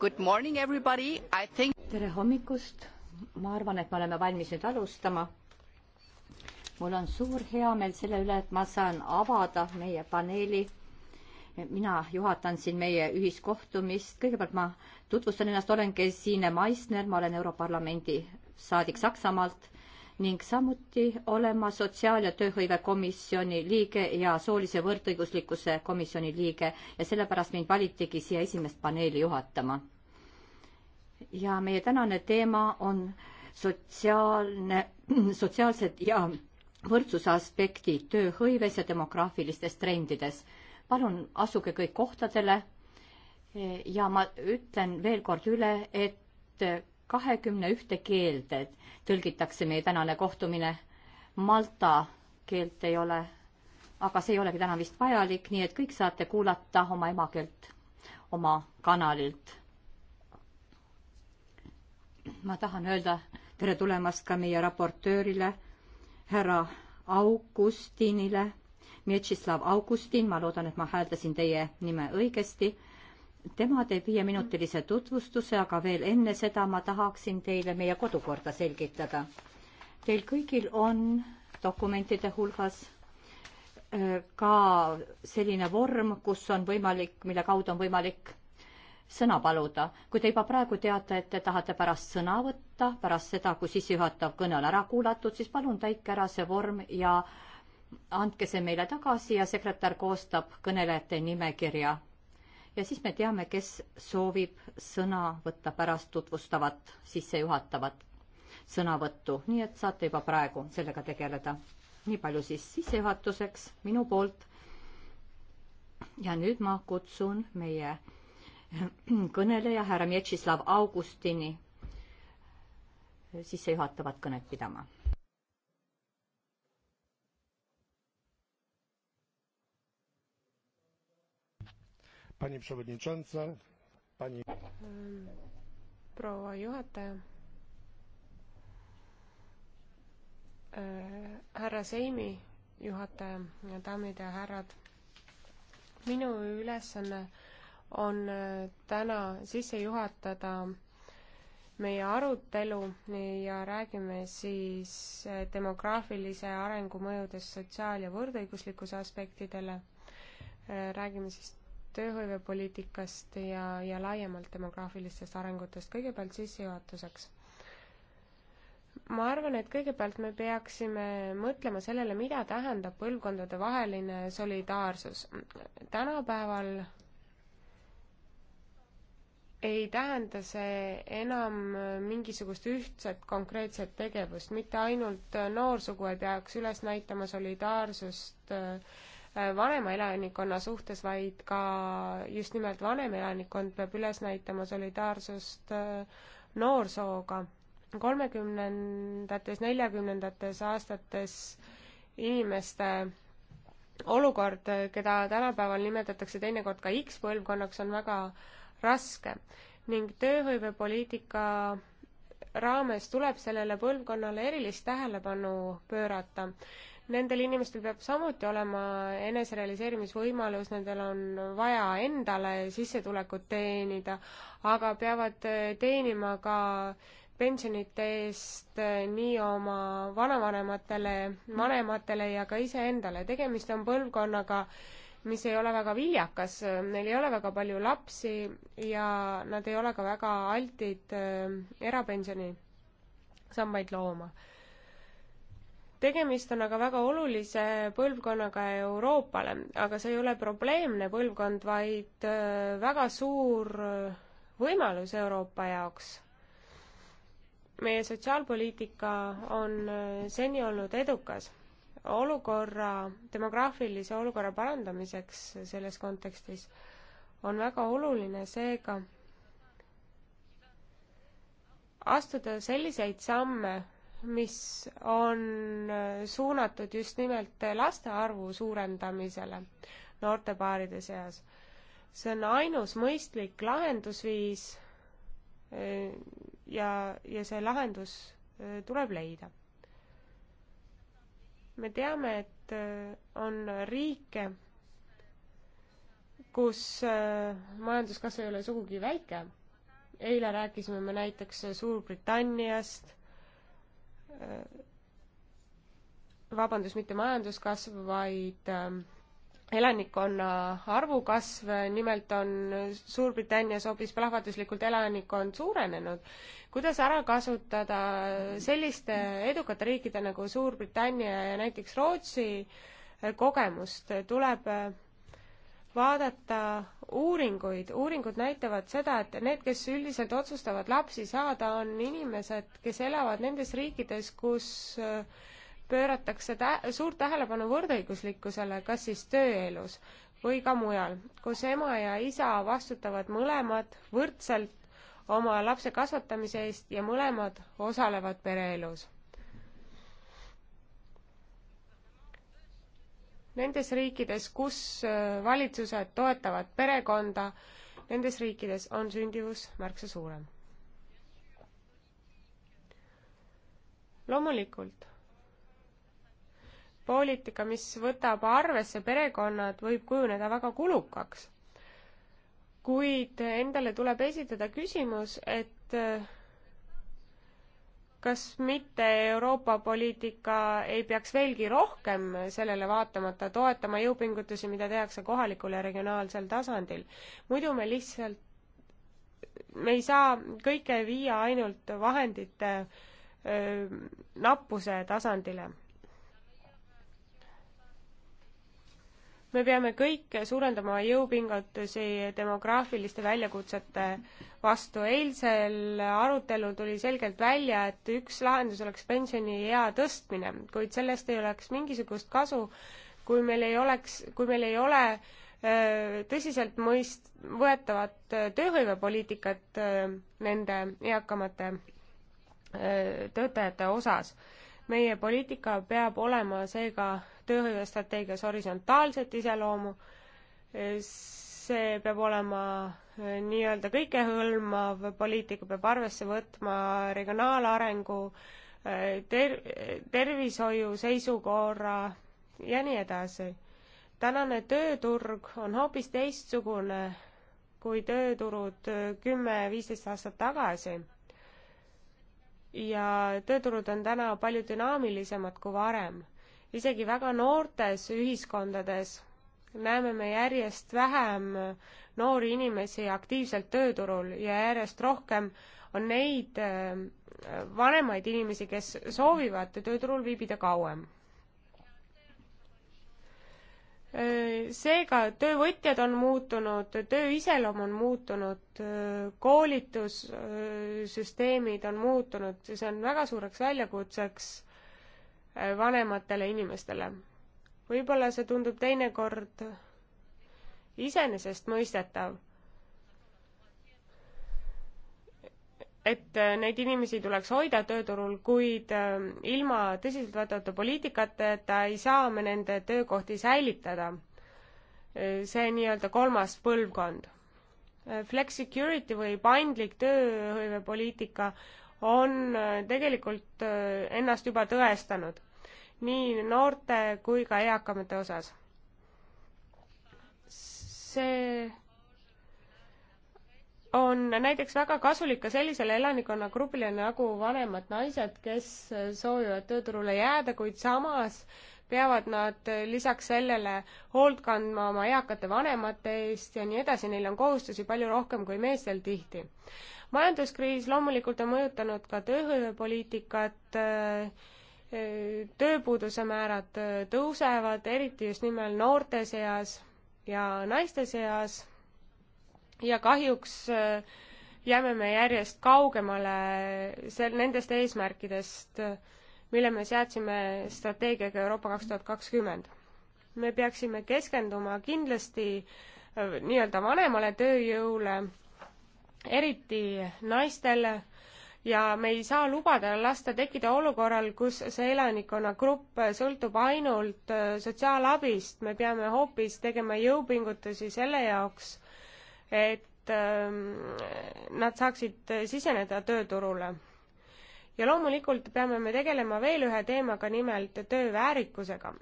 Good morning everybody, I think. tere hommikust, ma arvan, et me oleme valmis nüüd alustama. mul on suur heameel selle üle, et ma saan avada meie paneeli. mina juhatan siin meie ühiskohtumist, kõigepealt ma tutvustan ennast, olen Gesine Meissner, ma olen Europarlamendi saadik Saksamaalt ning samuti olen ma Sotsiaal- ja Tööhõivekomisjoni liige ja Soolise võrdõiguslikkuse komisjoni liige ja sellepärast mind valitigi siia esimest paneeli juhatama. ja meie tänane teema on sotsiaalne, sotsiaalsed ja võrdsuse aspektid tööhõives ja demograafilistes trendides. palun asuge kõik kohtadele ja ma ütlen veel kord üle, et kahekümne ühte keelde tõlgitakse meie tänane kohtumine. Malta keelt ei ole, aga see ei olegi täna vist vajalik, nii et kõik saate kuulata oma emakeelt, oma kanalilt. ma tahan öelda tere tulemast ka meie raportöörile, härra Augustinile, Mietsislav Augustin, ma loodan, et ma hääldasin teie nime õigesti tema teeb viieminutilise tutvustuse, aga veel enne seda ma tahaksin teile meie kodukorda selgitada. Teil kõigil on dokumentide hulgas äh, ka selline vorm, kus on võimalik, mille kaudu on võimalik sõna paluda. kui te juba praegu teate, et te tahate pärast sõna võtta, pärast seda, kui sissejuhatav kõne on ära kuulatud, siis palun täitke ära see vorm ja andke see meile tagasi ja sekretär koostab kõnelejate nimekirja ja siis me teame, kes soovib sõna võtta pärast tutvustavat sissejuhatavat sõnavõttu, nii et saate juba praegu sellega tegeleda. nii palju siis sissejuhatuseks minu poolt. ja nüüd ma kutsun meie kõneleja härra Mjetšislav Augustini sissejuhatavat kõnet pidama Pani przewodnicząca, pani. proua juhataja. Äh, härra Seimi juhataja, daamid ja härrad. minu ülesanne on äh, täna sisse juhatada meie arutelu ja räägime siis äh, demograafilise arengu mõjudest sotsiaal- ja võrdõiguslikkuse aspektidele. räägime siis tööhõivepoliitikast ja, ja laiemalt demograafilistest arengutest. kõigepealt sissejuhatuseks. ma arvan, et kõigepealt me peaksime mõtlema sellele, mida tähendab põlvkondadevaheline solidaarsus. tänapäeval ei tähenda see enam mingisugust ühtset konkreetset tegevust, mitte ainult noorsugu ei peaks üles näitama solidaarsust äh, vanema elanikkonna suhtes, vaid ka just nimelt vanem elanikkond peab üles näitama solidaarsust äh, noorsooga. kolmekümnendates, neljakümnendates aastates inimeste olukord, keda tänapäeval nimetatakse teinekord ka X-põlvkonnaks, on väga raske ning tööhõivepoliitika raames tuleb sellele põlvkonnale erilist tähelepanu pöörata nendel inimestel peab samuti olema eneserealiseerimisvõimalus, nendel on vaja endale sissetulekut teenida, aga peavad teenima ka pensionite eest nii oma vanavanematele, vanematele ja ka iseendale. tegemist on põlvkonnaga, mis ei ole väga viljakas, neil ei ole väga palju lapsi ja nad ei ole ka väga altid eh, erapensionisambaid looma tegemist on aga väga olulise põlvkonnaga Euroopale, aga see ei ole probleemne põlvkond, vaid äh, väga suur äh, võimalus Euroopa jaoks. meie sotsiaalpoliitika on äh, seni olnud edukas. olukorra, demograafilise olukorra parandamiseks selles kontekstis on väga oluline seega astuda selliseid samme, mis on äh, suunatud just nimelt äh, laste arvu suurendamisele noortepaaride seas. see on ainus mõistlik lahendusviis äh, ja, ja see lahendus tuleb leida. me teame, et on riike, kus majanduskasv ei ole sugugi väike. eile rääkisime me näiteks Suurbritanniast Äh, vabandust, mitte majanduskasv, vaid äh, elanikkonna arvu kasv, nimelt on Suurbritannias hoopis plahvatuslikult elanikkond suurenenud. kuidas ära kasutada selliste edukate riikide nagu Suurbritannia ja näiteks Rootsi äh, kogemust, tuleb vaadata uuringuid, uuringud näitavad seda, et need, kes üldiselt otsustavad lapsi saada, on inimesed, kes elavad nendes riikides, kus äh, pööratakse tä-, suurt tähelepanu võrdõiguslikkusele, kas siis tööelus või ka mujal, kus ema ja isa vastutavad mõlemad võrdselt oma lapse kasvatamise eest ja mõlemad osalevad pereelus nendes riikides, kus äh, valitsused toetavad perekonda, nendes riikides on sündivus märksa suurem. loomulikult, poliitika, mis võtab arvesse perekonnad, võib kujuneda väga kulukaks. kuid endale tuleb esitada küsimus, et äh, kas mitte Euroopa poliitika ei peaks veelgi rohkem sellele vaatamata toetama jõupingutusi, mida tehakse kohalikul ja regionaalsel tasandil? muidu me lihtsalt, me ei saa kõike viia ainult vahendite öö, nappuse tasandile me peame kõik suurendama jõupingutusi demograafiliste väljakutsete vastu. eilsel arutelul tuli selgelt välja, et üks lahendus oleks pensioniea tõstmine, kuid sellest ei oleks mingisugust kasu, kui meil ei oleks, kui meil ei ole tõsiselt mõist-, võetavat tööhõivepoliitikat nende eakamate töötajate osas meie poliitika peab olema seega tööhõivestrateegias horisontaalset iseloomu, see peab olema eh, nii-öelda kõikehõlmav poliitika, peab arvesse võtma regionaalarengu, eh, ter-, tervishoiu seisukorra ja nii edasi. tänane tööturg on hoopis teistsugune kui tööturud eh, kümme-viisteist aastat tagasi ja tööturud on täna palju dünaamilisemad kui varem. isegi väga noortes ühiskondades näeme me järjest vähem noori inimesi aktiivselt tööturul ja järjest rohkem on neid äh, vanemaid inimesi, kes soovivad tööturul viibida kauem seega töövõtjad on muutunud, töö iseloom on muutunud, koolitussüsteemid on muutunud, see on väga suureks väljakutseks vanematele inimestele. võib-olla see tundub teinekord iseenesestmõistetav et äh, neid inimesi tuleks hoida tööturul, kuid äh, ilma tõsiseltvõetavate poliitikateta ei saa me nende töökohti säilitada. see nii-öelda kolmas põlvkond. Äh, Flexicurity või paindlik tööhõivepoliitika on tegelikult ennast juba tõestanud nii noorte kui ka eakamate osas. see on näiteks väga kasulik ka sellisele elanikkonnagrupile nagu vanemad naised, kes soovivad tööturule jääda, kuid samas peavad nad lisaks sellele hoolt kandma oma eakate vanemate eest ja nii edasi, neil on kohustusi palju rohkem kui meestel tihti. majanduskriis loomulikult on mõjutanud ka tööhõivepoliitikat, tööpuuduse määrad tõusevad, eriti just nimelt noorte seas ja naiste seas ja kahjuks äh, jääme me järjest kaugemale sel-, nendest eesmärkidest, mille me seadsime strateegiaga Euroopa kaks tuhat kakskümmend. me peaksime keskenduma kindlasti äh, nii-öelda vanemale tööjõule, eriti naistele, ja me ei saa lubada lasta tekkida olukorral, kus see elanikkonnagrupp sõltub ainult äh, sotsiaalabist, me peame hoopis tegema jõupingutusi selle jaoks, et ähm, nad saaksid siseneda tööturule. ja loomulikult peame me tegelema veel ühe teemaga, nimelt tööväärikusega.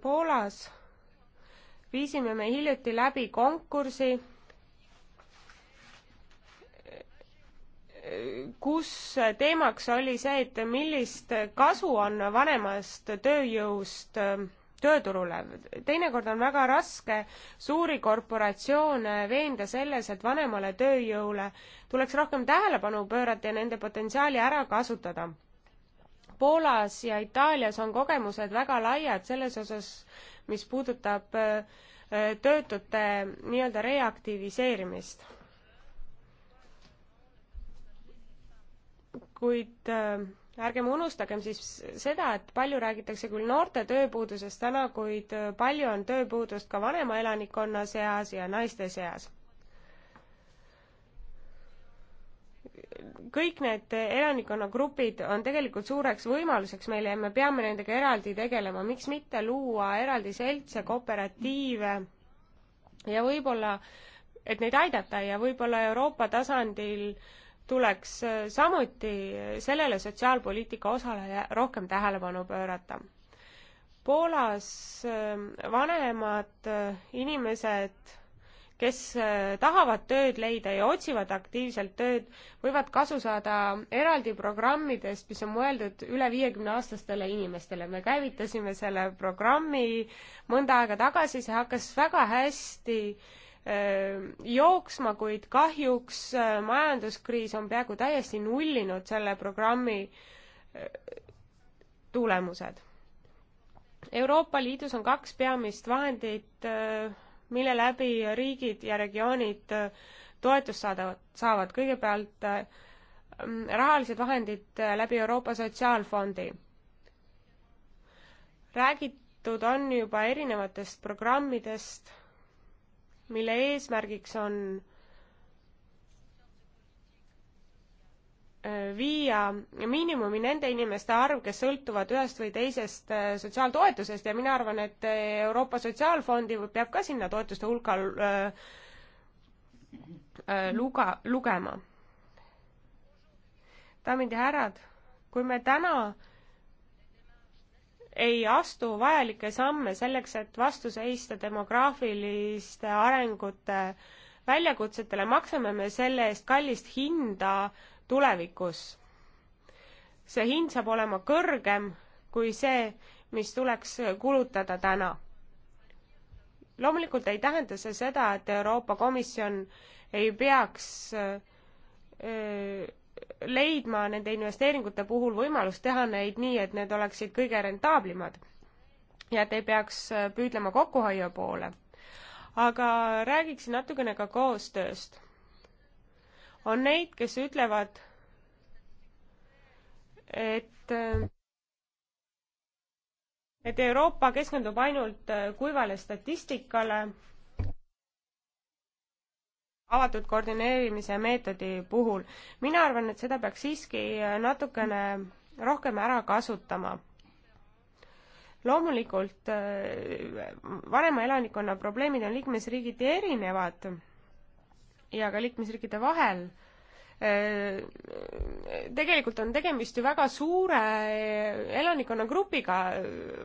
Poolas viisime me hiljuti läbi konkursi kus teemaks oli see, et millist kasu on vanemast tööjõust ähm, tööturule. teinekord on väga raske suuri korporatsioone veenda selles, et vanemale tööjõule tuleks rohkem tähelepanu pöörata ja nende potentsiaali ära kasutada. Poolas ja Itaalias on kogemused väga laiad selles osas, mis puudutab äh, äh, töötute nii-öelda reaktiviseerimist. kuid äh, ärgem unustagem siis seda, et palju räägitakse küll noorte tööpuudusest täna, kuid äh, palju on tööpuudust ka vanema elanikkonna seas ja naiste seas. kõik need elanikkonnagrupid on tegelikult suureks võimaluseks meile ja me peame nendega eraldi tegelema, miks mitte luua eraldi seltse, kooperatiive ja võib-olla, et neid aidata ja võib-olla Euroopa tasandil äh, tuleks äh, samuti sellele sotsiaalpoliitika osale rohkem tähelepanu pöörata. Poolas äh, vanemad äh, inimesed, kes tahavad tööd leida ja otsivad aktiivselt tööd, võivad kasu saada eraldi programmidest, mis on mõeldud üle viiekümne aastastele inimestele. me käivitasime selle programmi mõnda aega tagasi, see hakkas väga hästi äh, Ehm, jooksma, kuid kahjuks ehm, majanduskriis on peaaegu täiesti nullinud selle programmi ehm, tulemused. Euroopa Liidus on kaks peamist vahendit, mille läbi riigid ja regioonid toetust saadavad, saavad kõigepealt rahalised vahendid läbi Euroopa Sotsiaalfondi. räägitud on juba erinevatest programmidest mille eesmärgiks on äh, viia miinimumi nende inimeste arv, kes sõltuvad ühest või teisest äh, sotsiaaltoetusest ja mina arvan, et äh, Euroopa Sotsiaalfondi peab ka sinna toetuste hulka luga, lugema. daamid ja härrad, kui me täna äh, ei astu vajalikke samme selleks, et vastu seista demograafiliste arengute väljakutsetele, maksame me selle eest kallist hinda tulevikus. see hind saab olema kõrgem kui see, mis tuleks kulutada täna. loomulikult ei tähenda see seda, et Euroopa Komisjon ei peaks öö, äh, leidma nende investeeringute puhul võimalust teha neid nii, et need oleksid kõige rentaablimad ja et ei peaks äh, püüdlema kokkuhoiu poole. aga räägiksin natukene ka koostööst. on neid, kes ütlevad, et äh, et Euroopa keskendub ainult äh, kuivale statistikale avatud koordineerimise meetodi puhul. mina arvan, et seda peaks siiski äh, natukene rohkem ära kasutama. loomulikult äh, vanema elanikkonna probleemid on liikmesriigiti erinevad ja ka liikmesriikide vahel. Äh, tegelikult on tegemist ju väga suure elanikkonnagrupiga,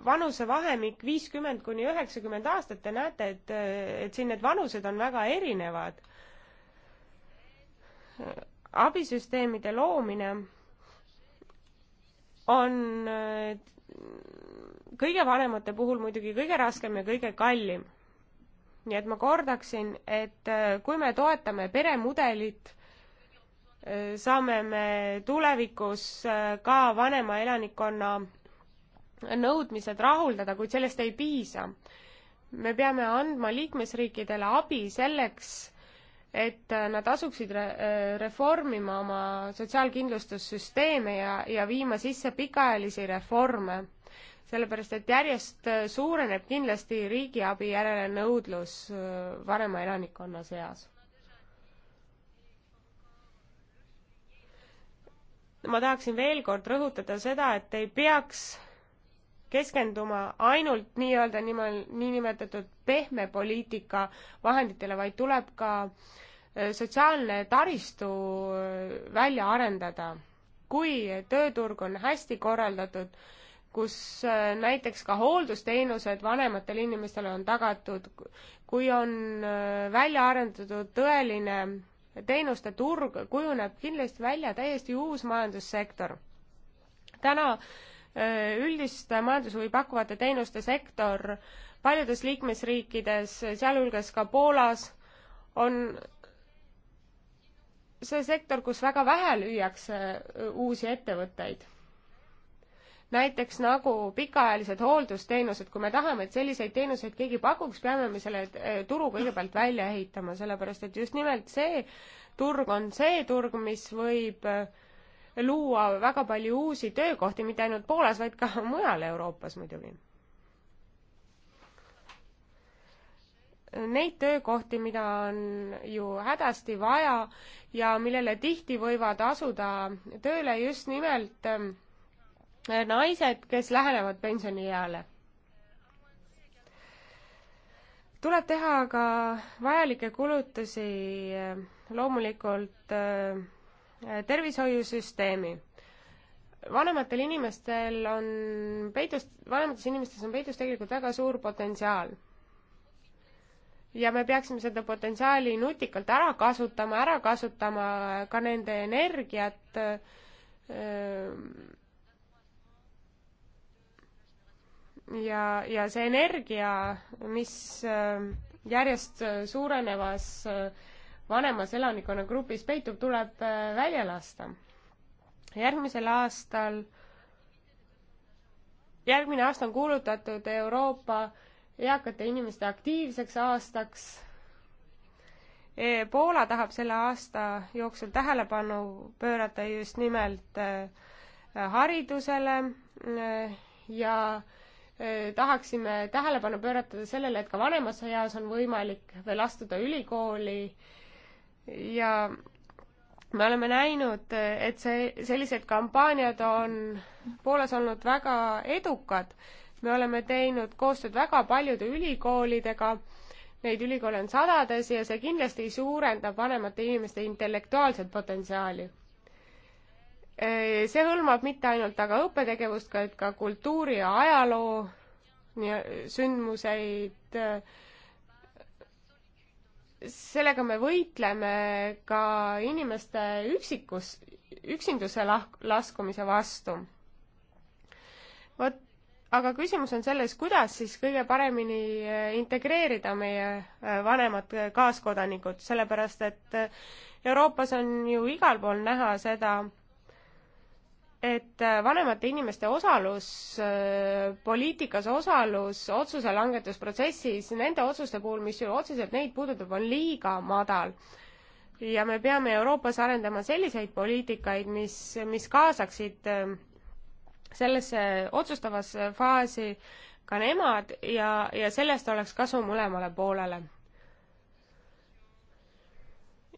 vanusevahemik viiskümmend kuni üheksakümmend aastat, te näete, et, et siin need vanused on väga erinevad abisüsteemide loomine on äh, kõige vanemate puhul muidugi kõige raskem ja kõige kallim. nii et ma kordaksin, et äh, kui me toetame peremudelit, äh, saame me tulevikus ka vanema elanikkonna nõudmised rahuldada, kuid sellest ei piisa. me peame andma liikmesriikidele abi selleks, et äh, nad asuksid re äh, reformima oma sotsiaalkindlustussüsteeme ja, ja viima sisse pikaajalisi reforme. sellepärast, et järjest äh, suureneb kindlasti riigiabi järele nõudlus vanema elanikkonna seas. ma tahaksin veel kord rõhutada seda, et ei peaks keskenduma ainult nii-öelda nimel, niinimetatud pehme poliitika vahenditele, vaid tuleb ka äh, sotsiaalne taristu äh, välja arendada. kui tööturg on hästi korraldatud, kus äh, näiteks ka hooldusteenused vanematele inimestele on tagatud, kui on välja arendatud tõeline teenuste turg, kujuneb kindlasti välja täiesti uus majandussektor. täna äh, üldist majandushuvi pakkuvate teenuste sektor paljudes liikmesriikides, sealhulgas ka Poolas, on see sektor, kus väga vähe lüüakse uusi ettevõtteid. näiteks nagu pikaajalised hooldusteenused, kui me tahame, et selliseid teenuseid keegi pakuks, peame me selle turu kõigepealt välja ehitama, sellepärast et just nimelt see turg on see turg, mis võib äh, luua väga palju uusi töökohti, mitte ainult Poolas, vaid ka mujal Euroopas muidugi. Neid töökohti, mida on ju hädasti vaja ja millele tihti võivad asuda tööle just nimelt ähm, naised, kes lähenevad pensionieale. tuleb teha ka vajalikke kulutusi äh, loomulikult äh, tervishoiusüsteemi. vanematel inimestel on peidus, vanemates inimestes on peidus tegelikult väga suur potentsiaal. ja me peaksime seda potentsiaali nutikalt ära kasutama, ära kasutama ka nende energiat öö, ähm, ja, ja see energia, mis äh, järjest suurenevas öö, äh, vanemas elanikkonnagrupis peitub, tuleb äh, välja lasta. järgmisel aastal, järgmine aasta on kuulutatud Euroopa eakate inimeste aktiivseks aastaks. E, Poola tahab selle aasta jooksul tähelepanu pöörata just nimelt äh, haridusele äh, ja tahaksime tähelepanu pöörata sellele, et ka vanemas eas on võimalik veel astuda ülikooli ja me oleme näinud, et see, sellised kampaaniad on Poolas olnud väga edukad. me oleme teinud koostööd väga paljude ülikoolidega, neid ülikoole on sadades ja see kindlasti suurendab vanemate inimeste intellektuaalset potentsiaali. see hõlmab mitte ainult aga õppetegevust, vaid ka kultuuri ja ajaloo sündmuseid, sellega me võitleme ka inimeste üksikus, üksinduse lah-, laskumise vastu. vot, aga küsimus on selles, kuidas siis kõige paremini eh, integreerida meie eh, vanemad eh, kaaskodanikud, sellepärast et Euroopas on ju igal pool näha seda, et äh, vanemate inimeste osalus äh, poliitikas, osalus otsuse langetusprotsessis, nende otsuste puhul, mis ju otseselt neid puudutab, on liiga madal. ja me peame Euroopas arendama selliseid poliitikaid, mis, mis kaasaksid äh, sellesse otsustavasse faasi ka nemad ja, ja sellest oleks kasu mõlemale poolele.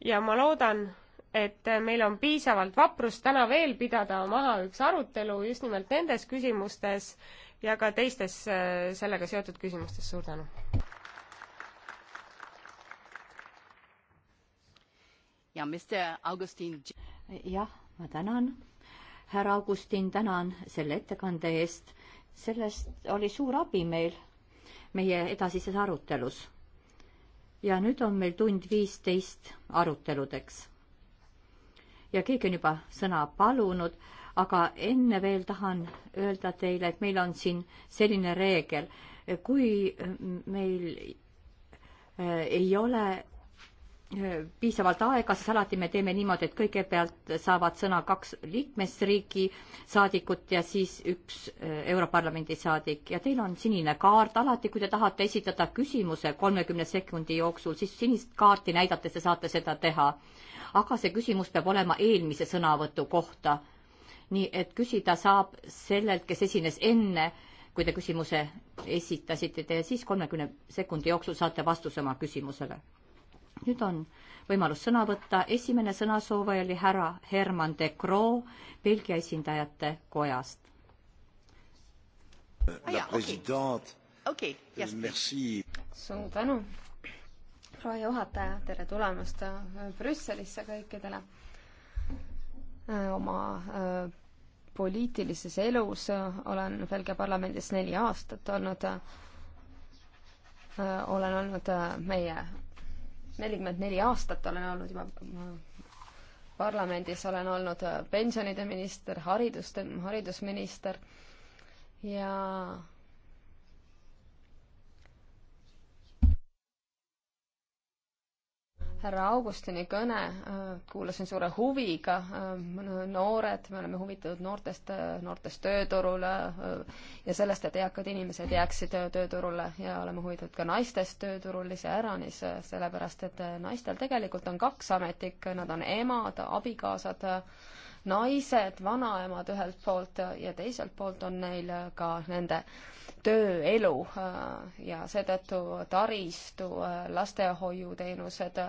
ja ma loodan, et meil on piisavalt vaprust täna veel pidada maha üks arutelu just nimelt nendes küsimustes ja ka teistes äh, sellega seotud küsimustes, suur tänu! ja Mr Augustin. jah, ma tänan, härra Augustin, tänan selle ettekande eest. sellest oli suur abi meil, meie edasises arutelus. ja nüüd on meil tund viisteist aruteludeks ja keegi on juba sõna palunud, aga enne veel tahan öelda teile, et meil on siin selline reegel, kui meil eh, ei ole eh, piisavalt aega, siis alati me teeme niimoodi, et kõigepealt saavad sõna kaks liikmesriigi saadikut ja siis üks eh, Europarlamendi saadik ja teil on sinine kaart, alati kui te tahate esitada küsimuse kolmekümne sekundi jooksul, siis sinist kaarti näidates te saate seda teha aga see küsimus peab olema eelmise sõnavõtu kohta. nii et küsida saab sellelt, kes esines enne, kui te küsimuse esitasite, te siis kolmekümne sekundi jooksul saate vastuse oma küsimusele. nüüd on võimalus sõna võtta, esimene sõnasoovaja oli härra Herman de Croo Belgia esindajate kojast. Ah, ja, okay. Okay, yes, suur tänu, proua juhataja, tere tulemast äh, Brüsselisse kõikidele. Äh, oma äh, poliitilises elus olen Belgia parlamendis neli aastat olnud, olen olnud meie, nelikümmend neli aastat olen olnud juba parlamendis, olen olnud pensionide minister, haridus, haridusminister ja härra Augustini kõne äh, kuulasin suure huviga, äh, noored, me oleme huvitatud noortest, äh, noortest tööturule ja sellest, et eakad inimesed jääksid tööturule ja oleme huvitatud ka naistest tööturul iseäranis, sellepärast et naistel tegelikult on kaks ametit, nad on emad, abikaasad, naised, vanaemad ühelt poolt ja teiselt poolt on neil ka nende tööelu äh, ja seetõttu taristu, äh, lastehoiuteenused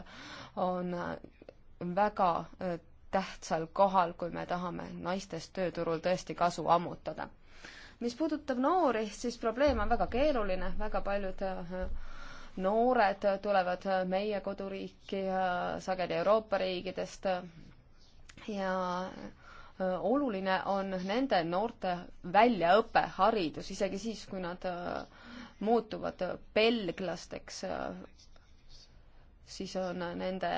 on väga äh, tähtsal kohal, kui me tahame naistest tööturul tõesti kasu ammutada. mis puudutab noori, siis probleem on väga keeruline, väga paljud noored tulevad meie koduriiki, sageli Euroopa riikidest ja oluline on nende noorte väljaõpe, haridus, isegi siis, kui nad muutuvad belglasteks, siis on nende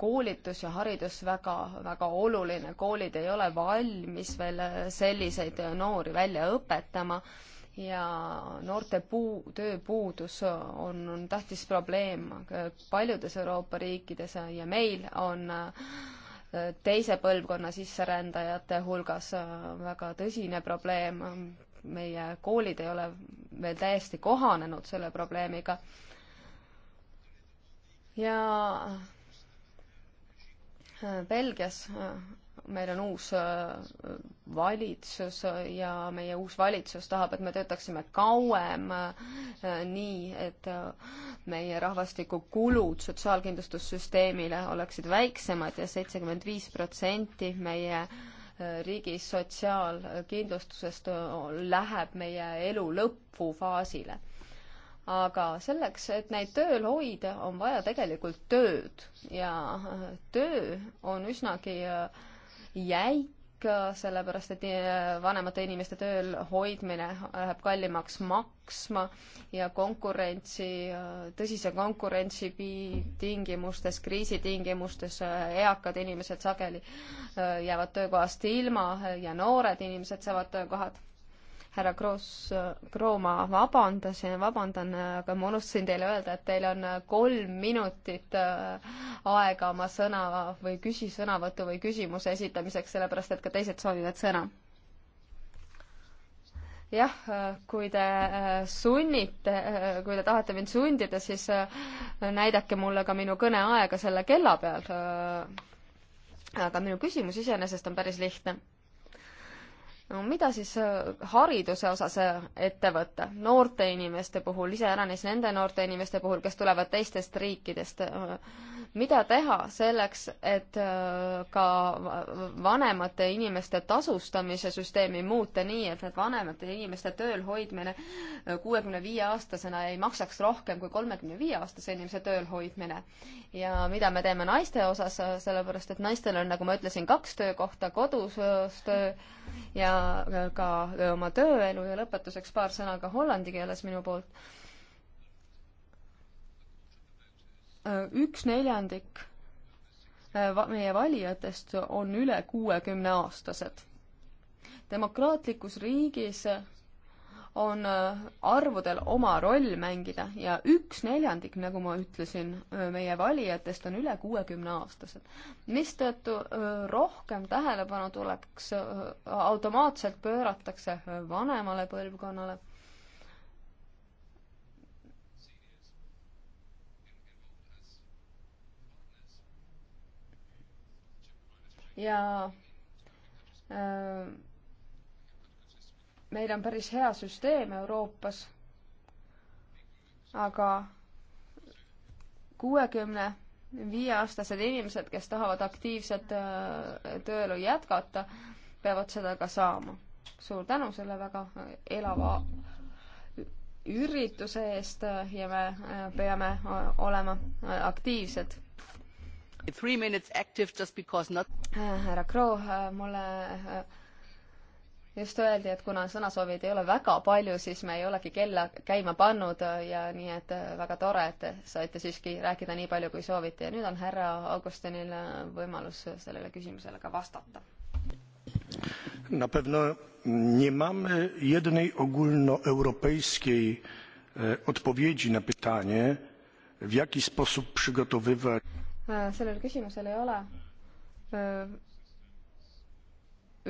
koolitus ja haridus väga, väga oluline. koolid ei ole valmis veel selliseid noori välja õpetama ja noorte puu, tööpuudus on, on tähtis probleem paljudes Euroopa riikides ja meil on äh, teise põlvkonna sisserändajate hulgas väga tõsine probleem. meie koolid ei ole veel täiesti kohanenud selle probleemiga. ja Belgias meil on uus äh, valitsus ja meie uus valitsus tahab, et me töötaksime kauem, äh, nii et äh, meie rahvastikukulud sotsiaalkindlustussüsteemile oleksid väiksemad ja seitsekümmend viis protsenti meie riigis sotsiaalkindlustusest läheb meie elu lõpufaasile. aga selleks, et neid tööl hoida, on vaja tegelikult tööd ja töö on üsnagi äh, jäik, sellepärast et äh, vanemate inimeste tööl hoidmine läheb kallimaks maksma ja konkurentsi, äh, tõsise konkurentsi tingimustes, kriisitingimustes äh, eakad inimesed sageli jäävad töökohast ilma ja noored inimesed saavad töökohad härra Kross, Krooma vabandas ja vabandan, aga ma unustasin teile öelda, et teil on kolm minutit äh, aega oma sõna või küsisõnavõtu või küsimuse esitamiseks, sellepärast et ka teised soovivad sõna. jah, kui te äh, sunnite, äh, kui te tahate mind sundida, siis näidake mulle ka minu kõneaega selle kella peal. aga minu küsimus iseenesest on päris lihtne no mida siis äh, hariduse osas äh, ette võtta noorte inimeste puhul, iseäranis nende noorte inimeste puhul, kes tulevad teistest riikidest? Äh, mida teha selleks, et äh, ka vanemate inimeste tasustamise süsteemi muuta nii, et need vanemate inimeste tööl hoidmine äh, kuuekümne viie aastasena ei maksaks rohkem kui kolmekümne viie aastase inimese tööl hoidmine. ja mida me teeme naiste osas, äh, sellepärast et naistel on, nagu ma ütlesin, kaks töökohta, kodus töö ja ka oma tööelu ja lõpetuseks paar sõna ka hollandi keeles minu poolt Äh, üks neljandik äh, meie valijatest on üle kuuekümneaastased. demokraatlikus riigis äh, on arvudel oma roll mängida ja üks neljandik, nagu ma ütlesin, meie valijatest on üle kuuekümneaastased. mistõttu rohkem tähelepanu tuleks, automaatselt pööratakse vanemale põlvkonnale ja äh, meil on päris hea süsteem Euroopas, aga kuuekümne viieaastased inimesed, kes tahavad aktiivset äh, tööelu jätkata, peavad seda ka saama. suur tänu selle väga äh, elava ürituse eest äh, ja me peame olema aktiivsed Not... Äh, härra Kroo, äh, mulle äh, just öeldi, et kuna sõnasoovid ei ole väga palju, siis me ei olegi kella käima pannud ja nii et väga tore, et te saite siiski rääkida nii palju, kui soovite ja nüüd on härra Augustinil võimalus sellele küsimusele ka vastata. Na pewno nie mamy jednej ogólnoeuropejskiej e, odpowiedzi na pytanie, w jaki sposób przygotowywać Äh, sellel küsimusel ei ole äh,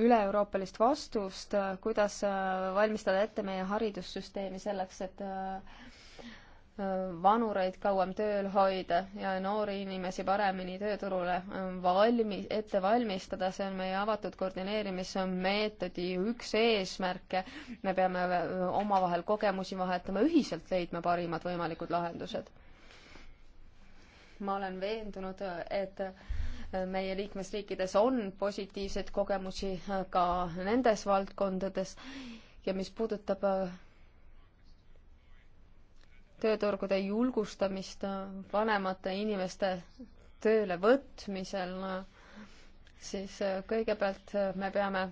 üle-euroopalist vastust, äh, kuidas valmistada ette meie haridussüsteemi selleks, et vanureid kauem tööl hoida ja noori inimesi paremini tööturule ähm, valmi-, ette valmistada, see on meie avatud koordineerimismeetodi üks eesmärke. me peame omavahel kogemusi vahetama, ühiselt leidma parimad võimalikud lahendused ma olen veendunud, et meie liikmesriikides on positiivseid kogemusi ka nendes valdkondades ja mis puudutab äh, tööturgude julgustamist äh, vanemate inimeste tööle võtmisel, äh, siis kõigepealt me peame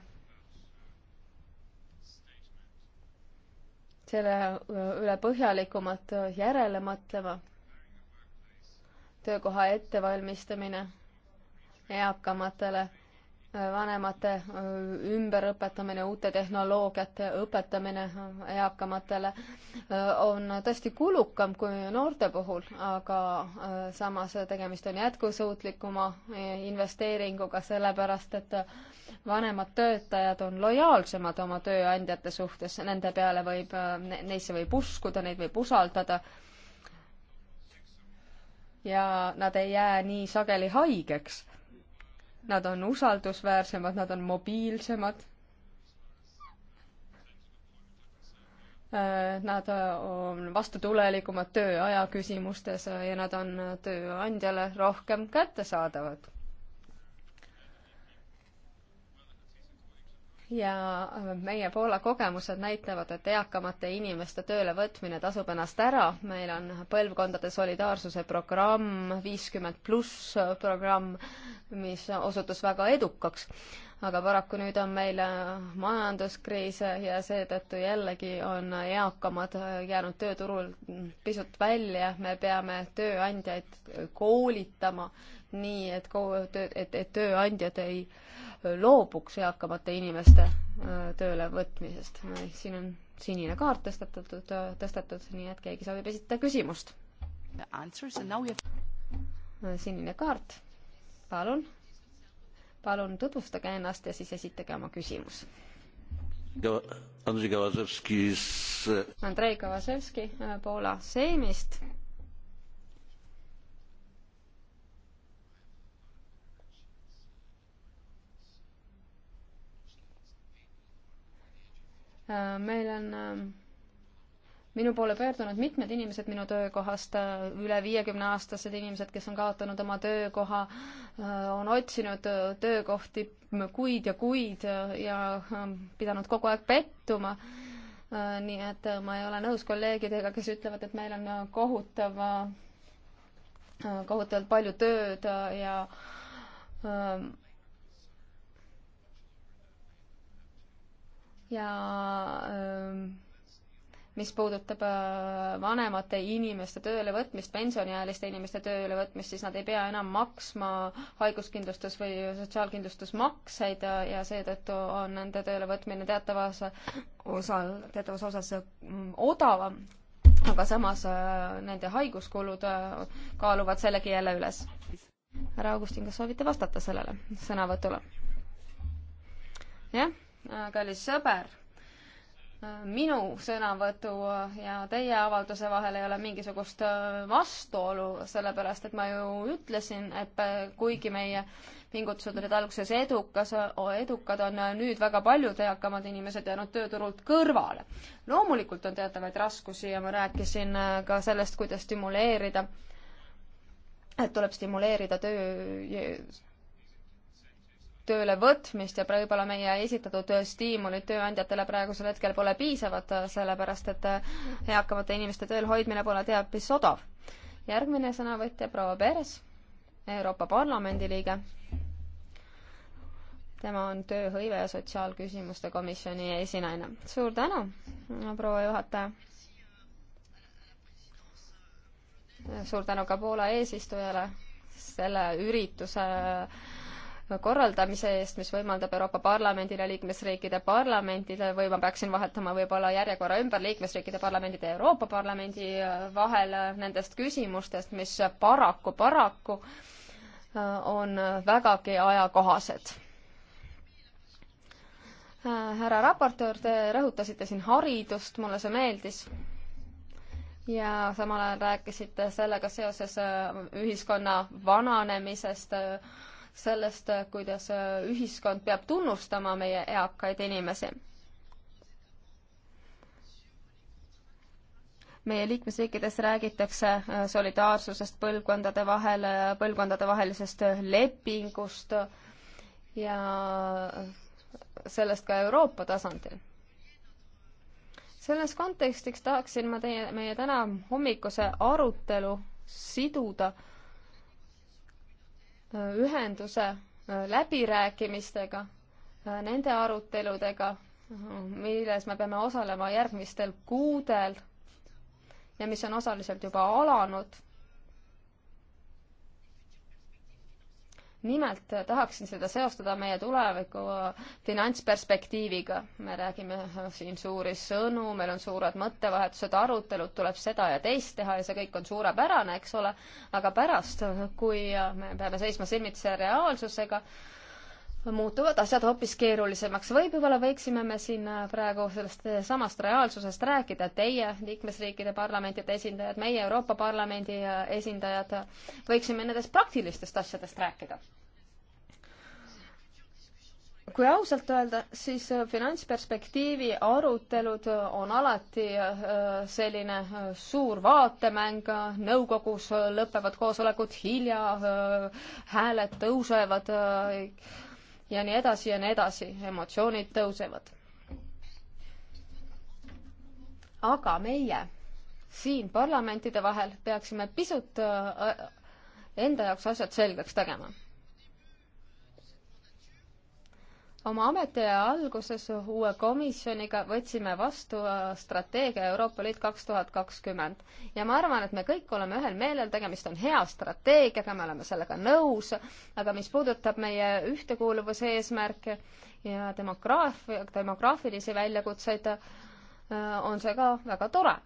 selle üle põhjalikumalt järele mõtlema töökoha ettevalmistamine eakamatele, vanemate ümberõpetamine, uute tehnoloogiate õpetamine eakamatele on tõesti kulukam kui noorte puhul, aga samas tegemist on jätkusuutlikuma e, investeeringuga, sellepärast et vanemad töötajad on lojaalsemad oma tööandjate suhtes, nende peale võib, neisse võib uskuda, neid võib usaldada ja nad ei jää nii sageli haigeks. Nad on usaldusväärsemad, nad on mobiilsemad. Äh, nad äh, on vastutulelikumad tööaja küsimustes äh, ja nad on tööandjale rohkem kättesaadavad ja äh, meie Poola kogemused näitavad, et eakamate inimeste töölevõtmine tasub ennast ära, meil on põlvkondade solidaarsuse programm, viiskümmend pluss programm, mis osutus väga edukaks. aga paraku nüüd on meil äh, majanduskriis ja seetõttu jällegi on eakamad äh, jäänud tööturul pisut välja, me peame tööandjaid koolitama nii et, et, et tööandjad ei loobuks eakamate inimeste äh, tööle võtmisest. siin on sinine kaart tõstatatud, äh, tõstatud, nii et keegi soovib esitada küsimust. Äh, sinine kaart, palun, palun tutvustage ennast ja siis esitage oma küsimus. Andrei Kavasevski Poola Seimist Äh, meil on ähm, minu poole pöördunud mitmed inimesed minu töökohast, äh, üle viiekümne aastased inimesed, kes on kaotanud oma töökoha, äh, on otsinud töökohti kuid ja kuid ja ähm, pidanud kogu aeg pettuma. nii et ma ei ole nõus kolleegidega, kes ütlevad, et meil on kohutav, kohutavalt palju tööd ja ähm, ja ähm, mis puudutab äh, vanemate inimeste töölevõtmist, pensioniealiste inimeste töölevõtmist, siis nad ei pea enam maksma haiguskindlustus- või sotsiaalkindlustusmakseid ja, äh, ja seetõttu on nende töölevõtmine teatavas osal, teatavas osas mm, odavam, aga samas äh, nende haiguskulud kaaluvad sellegi jälle üles. härra Augustin, kas soovite vastata sellele sõnavõtule? jah Äh, kallis sõber, äh, minu sõnavõtu ja teie avalduse vahel ei ole mingisugust äh, vastuolu, sellepärast et ma ju ütlesin, et kuigi meie pingutused olid alguses edukas, edukad, on nüüd väga paljud eakamad inimesed jäänud tööturult kõrvale. loomulikult on teatavaid raskusi ja ma rääkisin ka sellest, kuidas stimuleerida, et tuleb stimuleerida töö tööle võtmist ja võib-olla meie esitatud stiimulid tööandjatele praegusel hetkel pole piisavad, sellepärast et äh, eakamate inimeste tööl hoidmine pole teab mis odav. järgmine sõnavõtja, proua Peres, Euroopa Parlamendi liige. tema on tööhõive ja sotsiaalküsimuste komisjoni esinaine. suur tänu, proua juhataja. suur tänu ka Poola eesistujale selle ürituse äh, korraldamise eest, mis võimaldab Euroopa Parlamendile, liikmesriikide parlamentide või ma peaksin vahetama võib-olla järjekorra ümber liikmesriikide parlamendide ja Euroopa Parlamendi äh, vahel äh, nendest küsimustest, mis paraku, paraku äh, on vägagi ajakohased. härra raportöör, te rõhutasite siin haridust, mulle see meeldis ja samal ajal rääkisite sellega seoses ühiskonna vananemisest, sellest, kuidas ühiskond peab tunnustama meie eakaid inimesi. meie liikmesriikides räägitakse äh, solidaarsusest põlvkondade vahel, äh, põlvkondadevahelisest äh, lepingust ja sellest ka Euroopa tasandil. selles kontekstiks tahaksin ma teie, meie täna hommikuse arutelu siduda äh, ühenduse äh, läbirääkimistega, äh, nende aruteludega, milles me peame osalema järgmistel kuudel ja mis on osaliselt juba alanud nimelt äh, tahaksin seda seostada meie tuleviku äh, finantsperspektiiviga. me räägime äh, siin suuri sõnu, meil on suured mõttevahetused, arutelud, tuleb seda ja teist teha ja see kõik on suurepärane, eks ole, aga pärast, kui me peame seisma silmitsi reaalsusega, muutuvad asjad hoopis keerulisemaks. võib-olla võiksime me siin äh, praegu sellest äh, samast reaalsusest rääkida, teie liikmesriikide parlamentide esindajad, meie Euroopa Parlamendi äh, esindajad, võiksime nendest praktilistest asjadest rääkida. kui ausalt öelda, siis finantsperspektiivi arutelud on alati selline suur vaatemäng, nõukogus lõpevad koosolekud hilja, hääled tõusevad ja nii edasi ja nii edasi, emotsioonid tõusevad. aga meie siin parlamentide vahel peaksime pisut äh, äh, enda jaoks asjad selgeks tegema oma ametiaja alguses uue komisjoniga võtsime vastu äh, strateegia Euroopa Liit kaks tuhat kakskümmend ja ma arvan, et me kõik oleme ühel meelel, tegemist on hea strateegiaga, me oleme sellega nõus, aga mis puudutab meie ühtekuuluvuse eesmärke ja demograafia, demograafilisi väljakutseid, äh, on see ka väga tore.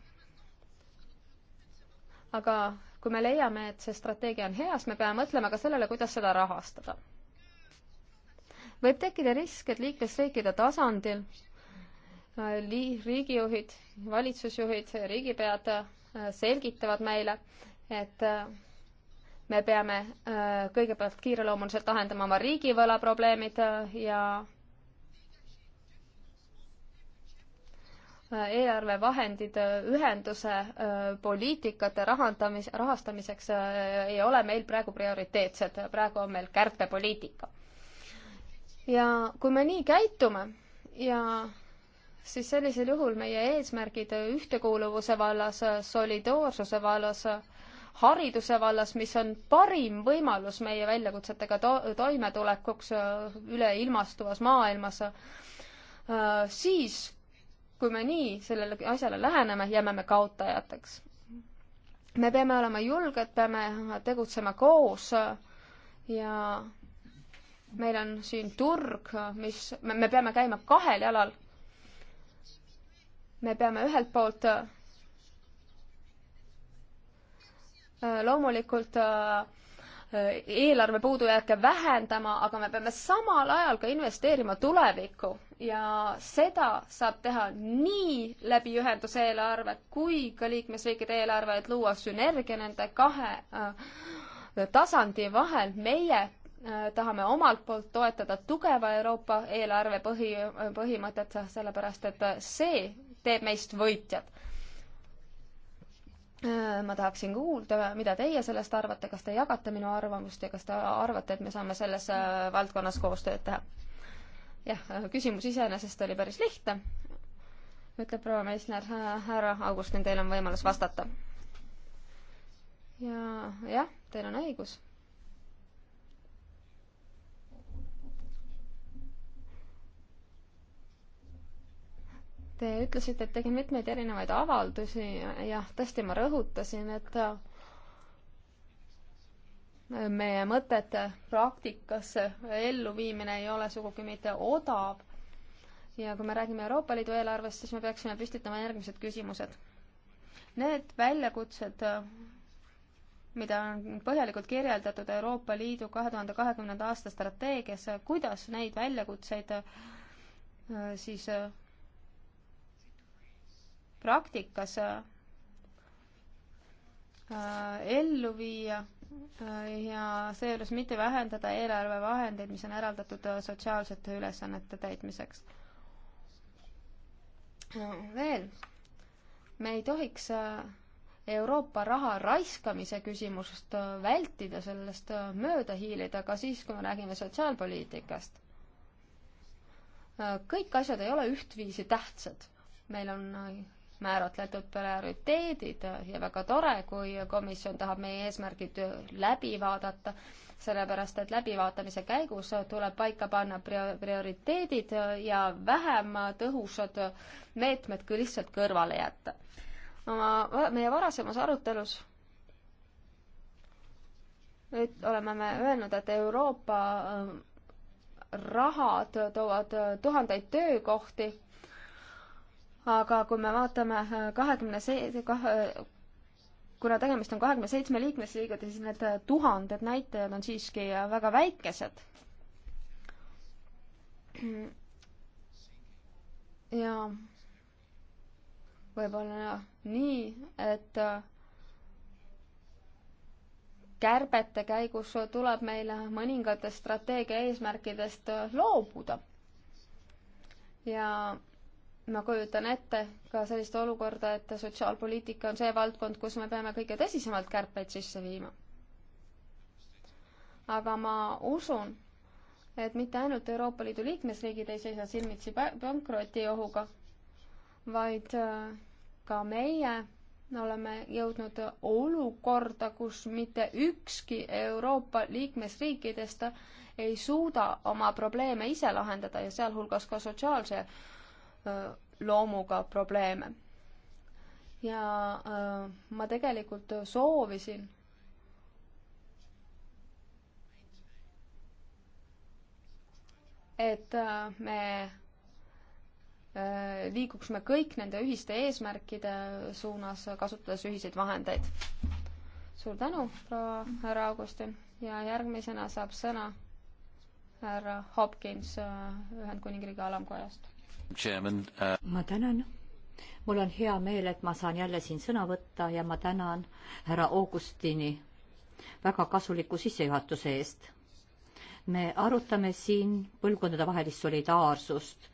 aga kui me leiame, et see strateegia on hea, siis me peame mõtlema ka sellele, kuidas seda rahastada võib tekkida risk, et liikmesriikide tasandil äh, li-, riigijuhid, valitsusjuhid, riigipead äh, selgitavad meile, et äh, me peame kõigepealt kiireloomuliselt lahendama oma riigivõla probleemid ja eelarvevahendid ühenduse poliitikate rahandamis, rahastamiseks ei ole meil praegu prioriteetsed, praegu on meil kärpepoliitika ja kui me nii käitume ja siis sellisel juhul meie eesmärgid ühtekuuluvuse vallas, solidaarsuse vallas, hariduse vallas, mis on parim võimalus meie väljakutsetega to toimetulekuks üleilmastuvas maailmas, siis kui me nii sellele asjale läheneme, jääme me kaotajateks. me peame olema julged, peame tegutsema koos ja meil on siin turg, mis, me peame käima kahel jalal. me peame ühelt poolt äh, loomulikult äh, eelarve puudujääke vähendama, aga me peame samal ajal ka investeerima tulevikku ja seda saab teha nii läbi ühenduse eelarve kui ka liikmesriikide eelarve, et luua sünergia nende kahe äh, tasandi vahel. meie Äh, tahame omalt poolt toetada tugeva Euroopa eelarve põhi, äh, põhimõtet, sellepärast et äh, see teeb meist võitjad. ma tahaksin kuulda, mida teie sellest arvate, kas te jagate minu arvamust ja kas te arvate, et me saame selles valdkonnas koostööd teha? jah, küsimus iseenesest oli päris lihtne, ütleb proua Meissner, härra Augustin, teil on võimalus vastata. ja jah, teil on õigus Te ütlesite, et tegin mitmeid erinevaid avaldusi, jah, tõesti, ma rõhutasin, et äh, meie mõtete praktikasse elluviimine ei ole sugugi mitte odav. ja kui me räägime Euroopa Liidu eelarvest, siis me peaksime püstitama järgmised küsimused. Need väljakutsed, äh, mida on põhjalikult kirjeldatud Euroopa Liidu kahe tuhande kahekümnenda aasta strateegias, kuidas neid väljakutseid äh, siis praktikas äh, äh, ellu viia äh, ja seejuures mitte vähendada eelarvevahendeid, mis on eraldatud sotsiaalsete ülesannete täitmiseks. veel, me ei tohiks Euroopa raha raiskamise küsimust vältida, sellest mööda hiilida ka siis, kui me räägime sotsiaalpoliitikast. kõik asjad ei ole ühtviisi tähtsad. meil on määratletud prioriteedid ja väga tore, kui komisjon tahab meie eesmärgid läbi vaadata, sellepärast et läbivaatamise käigus tuleb paika panna prioriteedid ja vähem tõhusad meetmed kui lihtsalt kõrvale jätta. oma, meie varasemas arutelus et oleme me öelnud, et Euroopa äh, rahad toovad tuhandeid töökohti aga kui me vaatame äh, kahekümne se-, kuna tegemist on kahekümne seitsme liikmesriigiga, siis need äh, tuhanded näitajad on siiski äh, väga väikesed. ja võib-olla nii, et kärbete käigus tuleb meil mõningatest strateegia eesmärkidest loobuda. ja ma kujutan ette ka sellist olukorda, et sotsiaalpoliitika on see valdkond, kus me peame kõige tõsisemalt kärpeid sisse viima. aga ma usun, et mitte ainult Euroopa Liidu liikmesriigid ei seisa silmitsi pankrotiohuga, vaid äh, ka meie oleme jõudnud olukorda, kus mitte ükski Euroopa liikmesriikidest ei suuda oma probleeme ise lahendada ja sealhulgas ka sotsiaalse loomuga probleeme. ja ma tegelikult soovisin et me liiguksime kõik nende ühiste eesmärkide suunas, kasutades ühiseid vahendeid. suur tänu, proua härra Augustin ja järgmisena saab sõna härra Hopkins Ühendkuningriigi alamkojast. Uh, ma tänan. mul on hea meel, et ma saan jälle siin sõna võtta ja ma tänan härra Augustini väga kasuliku sissejuhatuse eest. me arutame siin põlvkondadevahelist solidaarsust.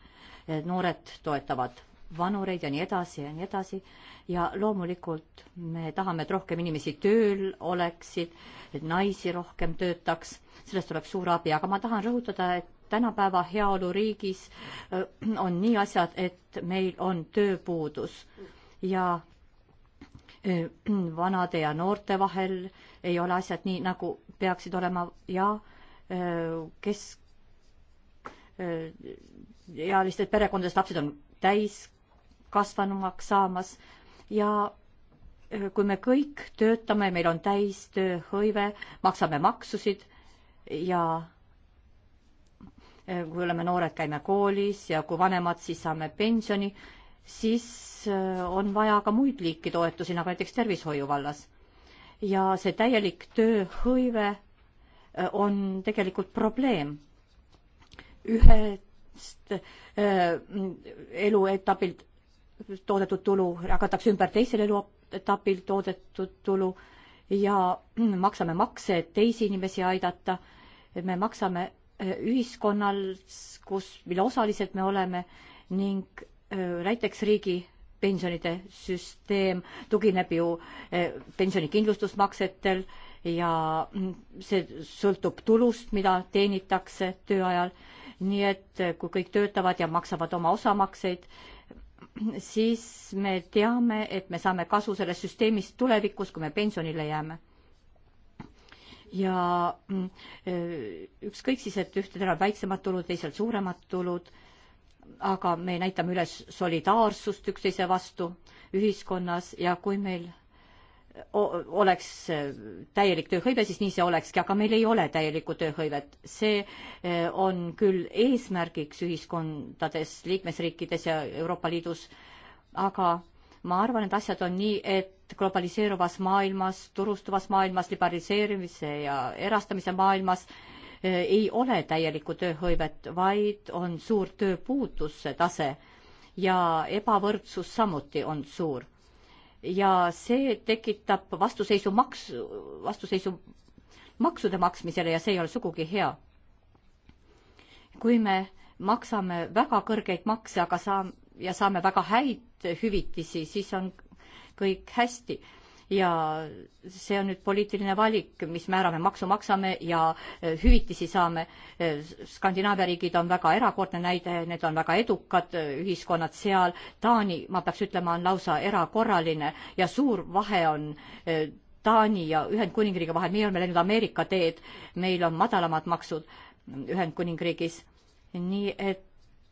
Eh, noored toetavad vanureid ja nii edasi ja nii edasi. ja loomulikult me tahame, et rohkem inimesi tööl oleksid, et naisi rohkem töötaks, sellest oleks suur abi, aga ma tahan rõhutada, et tänapäeva heaoluriigis äh, on nii asjad, et meil on tööpuudus ja äh, vanade ja noorte vahel ei ole asjad nii, nagu peaksid olema ja äh, keskealistest perekondadest lapsed on täiskasvanumaks saamas ja kui me kõik töötame, meil on täistööhõive, maksame maksusid ja kui oleme noored, käime koolis ja kui vanemad, siis saame pensioni, siis äh, on vaja ka muid liiki toetusi, nagu näiteks tervishoiu vallas. ja see täielik tööhõive äh, on tegelikult probleem. ühest äh, eluetapilt toodetud tulu jagatakse ümber teisele eluetapil toodetud tulu ja maksame makse, et teisi inimesi aidata. me maksame ühiskonnas, kus, mille osalised me oleme ning näiteks riigi pensionide süsteem tugineb ju pensionikindlustusmaksetel ja mm, see sõltub tulust, mida teenitakse töö ajal. nii et kui kõik töötavad ja maksavad oma osamakseid, siis me teame, et me saame kasu sellest süsteemist tulevikus, kui me pensionile jääme ja mm, eh, ükskõik siis, et ühtedel on väiksemad tulud, teisel suuremad tulud, aga me näitame üles solidaarsust üksteise vastu ühiskonnas ja kui meil oleks eh, täielik tööhõive, siis nii see olekski, aga meil ei ole täielikku tööhõivet. see eh, on küll eesmärgiks ühiskondades, liikmesriikides ja Euroopa Liidus, aga ma arvan, et asjad on nii, et globaliseeruvas maailmas, turustuvas maailmas, liberaliseerimise ja erastamise maailmas eh, ei ole täielikku tööhõivet, vaid on suur tööpuuduse tase ja ebavõrdsus samuti on suur. ja see tekitab vastuseisu maks, vastuseisu maksude maksmisele ja see ei ole sugugi hea. kui me maksame väga kõrgeid makse, aga saa-, ja saame väga häid hüvitisi, siis on kõik hästi. ja see on nüüd poliitiline valik, mis määrame, maksu maksame ja eh, hüvitisi saame. Eh, Skandinaavia riigid on väga erakordne näide, need on väga edukad eh, ühiskonnad seal. Taani, ma peaks ütlema, on lausa erakorraline ja suur vahe on Taani ja Ühendkuningriigi vahel, meie oleme läinud Ameerika teed, meil on madalamad maksud Ühendkuningriigis. nii et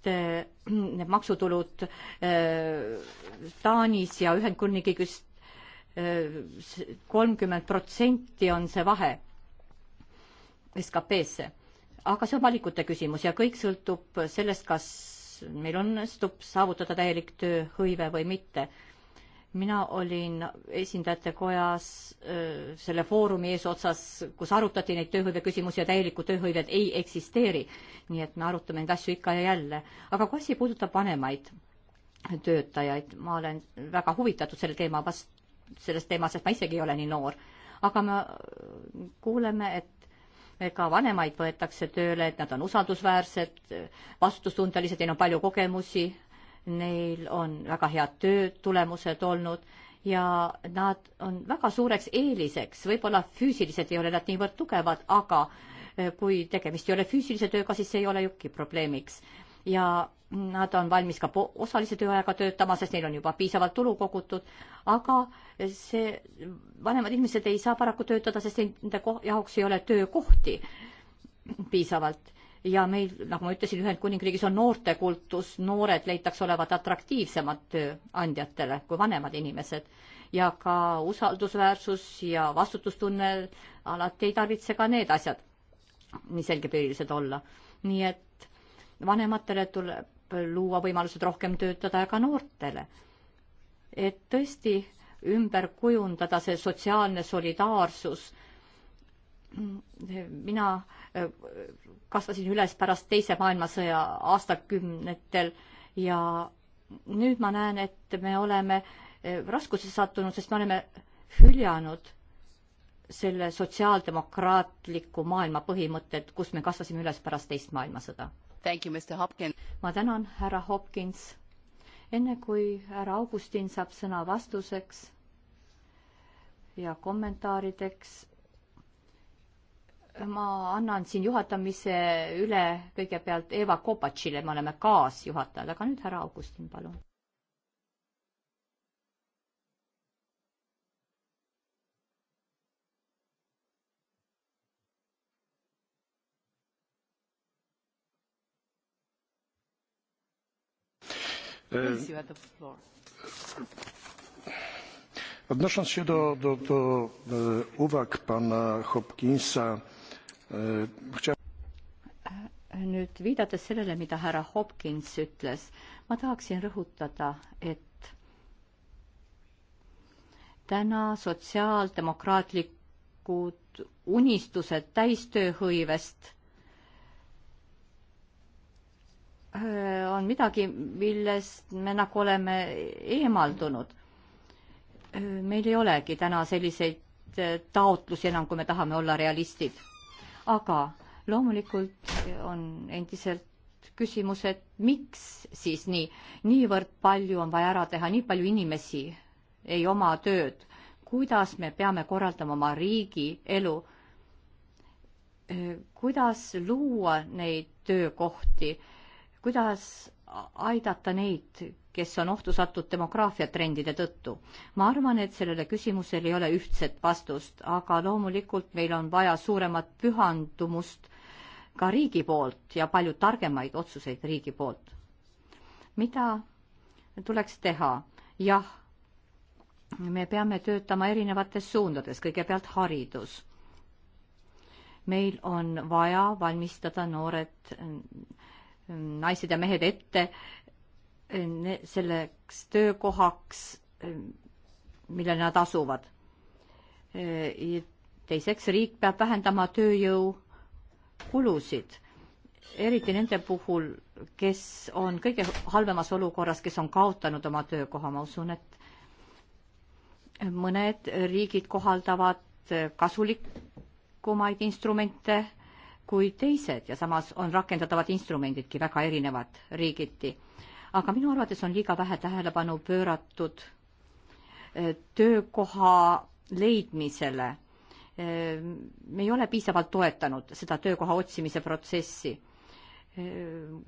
Äh, need maksutulud äh, Taanis ja Ühendkuningriigis äh, kolmkümmend protsenti on see vahe SKP-sse. aga see on valikute küsimus ja kõik sõltub sellest, kas meil õnnestub saavutada täielik tööhõive või mitte mina olin esindajate kojas selle foorumi eesotsas, kus arutati neid tööhõive küsimusi ja täielikku tööhõivet ei eksisteeri. nii et me arutame neid asju ikka ja jälle. aga kui asi puudutab vanemaid töötajaid, ma olen väga huvitatud selle teema vast-, sellest teemast, sest ma isegi ei ole nii noor. aga me kuuleme, et ka vanemaid võetakse tööle, et nad on usaldusväärsed, vastutustundelised, neil on palju kogemusi neil on väga head töötulemused olnud ja nad on väga suureks eeliseks, võib-olla füüsiliselt ei ole nad niivõrd tugevad, aga eh, kui tegemist ei ole füüsilise tööga, siis see ei ole juhki probleemiks. ja nad on valmis ka osalise tööajaga töötama, sest neil on juba piisavalt tulu kogutud, aga see, vanemad inimesed ei saa paraku töötada, sest nende jaoks ei ole töökohti piisavalt ja meil, nagu ma ütlesin, Ühendkuningriigis on noortekultus, noored leitakse olevat atraktiivsemad tööandjatele kui vanemad inimesed ja ka usaldusväärsus ja vastutustunne, alati ei tarvitse ka need asjad nii selgepiirilised olla. nii et vanematele tuleb luua võimalused rohkem töötada ja ka noortele. et tõesti ümber kujundada see sotsiaalne solidaarsus mina äh, kasvasin üles pärast Teise maailmasõja aastakümnetel ja nüüd ma näen, et me oleme äh, raskuse sattunud, sest me oleme hüljanud selle sotsiaaldemokraatliku maailma põhimõtted, kus me kasvasime üles pärast teist maailmasõda. ma tänan, härra Hopkins. enne kui härra Augustin saab sõna vastuseks ja kommentaarideks, ma annan siin juhatamise üle kõigepealt Eva Kopatšile, me oleme kaasjuhatajad, aga nüüd härra Augustin, palun. Odnosząc się do, do, do e, uwag pana Hopkinsa, Äh, nüüd viidates sellele, mida härra Hopkins ütles, ma tahaksin rõhutada, et täna sotsiaaldemokraatlikud unistused täistööhõivest äh, on midagi, millest me nagu oleme eemaldunud. Äh, meil ei olegi täna selliseid taotlusi enam, kui me tahame olla realistid aga loomulikult on endiselt küsimus, et miks siis nii, niivõrd palju on vaja ära teha, nii palju inimesi ei oma tööd, kuidas me peame korraldama oma riigi elu, kuidas luua neid töökohti, kuidas aidata neid, kes on ohtu sattunud demograafiatrendide tõttu. ma arvan, et sellele küsimusele ei ole ühtset vastust, aga loomulikult meil on vaja suuremat pühandumust ka riigi poolt ja palju targemaid otsuseid riigi poolt. mida tuleks teha? jah, me peame töötama erinevates suundades, kõigepealt haridus. meil on vaja valmistada noored naised ja mehed ette selleks töökohaks, millel nad asuvad. teiseks, riik peab vähendama tööjõukulusid, eriti nende puhul, kes on kõige halvemas olukorras, kes on kaotanud oma töökoha, ma usun, et mõned riigid kohaldavad kasulikumaid instrumente kui teised ja samas on rakendatavad instrumendidki väga erinevad riigiti aga minu arvates on liiga vähe tähelepanu pööratud e, töökoha leidmisele. E, me ei ole piisavalt toetanud seda töökoha otsimise protsessi. E,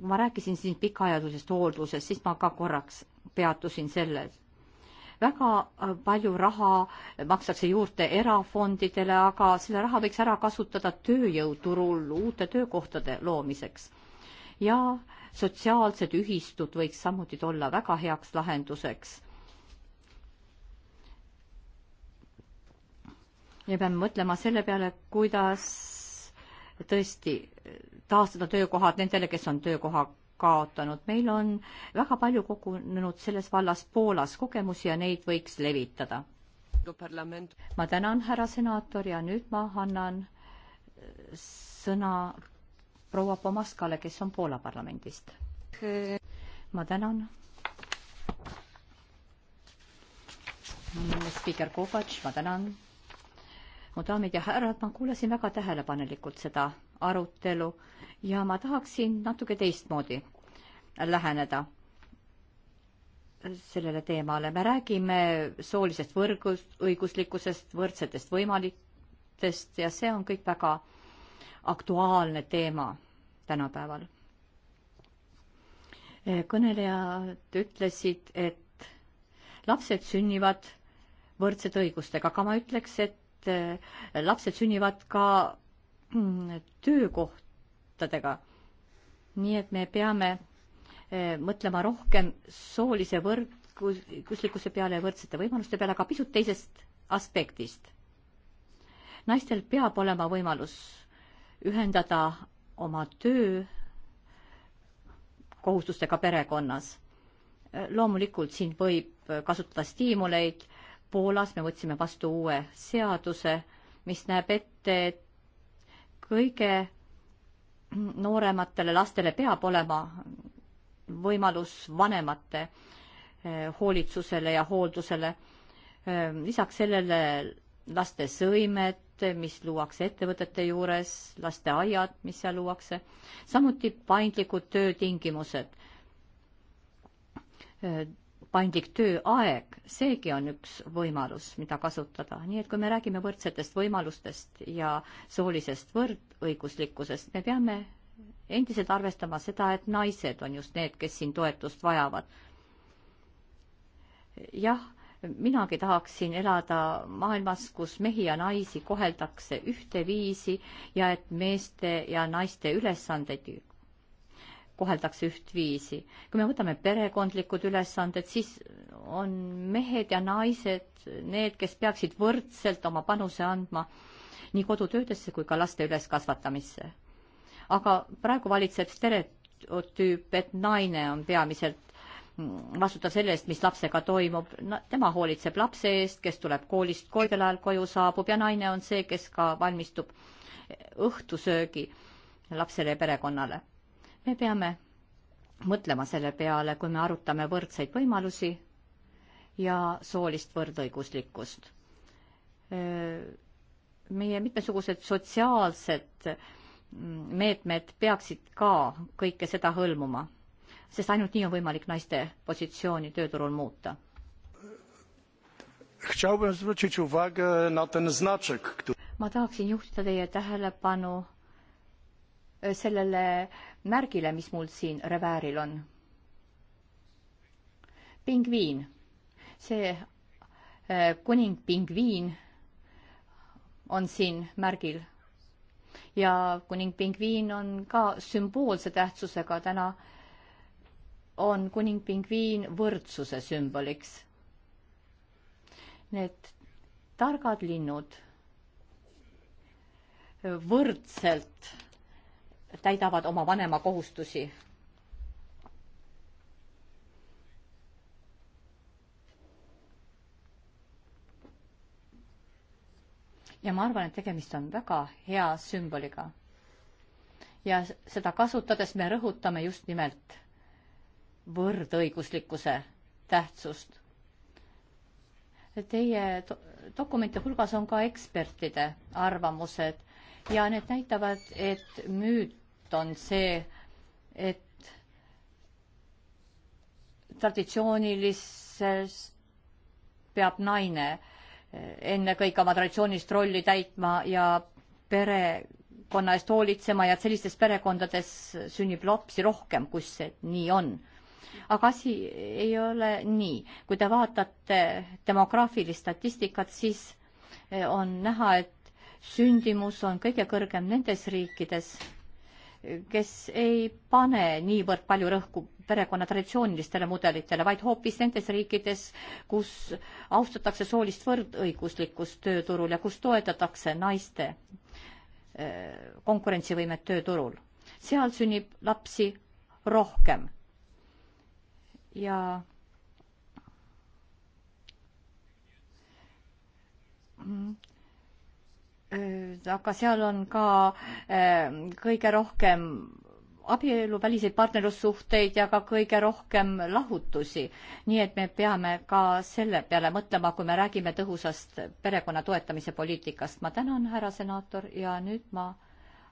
ma rääkisin siin pikaajalisest hooldusest, siis ma ka korraks peatusin sellel väga palju raha makstakse juurde erafondidele, aga selle raha võiks ära kasutada tööjõuturul uute töökohtade loomiseks. ja sotsiaalsed ühistud võiks samuti olla väga heaks lahenduseks. ja peame mõtlema selle peale, kuidas tõesti taastada töökohad nendele, kes on töökoha kaotanud. meil on väga palju kogunenud selles vallas Poolas kogemusi ja neid võiks levitada. ma tänan, härra senaator, ja nüüd ma annan sõna proua Pomaskale, kes on Poola parlamendist. ma tänan. spiiker Kovatš, ma tänan. mu daamid ja härrad, ma kuulasin väga tähelepanelikult seda arutelu ja ma tahaksin natuke teistmoodi läheneda sellele teemale. me räägime soolisest võrgus, õiguslikkusest, võrdsetest võimalikest ja see on kõik väga aktuaalne teema tänapäeval. kõnelejad ütlesid, et lapsed sünnivad võrdsete õigustega, aga ma ütleks, et eh, lapsed sünnivad ka mm, töökohtadega. nii et me peame eh, mõtlema rohkem soolise võrdkuslikkuse peale ja võrdsete võimaluste peale, aga pisut teisest aspektist. naistel peab olema võimalus ühendada oma töö kohustustega perekonnas. loomulikult siin võib kasutada stiimuleid. Poolas me võtsime vastu uue seaduse, mis näeb ette, et kõige noorematele lastele peab olema võimalus vanemate hoolitsusele ja hooldusele. lisaks sellele laste sõimed, mis luuakse ettevõtete juures, lasteaiad, mis seal luuakse, samuti paindlikud töötingimused, äh, paindlik tööaeg, seegi on üks võimalus, mida kasutada. nii et kui me räägime võrdsetest võimalustest ja soolisest võrdõiguslikkusest, me peame endiselt arvestama seda, et naised on just need, kes siin toetust vajavad. jah minagi tahaksin elada maailmas, kus mehi ja naisi koheldakse ühteviisi ja et meeste ja naiste ülesandeid koheldakse ühtviisi. kui me võtame perekondlikud ülesanded, siis on mehed ja naised need, kes peaksid võrdselt oma panuse andma nii kodutöödesse kui ka laste üleskasvatamisse. aga praegu valitseb stereotüüp, et naine on peamiselt vastutab selle eest, mis lapsega toimub no,. tema hoolitseb lapse eest, kes tuleb koolist koolidel ajal koju saabub ja naine on see, kes ka valmistub õhtusöögi lapsele ja perekonnale. me peame mõtlema selle peale, kui me arutame võrdseid võimalusi ja soolist võrdõiguslikkust. meie mitmesugused sotsiaalsed meetmed peaksid ka kõike seda hõlmuma sest ainult nii on võimalik naiste positsiooni tööturul muuta. ma tahaksin juhtida teie tähelepanu e, sellele märgile, mis mul siin revääril on. pingviin, see e, kuning pingviin on siin märgil ja kuning pingviin on ka sümboolse tähtsusega täna äh, on kuningpingviin võrdsuse sümboliks. Need targad linnud võrdselt täidavad oma vanema kohustusi. ja ma arvan, et tegemist on väga hea sümboliga. ja seda kasutades me rõhutame just nimelt võrdõiguslikkuse tähtsust. Teie dokumente hulgas on ka ekspertide arvamused ja need näitavad, et müüt on see, et traditsioonilises peab naine ennekõike oma traditsioonilist rolli täitma ja perekonna eest hoolitsema ja et sellistes perekondades sünnib lapsi rohkem, kus see nii on aga asi ei ole nii. kui te vaatate demograafilist statistikat, siis eh, on näha, et sündimus on kõige kõrgem nendes riikides, kes ei pane niivõrd palju rõhku perekonna traditsioonilistele mudelitele, vaid hoopis nendes riikides, kus austatakse soolist võrdõiguslikkust tööturul ja kus toetatakse naiste eh, konkurentsivõimet tööturul. seal sünnib lapsi rohkem ja mm, aga seal on ka ähm, kõige rohkem abieluväliseid partnerlussuhteid ja ka kõige rohkem lahutusi. nii et me peame ka selle peale mõtlema, kui me räägime tõhusast perekonna toetamise poliitikast. ma tänan, härra senaator, ja nüüd ma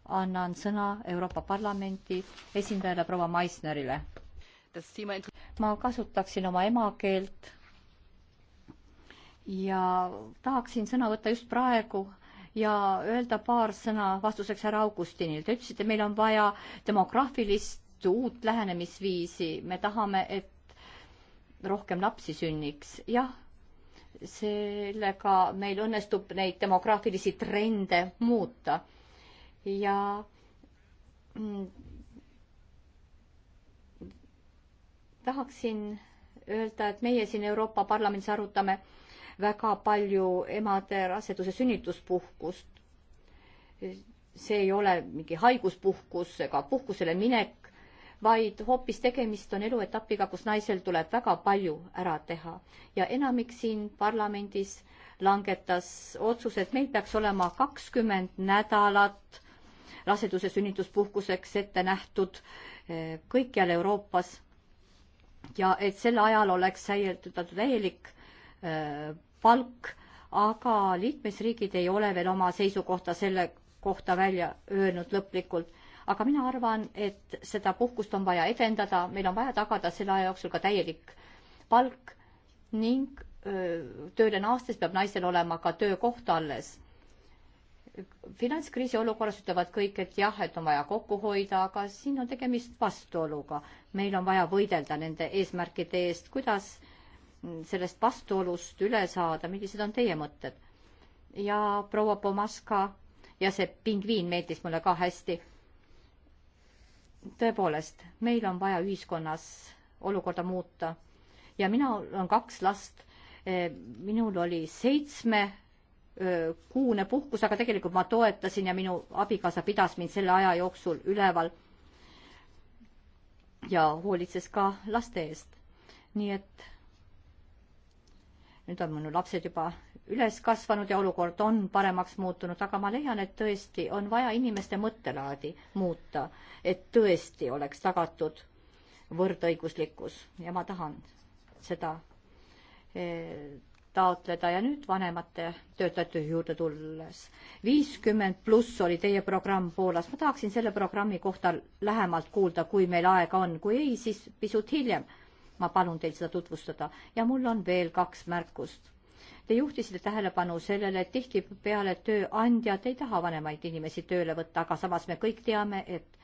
annan sõna Euroopa Parlamendi esindajale proua Meissnerile ma kasutaksin oma emakeelt ja tahaksin sõna võtta just praegu ja öelda paar sõna vastuseks härra Augustinil. Te ütlesite, meil on vaja demograafilist uut lähenemisviisi, me tahame, et rohkem lapsi sünniks. jah, sellega meil õnnestub neid demograafilisi trende muuta ja tahaksin öelda, et meie siin Euroopa Parlamendis arutame väga palju emade raseduse sünnituspuhkust. see ei ole mingi haiguspuhkus ega puhkusele minek, vaid hoopis tegemist on eluetapiga, kus naisel tuleb väga palju ära teha ja enamik siin parlamendis langetas otsuse, et meil peaks olema kakskümmend nädalat raseduse sünnituspuhkuseks ette nähtud eh, kõikjal Euroopas ja et sel ajal oleks säilitatud täielik äh, palk, aga liikmesriigid ei ole veel oma seisukohta selle kohta välja öelnud lõplikult. aga mina arvan, et seda puhkust on vaja edendada, meil on vaja tagada selle aja jooksul ka täielik palk ning öö, äh, tööle naastes peab naisel olema ka töökoht alles finantskriisi olukorras ütlevad kõik, et jah, et on vaja kokku hoida, aga siin on tegemist vastuoluga. meil on vaja võidelda nende eesmärkide eest, kuidas sellest vastuolust üle saada, millised on teie mõtted? ja proua Pomaska ja see pingviin meeldis mulle ka hästi. tõepoolest, meil on vaja ühiskonnas olukorda muuta ja mina olen kaks last. Eh, minul oli seitsme kuune puhkus, aga tegelikult ma toetasin ja minu abikaasa pidas mind selle aja jooksul üleval ja hoolitses ka laste eest. nii et nüüd on minu lapsed juba üles kasvanud ja olukord on paremaks muutunud, aga ma leian, et tõesti on vaja inimeste mõttelaadi muuta, et tõesti oleks tagatud võrdõiguslikkus ja ma tahan seda eh, taotleda ja nüüd vanemate töötajate juurde tulles. viiskümmend pluss oli teie programm Poolas, ma tahaksin selle programmi kohta lähemalt kuulda, kui meil aega on, kui ei, siis pisut hiljem ma palun teil seda tutvustada ja mul on veel kaks märkust. Te juhtisite tähelepanu sellele, et tihtipeale tööandjad ei taha vanemaid inimesi tööle võtta, aga samas me kõik teame, et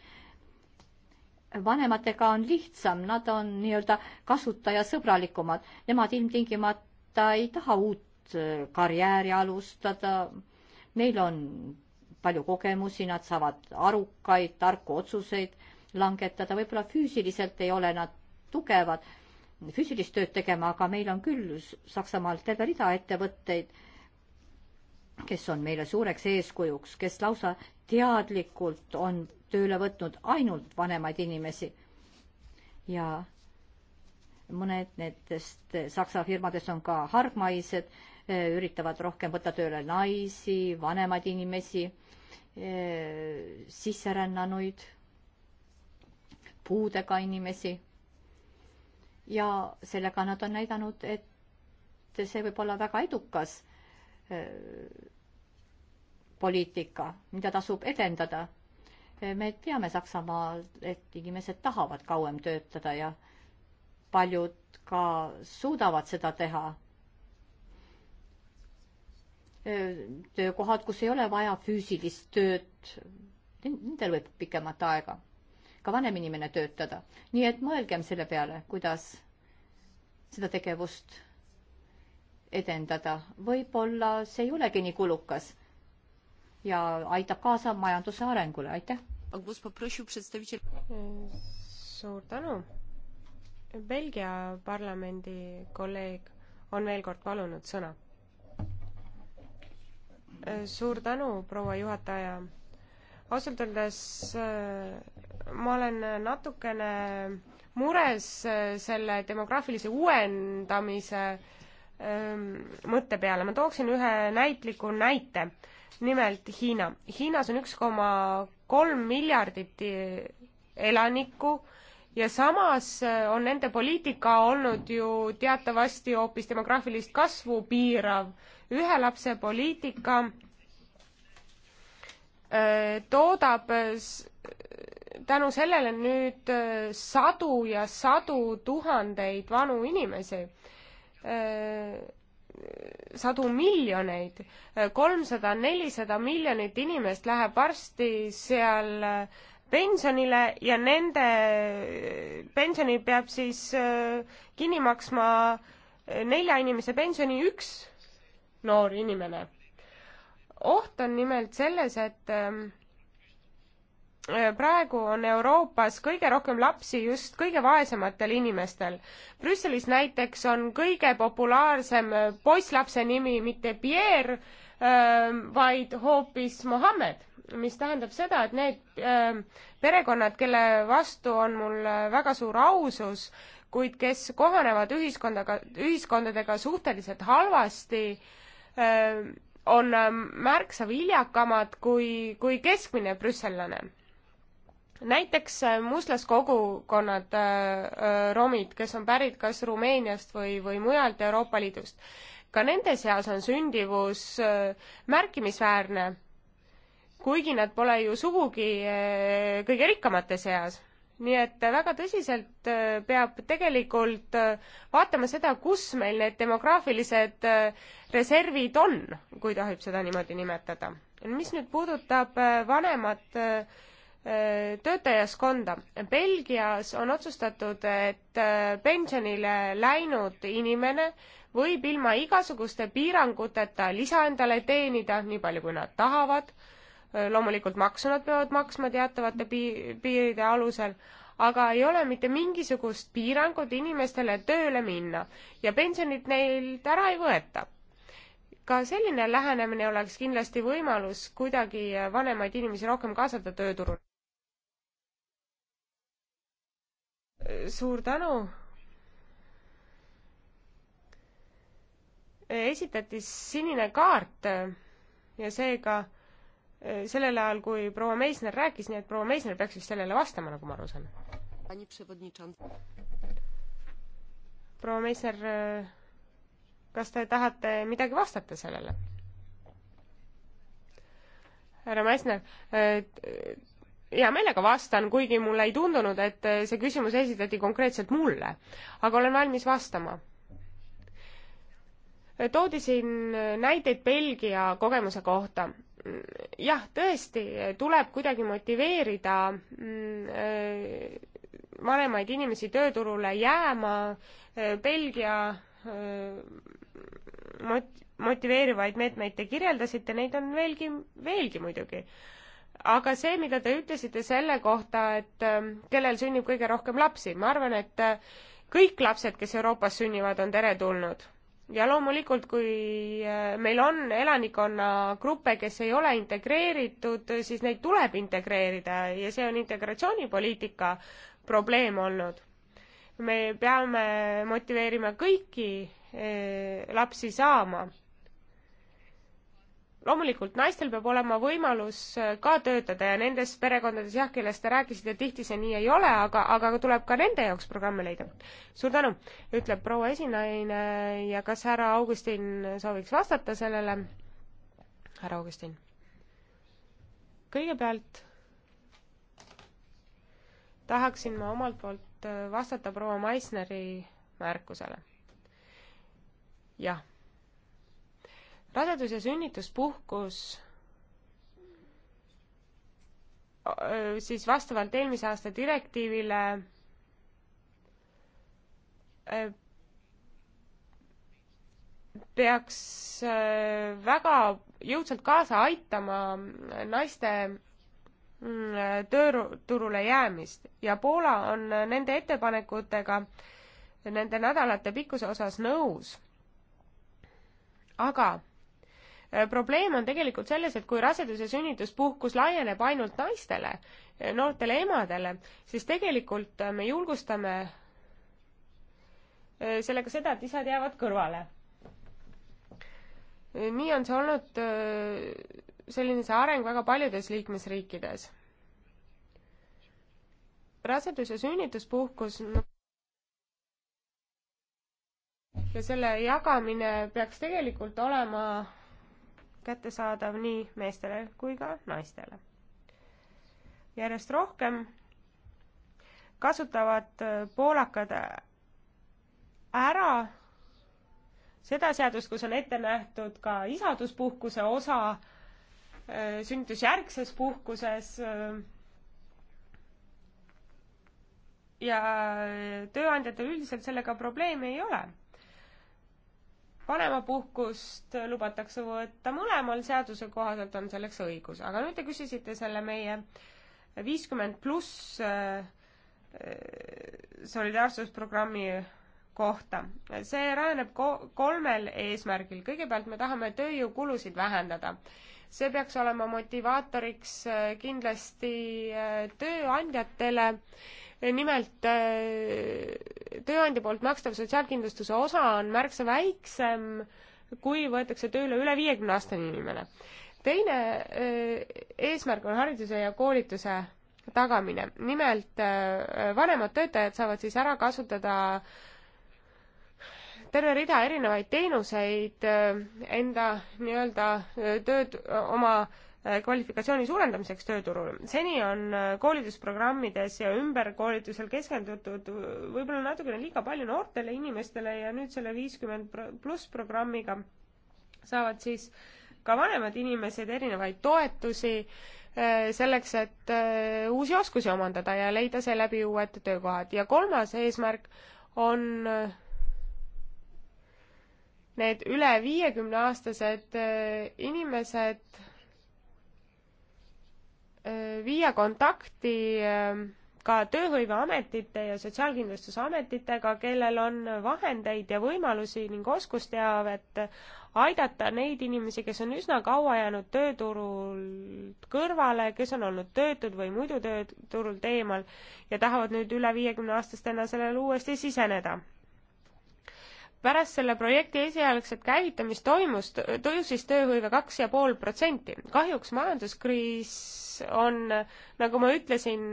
vanematega on lihtsam, nad on nii-öelda kasutajasõbralikumad, nemad ilmtingimata ta ei taha uut äh, karjääri alustada. Neil on palju kogemusi, nad saavad arukaid, tarku otsuseid langetada, võib-olla füüsiliselt ei ole nad tugevad füüsilist tööd tegema, aga meil on küll Saksamaal terve rida ettevõtteid, kes on meile suureks eeskujuks, kes lausa teadlikult on tööle võtnud ainult vanemaid inimesi. ja mõned nendest Saksa firmadest on ka hargmaised, eh, üritavad rohkem võtta tööle naisi, vanemaid inimesi, eh, sisserännanuid, puudega inimesi. ja sellega nad on näidanud, et see võib olla väga edukas eh, poliitika, mida tasub edendada. me teame Saksamaal, et inimesed tahavad kauem töötada ja äh, paljud ka suudavad seda teha. töökohad, kus ei ole vaja füüsilist tööd, nendel võib pikemat aega ka vanem inimene töötada. nii et mõelgem selle peale, kuidas seda tegevust edendada. võib-olla see ei olegi nii kulukas ja aitab kaasa majanduse arengule, aitäh. suur tänu Belgia parlamendi kolleeg on veel kord palunud sõna. suur tänu, proua juhataja. ausalt öeldes äh, ma olen natukene mures äh, selle demograafilise uuendamise ähm, mõtte peale. ma tooksin ühe näitliku näite. nimelt Hiina. Hiinas on üks koma kolm miljardit äh, elanikku ja samas äh, on nende poliitika olnud ju teatavasti hoopis demograafilist kasvu piirav ühe lapse poliitika äh, toodab äh, tänu sellele nüüd sadu ja sadu tuhandeid vanu inimesi, sadu miljoneid, kolmsada, nelisada miljonit inimest läheb varsti seal äh, pensionile ja nende pensioni peab siis äh, kinni maksma äh, nelja inimese pensioni üks noor inimene. oht on nimelt selles, et ähm, äh, praegu on Euroopas kõige rohkem lapsi just kõige vaesematel inimestel. Brüsselis näiteks on kõige populaarsem poisslapse nimi mitte Pierre, ähm, vaid hoopis Mohammed mis tähendab seda, et need ähm, perekonnad, kelle vastu on mul äh, väga suur ausus, kuid kes kohanevad ühiskondaga, ühiskondadega suhteliselt halvasti, ähm, on ähm, märksa viljakamad kui, kui keskmine brüssellane. näiteks äh, mustlas kogukonnad äh, äh,, romid, kes on pärit kas Rumeeniast või, või mujalt Euroopa Liidust, ka nende seas on sündivus äh, märkimisväärne kuigi nad pole ju sugugi eh, kõige rikkamate seas. nii et väga tõsiselt eh, peab tegelikult eh, vaatama seda, kus meil need demograafilised reservid on, kui tohib seda niimoodi nimetada. mis nüüd puudutab vanemat töötajaskonda. Belgias on otsustatud, et pensionile läinud inimene võib ilma igasuguste piiranguteta lisa endale teenida, nii palju kui nad tahavad loomulikult maksu nad peavad maksma teatavate pii-, piiride alusel, aga ei ole mitte mingisugust piirangut inimestele tööle minna ja pensionit neilt ära ei võeta. ka selline lähenemine oleks kindlasti võimalus kuidagi vanemaid inimesi rohkem kaasata tööturul. suur tänu. esitati sinine kaart ja seega ka Äh, sellel ajal, kui proua Meisner rääkis, nii et proua Meisner peaks vist sellele vastama, nagu ma aru saan. proua Meisner, äh, kas te tahate midagi vastata sellele? härra Meisner, äh, hea meelega vastan, kuigi mulle ei tundunud, et see küsimus esitati konkreetselt mulle, aga olen valmis vastama toodi siin näiteid Belgia kogemuse kohta jah, tõesti, tuleb kuidagi motiveerida mm, äh, vanemaid inimesi tööturule jääma, äh, Belgia äh, mot-, motiveerivaid meetmeid te kirjeldasite, neid on veelgi, veelgi muidugi. aga see, mida te ütlesite selle kohta, et kellel sünnib kõige rohkem lapsi, ma arvan, et kõik lapsed, kes Euroopas sünnivad, on teretulnud ja loomulikult, kui äh, meil on elanikkonnagruppe, kes ei ole integreeritud, siis neid tuleb integreerida ja see on integratsioonipoliitika probleem olnud. me peame motiveerima kõiki äh, lapsi saama loomulikult naistel peab olema võimalus äh, ka töötada ja nendes perekondades jah, kellest te rääkisite, tihti see nii ei ole, aga, aga tuleb ka nende jaoks programme leida. suur tänu, ütleb proua esinaine ja kas härra Augustin sooviks vastata sellele? härra Augustin. kõigepealt tahaksin ma omalt poolt äh, vastata proua Maisneri märkusele. jah rasedus- ja sünnituspuhkus siis vastavalt eelmise aasta direktiivile peaks väga jõudsalt kaasa aitama naiste mm, tööturule jäämist ja Poola on nende ettepanekutega nende nädalate pikkuse osas nõus. aga Äh, probleem on tegelikult selles, et kui rasedus- ja sünnituspuhkus laieneb ainult naistele, äh, noortele emadele, siis tegelikult äh, me julgustame sellega seda, et isad jäävad kõrvale. nii on see olnud selline see areng väga paljudes liikmesriikides. rasedus- ja sünnituspuhkus no, ja selle jagamine peaks tegelikult olema kättesaadav nii meestele kui ka naistele. järjest rohkem kasutavad äh, poolakad äh, ära seda seadust, kus on ette nähtud ka isaduspuhkuse osa äh, sünnitusjärgses puhkuses ja tööandjatel üldiselt sellega probleemi ei ole vanemapuhkust lubatakse võtta mõlemal, seaduse kohaselt on selleks õigus, aga nüüd te küsisite selle meie viiskümmend pluss äh, äh, solidaarsusprogrammi kohta. see rajaneb ko-, kolmel eesmärgil. kõigepealt me tahame tööjõukulusid vähendada. see peaks olema motivaatoriks äh, kindlasti tööandjatele äh, nimelt äh, tööandja poolt makstav sotsiaalkindlustuse osa on märksa väiksem, kui võetakse tööle üle viiekümne aastane inimene. teine äh, eesmärk on hariduse ja koolituse tagamine. nimelt äh, vanemad töötajad saavad siis ära kasutada terve rida erinevaid teenuseid enda nii-öelda tööd oma Äh, kvalifikatsiooni suurendamiseks tööturul. seni on äh, koolitusprogrammides ja ümberkoolitusel keskendutud võib-olla natukene liiga palju noortele inimestele ja nüüd selle viiskümmend pluss programmiga saavad siis ka vanemad inimesed erinevaid toetusi äh, selleks, et uusi oskusi omandada ja leida seeläbi uued töökohad. ja kolmas eesmärk on need üle viiekümne aastased inimesed Äh, viia kontakti äh, ka tööhõiveametite ja sotsiaalkindlustusametitega, kellel on vahendeid ja võimalusi ning oskusteavet aidata neid inimesi, kes on üsna kaua jäänud tööturult kõrvale, kes on olnud töötud või muidu tööturult eemal ja tahavad nüüd üle viiekümne aastastena sellele uuesti siseneda pärast selle projekti esialgset käivitamist toimus, tõusis tööhõive kaks ja pool protsenti. kahjuks majanduskriis on, nagu ma ütlesin,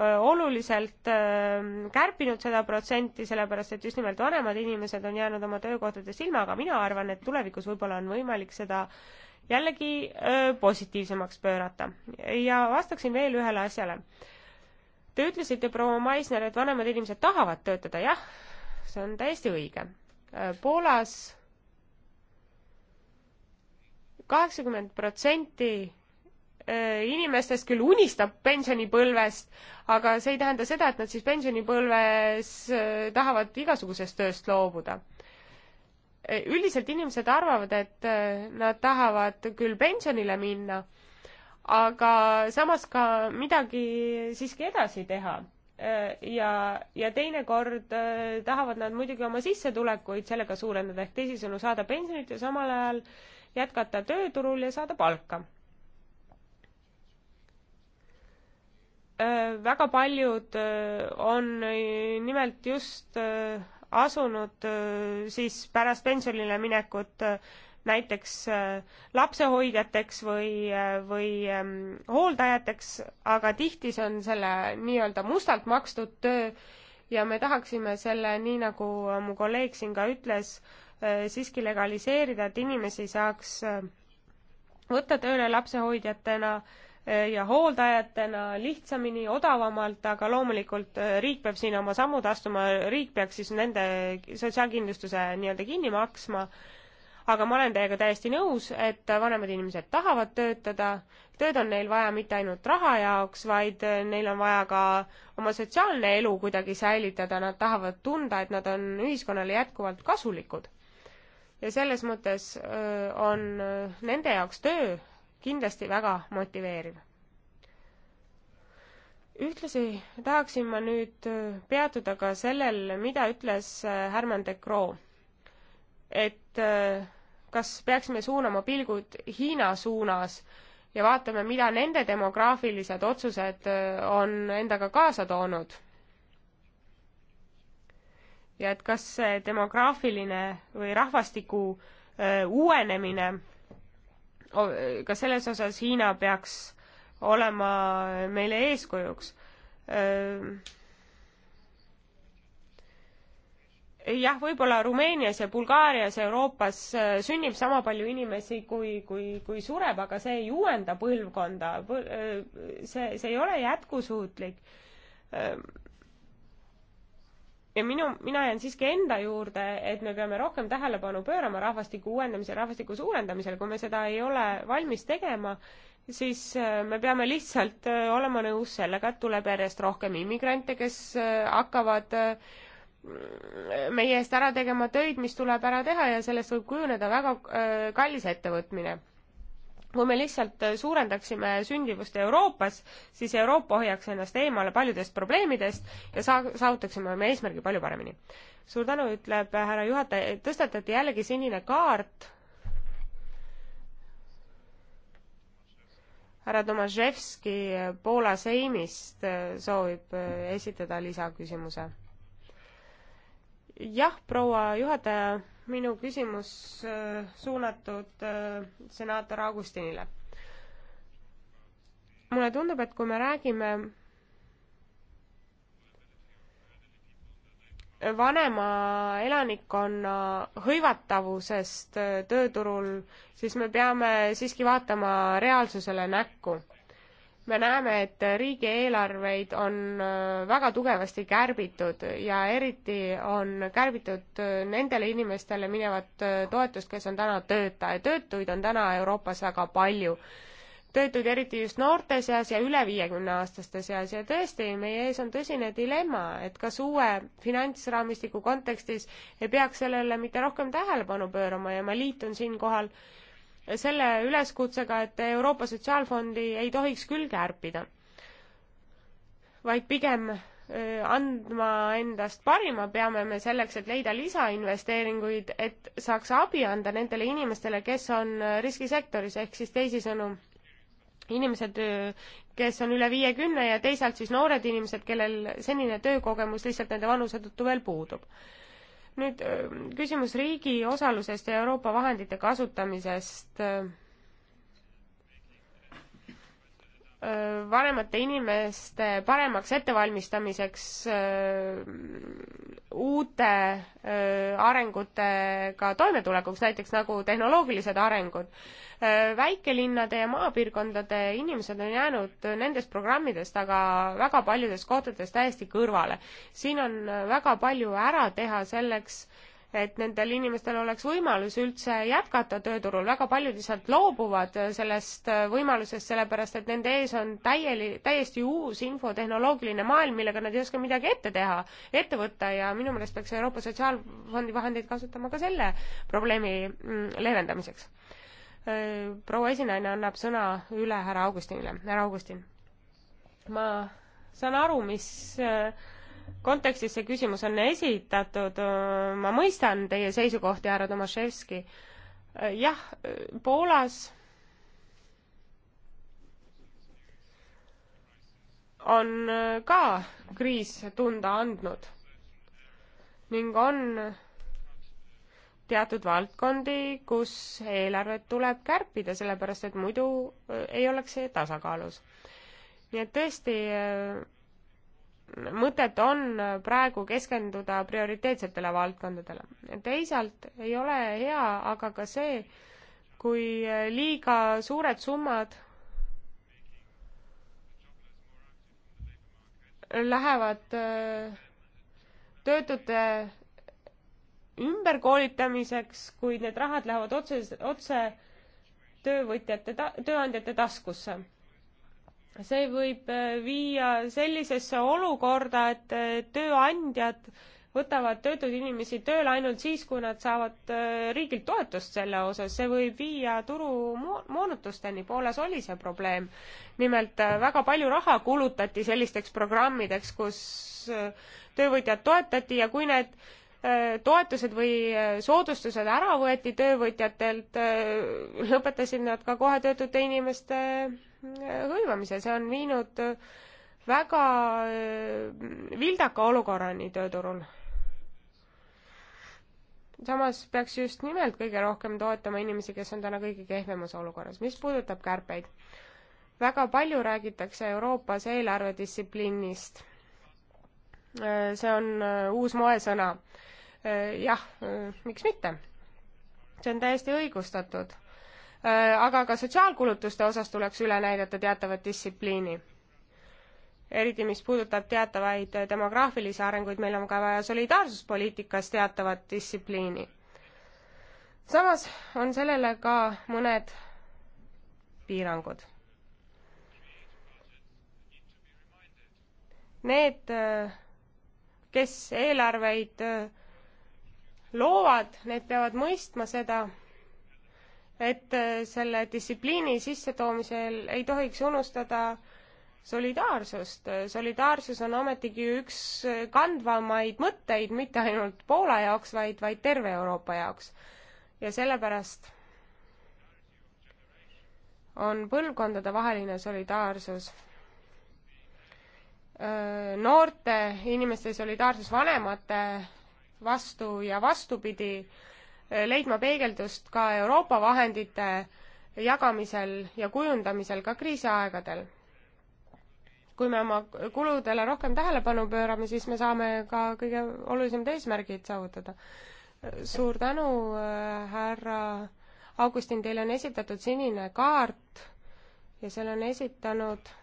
oluliselt ähm, kärpinud seda protsenti, sellepärast et just nimelt vanemad inimesed on jäänud oma töökohtadest ilma, aga mina arvan, et tulevikus võib-olla on võimalik seda jällegi öö, äh, positiivsemaks pöörata. ja vastaksin veel ühele asjale. Te ütlesite, proua Maisner, et vanemad inimesed tahavad töötada, jah, see on täiesti õige. Äh, Poolas kaheksakümmend protsenti äh, inimestest küll unistab pensionipõlvest, aga see ei tähenda seda, et nad siis pensionipõlves äh, tahavad igasugusest tööst loobuda. üldiselt inimesed arvavad, et nad tahavad küll pensionile minna, aga samas ka midagi siiski edasi teha Äh, ja, ja teinekord äh, tahavad nad muidugi oma sissetulekuid sellega suurendada, ehk teisisõnu saada pensionit ja samal ajal jätkata tööturul ja saada palka äh, väga paljud on nimelt just asunud siis pärast pensionile minekut näiteks äh, lapsehoidjateks või, äh, või ähm, hooldajateks, aga tihti see on selle nii-öelda mustalt makstud töö ja me tahaksime selle, nii nagu mu kolleeg siin ka ütles, äh, siiski legaliseerida, et inimesi saaks võtta tööle lapsehoidjatena ja hooldajatena lihtsamini, odavamalt, aga loomulikult riik peab siin oma sammud astuma, riik peaks siis nende sotsiaalkindlustuse nii-öelda kinni maksma aga ma olen teiega täiesti nõus, et vanemad inimesed tahavad töötada, tööd on neil vaja mitte ainult raha jaoks, vaid neil on vaja ka oma sotsiaalne elu kuidagi säilitada, nad tahavad tunda, et nad on ühiskonnale jätkuvalt kasulikud. ja selles mõttes on nende jaoks töö kindlasti väga motiveeriv. ühtlasi tahaksin ma nüüd peatuda ka sellel, mida ütles Herman de Croo, et kas peaksime suunama pilgud Hiina suunas ja vaatame, mida nende demograafilised otsused äh, on endaga kaasa toonud? ja et kas see demograafiline või rahvastiku öö, äh, uuenemine, äh, ka selles osas Hiina peaks olema meile eeskujuks öö, jah, võib-olla Rumeenias ja Bulgaarias, Euroopas äh, sünnib sama palju inimesi kui, kui, kui sureb, aga see ei uuenda põlvkonda. Äh, see, see ei ole jätkusuutlik. Ähm, ja minu, mina jään siiski enda juurde, et me peame rohkem tähelepanu pöörama rahvastiku uuendamisele, rahvastiku suurendamisele, kui me seda ei ole valmis tegema, siis äh, me peame lihtsalt olema nõus sellega, et tuleb järjest rohkem immigrante, kes hakkavad äh, meie eest ära tegema töid, mis tuleb ära teha ja sellest võib kujuneda väga äh, kallis ettevõtmine. kui me lihtsalt äh, suurendaksime sündivust Euroopas, siis Euroopa hoiaks ennast eemale paljudest probleemidest ja saa-, saavutaksime oma eesmärgi palju paremini. suur tänu, ütleb härra juhataja, tõstatati jällegi sinine kaart härra Tomaševski Poola Seimist äh, soovib esitada lisaküsimuse jah, proua juhataja, minu küsimus äh, suunatud äh, senaator Augustinile. mulle tundub, et kui me räägime vanema elanikkonna hõivatavusest äh, tööturul, siis me peame siiski vaatama reaalsusele näkku me näeme, et riigieelarveid on äh, väga tugevasti kärbitud ja eriti on kärbitud äh, nendele inimestele minevat äh, toetust, kes on täna tööta ja töötuid on täna Euroopas väga palju. töötuid eriti just noorte seas ja üle viiekümne aastaste seas ja tõesti, meie ees on tõsine dilemma, et kas uue finantsraamistiku kontekstis ei peaks sellele mitte rohkem tähelepanu pöörama ja ma liitun siinkohal äh, selle üleskutsega, et Euroopa Sotsiaalfondi ei tohiks küll kärpida, vaid pigem andma endast parima peame me selleks, et leida lisainvesteeringuid, et saaks abi anda nendele inimestele, kes on riskisektoris, ehk siis teisisõnu, inimesed, kes on üle viiekümne ja teisalt siis noored inimesed, kellel senine töökogemus lihtsalt nende vanuse tõttu veel puudub nüüd küsimus riigi osalusest ja Euroopa vahendite kasutamisest vanemate inimeste paremaks ettevalmistamiseks äh, uute äh, arengutega toimetulekuks, näiteks nagu tehnoloogilised arengud. Äh, väikelinnade ja maapiirkondade inimesed on jäänud nendest programmidest aga väga paljudes kohtades täiesti kõrvale. siin on väga palju ära teha selleks, et nendel inimestel oleks võimalus üldse jätkata tööturul, väga paljud lihtsalt loobuvad äh, sellest äh, võimalusest, sellepärast et nende ees on täieli, täiesti uus infotehnoloogiline maailm, millega nad ei oska midagi ette teha, ette võtta ja minu meelest peaks Euroopa Sotsiaalfondi vahendeid kasutama ka selle probleemi mm, leevendamiseks. Äh, proua esinaine annab sõna üle härra Augustinile, härra Augustin. ma saan aru, mis äh, kontekstis see küsimus on esitatud, ma mõistan teie seisukohti, härra Tomaševski. jah, Poolas on ka kriis tunda andnud ning on teatud valdkondi, kus eelarvet tuleb kärpida, sellepärast et muidu äh, ei oleks see tasakaalus. nii et tõesti äh, mõtet on praegu keskenduda prioriteetsetele valdkondadele. teisalt ei ole hea aga ka see, kui liiga suured summad lähevad äh, töötute ümberkoolitamiseks, kuid need rahad lähevad otse, otse töövõtjate, tööandjate taskusse see võib äh, viia sellisesse olukorda, et äh, tööandjad võtavad töötuid inimesi tööle ainult siis, kui nad saavad äh, riigilt toetust selle osas, see võib viia turu moonutusteni, Poolas oli see probleem. nimelt väga palju raha kulutati sellisteks programmideks, kus töövõtjad toetati ja kui need toetused või soodustused ära võeti töövõtjatelt, lõpetasid nad ka kohe töötute inimeste hõivamise, see on viinud väga äh, vildaka olukorrani tööturul. samas peaks just nimelt kõige rohkem toetama inimesi, kes on täna kõige kehvemas olukorras. mis puudutab kärpeid, väga palju räägitakse Euroopas eelarvedistsipliinist. Äh, see on äh, uus moesõna. jah, miks mitte? see on täiesti õigustatud Äh, aga ka sotsiaalkulutuste osas tuleks üle näidata teatavat distsipliini. eriti, mis puudutab teatavaid äh, demograafilisi arenguid, meil on ka vaja solidaarsuspoliitikas teatavat distsipliini. samas on sellele ka mõned piirangud. Need, äh, kes eelarveid loovad, need peavad mõistma seda, et äh, selle distsipliini sissetoomisel ei tohiks unustada solidaarsust. solidaarsus on ometigi üks äh, kandvamaid mõtteid mitte ainult Poola jaoks, vaid, vaid terve Euroopa jaoks. ja sellepärast on põlvkondadevaheline solidaarsus, äh, noorte inimeste solidaarsus vanemate vastu ja vastupidi leidma peegeldust ka Euroopa vahendite jagamisel ja kujundamisel ka kriisiaegadel. kui me oma kuludele rohkem tähelepanu pöörame, siis me saame ka kõige olulisemad eesmärgid saavutada. suur tänu, äh, härra Augustin, teile on esitatud sinine kaart ja selle on esitanud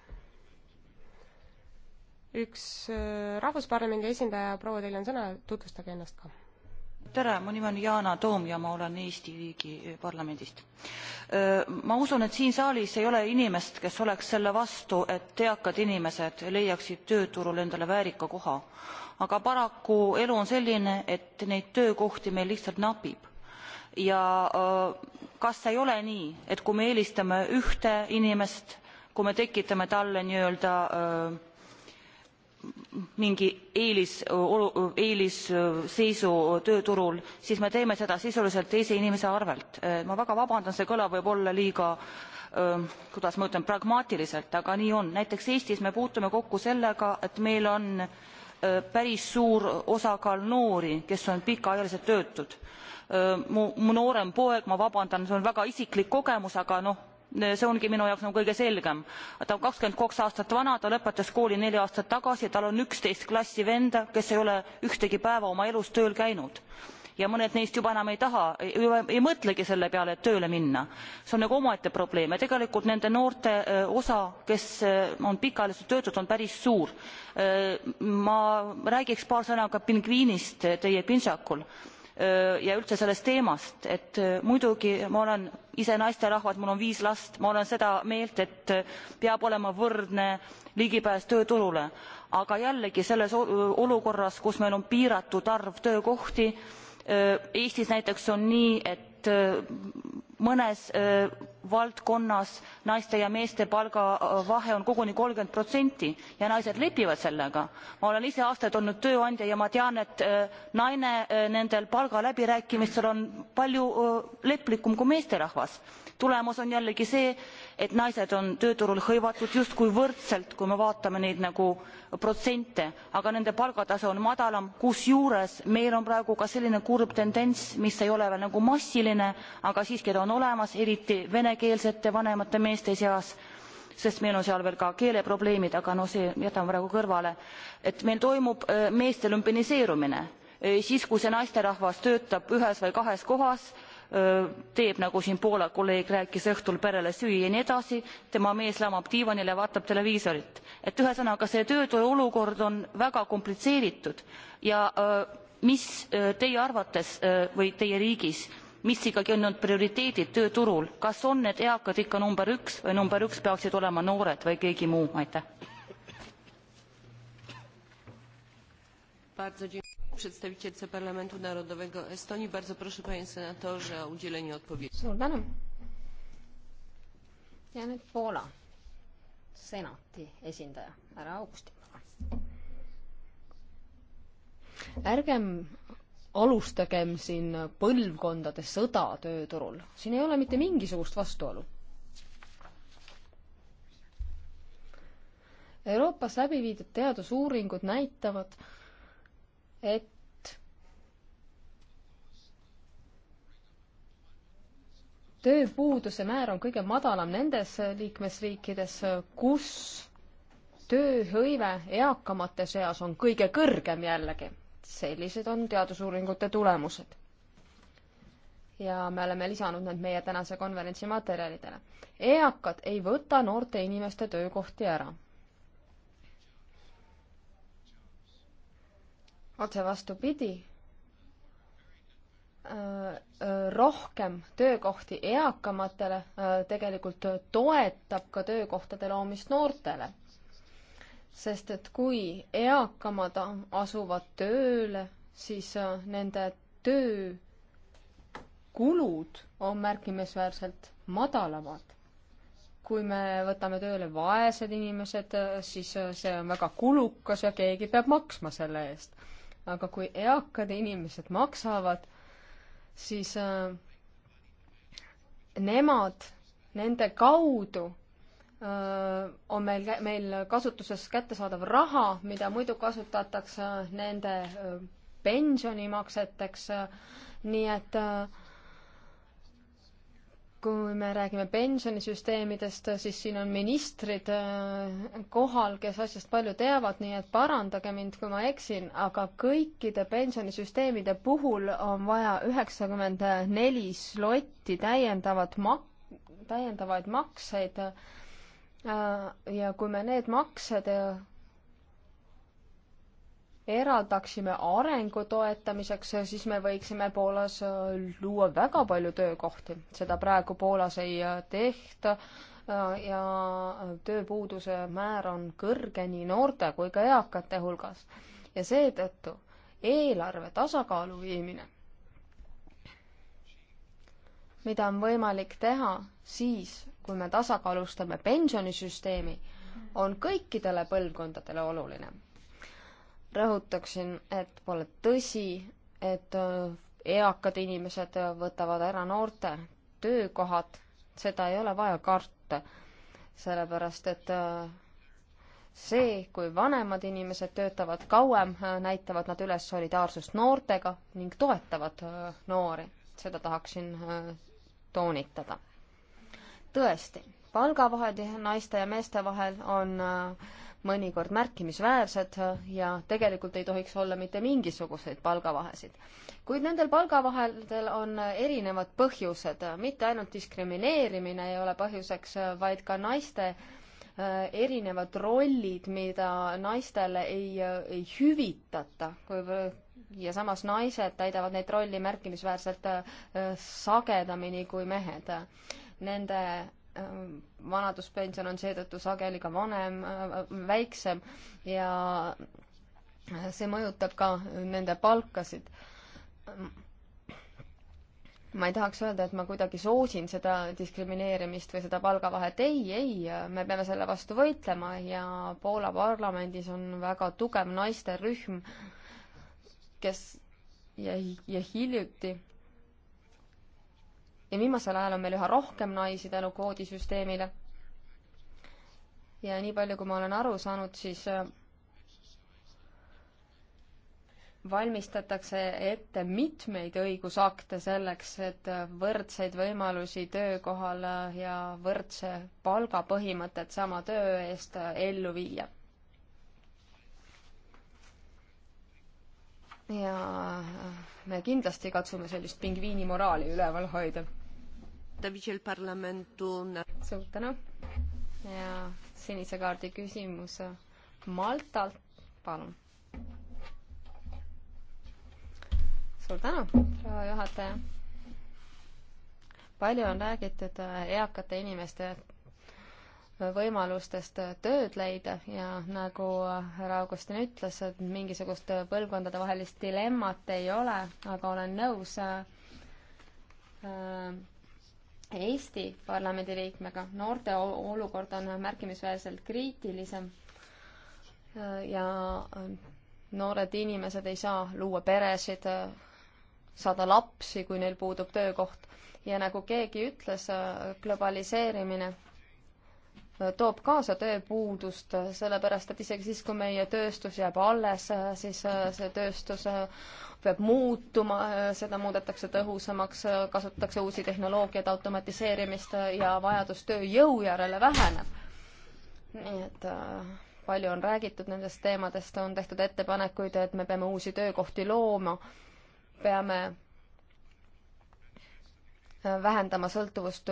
üks äh, Rahvusparlamendi esindaja, proua, teil on sõna, tutvustage ennast ka tere, mu nimi on Yana Toom ja ma olen Eesti riigi eh, parlamendist. ma usun, et siin saalis ei ole inimest, kes oleks selle vastu, et eakad inimesed leiaksid tööturul endale väärika koha. aga paraku elu on selline, et neid töökohti meil lihtsalt napib. ja kas ei ole nii, et kui me eelistame ühte inimest, kui me tekitame talle nii-öelda öö, mingi eelis eelisseisu tööturul siis me teeme seda sisuliselt teise inimese arvelt eh, ma väga vabandan see kõlab võibolla liiga eh, kuidas ma ütlen pragmaatiliselt aga nii on näiteks eestis me puutume kokku sellega et meil on eh, päris suur osakaal noori kes on pikaajaliselt töötud mu mu noorem poeg ma vabandan see on väga isiklik kogemus aga noh see ongi minu jaoks nagu kõige selgem ta on kakskümmend kaks aastat vana ta lõpetas kooli neli aastat tagasi tal on üksteist klassi venda kes ei ole ühtegi päeva oma elus tööl käinud ja mõned neist juba enam ei taha ei, ei mõtlegi selle peale et tööle minna see on nagu omaette probleem ja tegelikult nende noorte äh, osa kes äh, on pikaajaliselt töötud on päris suur äh, ma räägiks paar sõna ka pingviinist teie pintsakul Äh, ja üldse sellest teemast et äh, muidugi ma olen ise naisterahvas mul on viis last ma olen seda meelt et äh, peab olema võrdne ligipääs tööturule aga jällegi selles olukorras kus meil on piiratud arv töökohti eestis näiteks on nii et mõnes äh, valdkonnas naiste ja meeste palgavahe äh, on koguni kolmkümmend protsenti ja naised lepivad sellega. ma olen ise aastaid olnud tööandja ja ma tean et äh, naine nendel palgaläbirääkimistel on palju leplikum kui meesterahvas tulemus on jällegi see et naised on tööturul hõivatud justkui võrdselt kui me vaatame neid nagu protsente aga nende palgatase on madalam kusjuures meil on praegu ka selline kurb tendents mis ei ole veel nagu massiline aga siiski ta on olemas eriti venekeelsete vanemate meeste seas sest meil on seal veel ka keeleprobleemid aga no see jätame praegu kõrvale et meil toimub äh, meeste lumpiseerumine äh, siis kui see naisterahvas töötab ühes või kahes kohas teeb nagu siin Poola kolleeg rääkis õhtul perele süüa ja nii edasi, tema mees lamab diivanil ja vaatab televiisorit. et ühesõnaga see tööturu olukord on väga komplitseeritud ja mis teie arvates või teie riigis, mis ikkagi on need prioriteedid tööturul, kas on need eakad ikka number üks või number üks peaksid olema noored või keegi muu, aitäh? przedstawicielce Parlamentu Narodowego Estonii. Bardzo proszę panie senatorze o udzielenie odpowiedzi. Suur tänu. Ja nüüd Poola senati esindaja, härra Augustin. ärgem alustagem siin põlvkondade sõda tööturul, siin ei ole mitte mingisugust vastuolu. Euroopas läbi viidud teadusuuringud näitavad, et tööpuuduse määr on kõige madalam nendes liikmesriikides, kus tööhõive eakamate seas on kõige kõrgem jällegi. sellised on teadusuuringute tulemused. ja me oleme lisanud need meie tänase konverentsi materjalidele. eakad ei võta noorte inimeste töökohti ära otse vastupidi, äh, äh, rohkem töökohti eakamatele äh, tegelikult toetab ka töökohtade loomist noortele. sest et kui eakamad asuvad tööle, siis nende töökulud on märkimisväärselt madalamad. kui me võtame tööle vaesed inimesed, siis see on väga kulukas ja keegi peab maksma selle eest aga kui eakad inimesed maksavad, siis äh, nemad, nende kaudu äh, on meil, meil kasutuses kättesaadav raha, mida muidu kasutatakse nende äh, pensionimakseteks, nii et äh, kui me räägime pensionisüsteemidest, siis siin on ministrid äh, kohal, kes asjast palju teavad, nii et parandage mind, kui ma eksin, aga kõikide pensionisüsteemide puhul on vaja üheksakümmend neli slotti täiendavat mak-, täiendavaid makseid. Äh, ja kui me need maksed eraldaksime arengu toetamiseks, siis me võiksime Poolas äh, luua väga palju töökohti. seda praegu Poolas ei äh, tehta äh, ja tööpuuduse määr on kõrge nii noorte kui ka eakate hulgas. ja seetõttu eelarve tasakaalu viimine, mida on võimalik teha siis, kui me tasakaalustame pensionisüsteemi, on kõikidele põlvkondadele oluline rõhutaksin, et pole tõsi, et äh, eakad inimesed äh, võtavad ära noorte töökohad, seda ei ole vaja karta, sellepärast et äh, see, kui vanemad inimesed töötavad kauem, näitavad nad üles solidaarsust noortega ning toetavad noori, seda tahaksin toonitada. tõesti, palgavahed naiste ja meeste vahel on äh, mõnikord märkimisväärsed ja tegelikult ei tohiks olla mitte mingisuguseid palgavahesid. kuid nendel palgavahedel on erinevad põhjused, mitte ainult diskrimineerimine ei ole põhjuseks, vaid ka naiste äh, erinevad rollid, mida naistele ei, ei hüvitata, ja samas naised täidavad neid rolli märkimisväärselt äh, sagedamini kui mehed. Nende Äh, vanaduspension on seetõttu sageli ka vanem, äh, väiksem ja see mõjutab ka nende palkasid. ma ei tahaks öelda, et ma kuidagi soosin seda diskrimineerimist või seda palgavahet, ei, ei, me peame selle vastu võitlema ja Poola parlamendis on väga tugev naisterühm, kes ja, ja hiljuti ja viimasel ajal on meil üha rohkem naisi tänu kvoodisüsteemile. ja nii palju, kui ma olen aru saanud, siis äh, valmistatakse ette mitmeid õigusakte selleks, et võrdseid võimalusi töökohal ja võrdse palga põhimõtet sama töö eest äh, ellu viia ja äh, me kindlasti katsume sellist pingviini moraali üleval hoida. suur tänu ja sinise kaardi küsimus äh, Maltalt, palun. suur tänu, proua juhataja. palju on räägitud äh, eakate inimeste võimalustest tööd leida ja nagu härra Augustin ütles, et mingisugust põlvkondadevahelist dilemmat ei ole, aga olen nõus äh, Eesti parlamendi liikmega, noorte olukord on märkimisväärselt kriitilisem äh, ja noored inimesed ei saa luua peresid, äh, saada lapsi, kui neil puudub töökoht. ja nagu keegi ütles, globaliseerimine toob kaasa tööpuudust, sellepärast et isegi siis, kui meie tööstus jääb alles, siis äh, see tööstus äh, peab muutuma, äh, seda muudetakse tõhusamaks, kasutatakse uusi tehnoloogiaid, automatiseerimist ja vajadus tööjõu järele väheneb. nii et palju on räägitud nendest teemadest, on tehtud ettepanekuid, et me peame uusi töökohti looma, peame vähendama sõltuvust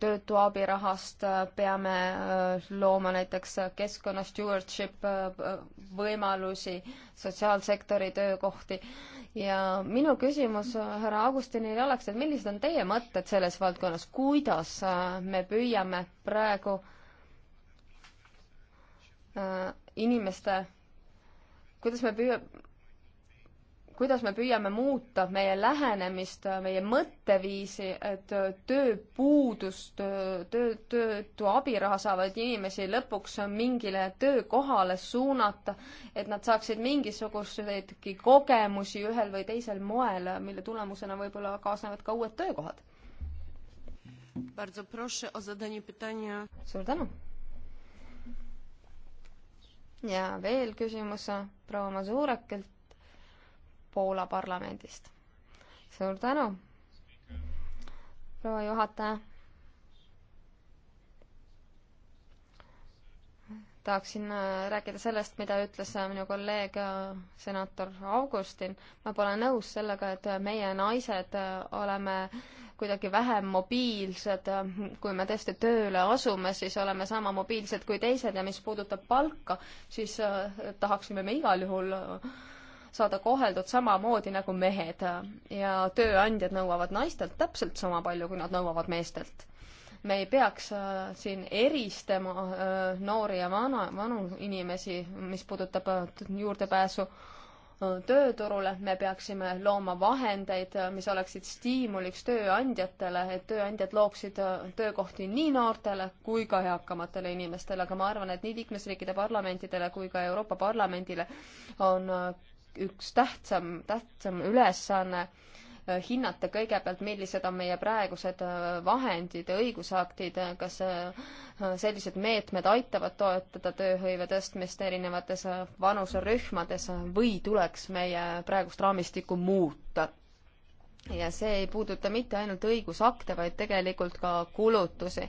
töötu abirahast, peame äh, looma näiteks keskkonna stewardship äh, võimalusi, sotsiaalsektori töökohti ja minu küsimus äh, härra Augustinile oleks, et millised on teie mõtted selles valdkonnas, kuidas me püüame praegu inimeste, kuidas me püüame kuidas me püüame muuta meie lähenemist, meie mõtteviisi, et tööpuudust, töö, töötu abiraha saavaid inimesi lõpuks mingile töökohale suunata, et nad saaksid mingisuguseidki kogemusi ühel või teisel moel, mille tulemusena võib-olla kaasnevad ka uued töökohad. suur tänu! ja veel küsimus proua Masurekilt Poola parlamendist. suur tänu, proua juhataja. tahaksin äh, rääkida sellest, mida ütles äh, minu kolleeg äh, senator Augustin. ma pole nõus sellega, et meie naised oleme kuidagi vähem mobiilsed, kui me tõesti tööle asume, siis oleme sama mobiilsed kui teised ja mis puudutab palka, siis tahaksime me igal juhul saada koheldud samamoodi nagu mehed ja tööandjad nõuavad naistelt täpselt sama palju, kui nad nõuavad meestelt. me ei peaks äh, siin eristama äh, noori ja vana, vanu inimesi, mis puudutab äh, juurdepääsu tööturule, me peaksime looma vahendeid, mis oleksid stiimuliks tööandjatele, et tööandjad looksid töökohti nii noortele kui ka eakamatele inimestele, aga ma arvan, et nii liikmesriikide parlamentidele kui ka Euroopa Parlamendile on üks tähtsam, tähtsam ülesanne äh, hinnata kõigepealt, millised on meie praegused äh, vahendid, õigusaktid, äh, kas sellised meetmed aitavad toetada tööhõive tõstmist erinevates vanuserühmades või tuleks meie praegust raamistikku muuta ja see ei puuduta mitte ainult õigusakte, vaid tegelikult ka kulutusi.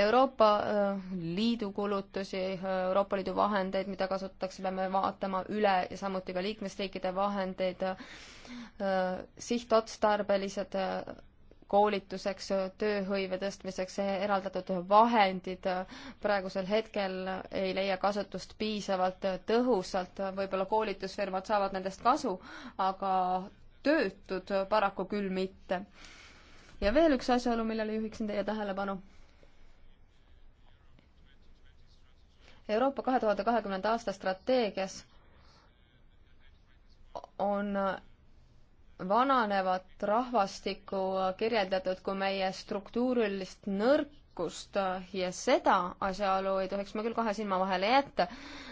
Euroopa äh, Liidu kulutusi, äh, Euroopa Liidu vahendeid, mida kasutatakse, peame vaatama üle ja samuti ka liikmesriikide vahendeid, äh, sihtotstarbelised koolituseks, tööhõive tõstmiseks eraldatud vahendid praegusel hetkel ei leia kasutust piisavalt tõhusalt, võib-olla koolitusfirmad saavad nendest kasu, aga töötud, paraku küll mitte. ja veel üks asjaolu, millele juhiksin teie tähelepanu. Euroopa kahe tuhande kahekümnenda aasta strateegias on vananevat rahvastikku kirjeldatud kui meie struktuurilist nõrk tarkust äh, ja seda asjaolu ei tohiks me küll kahe silma vahele jätta.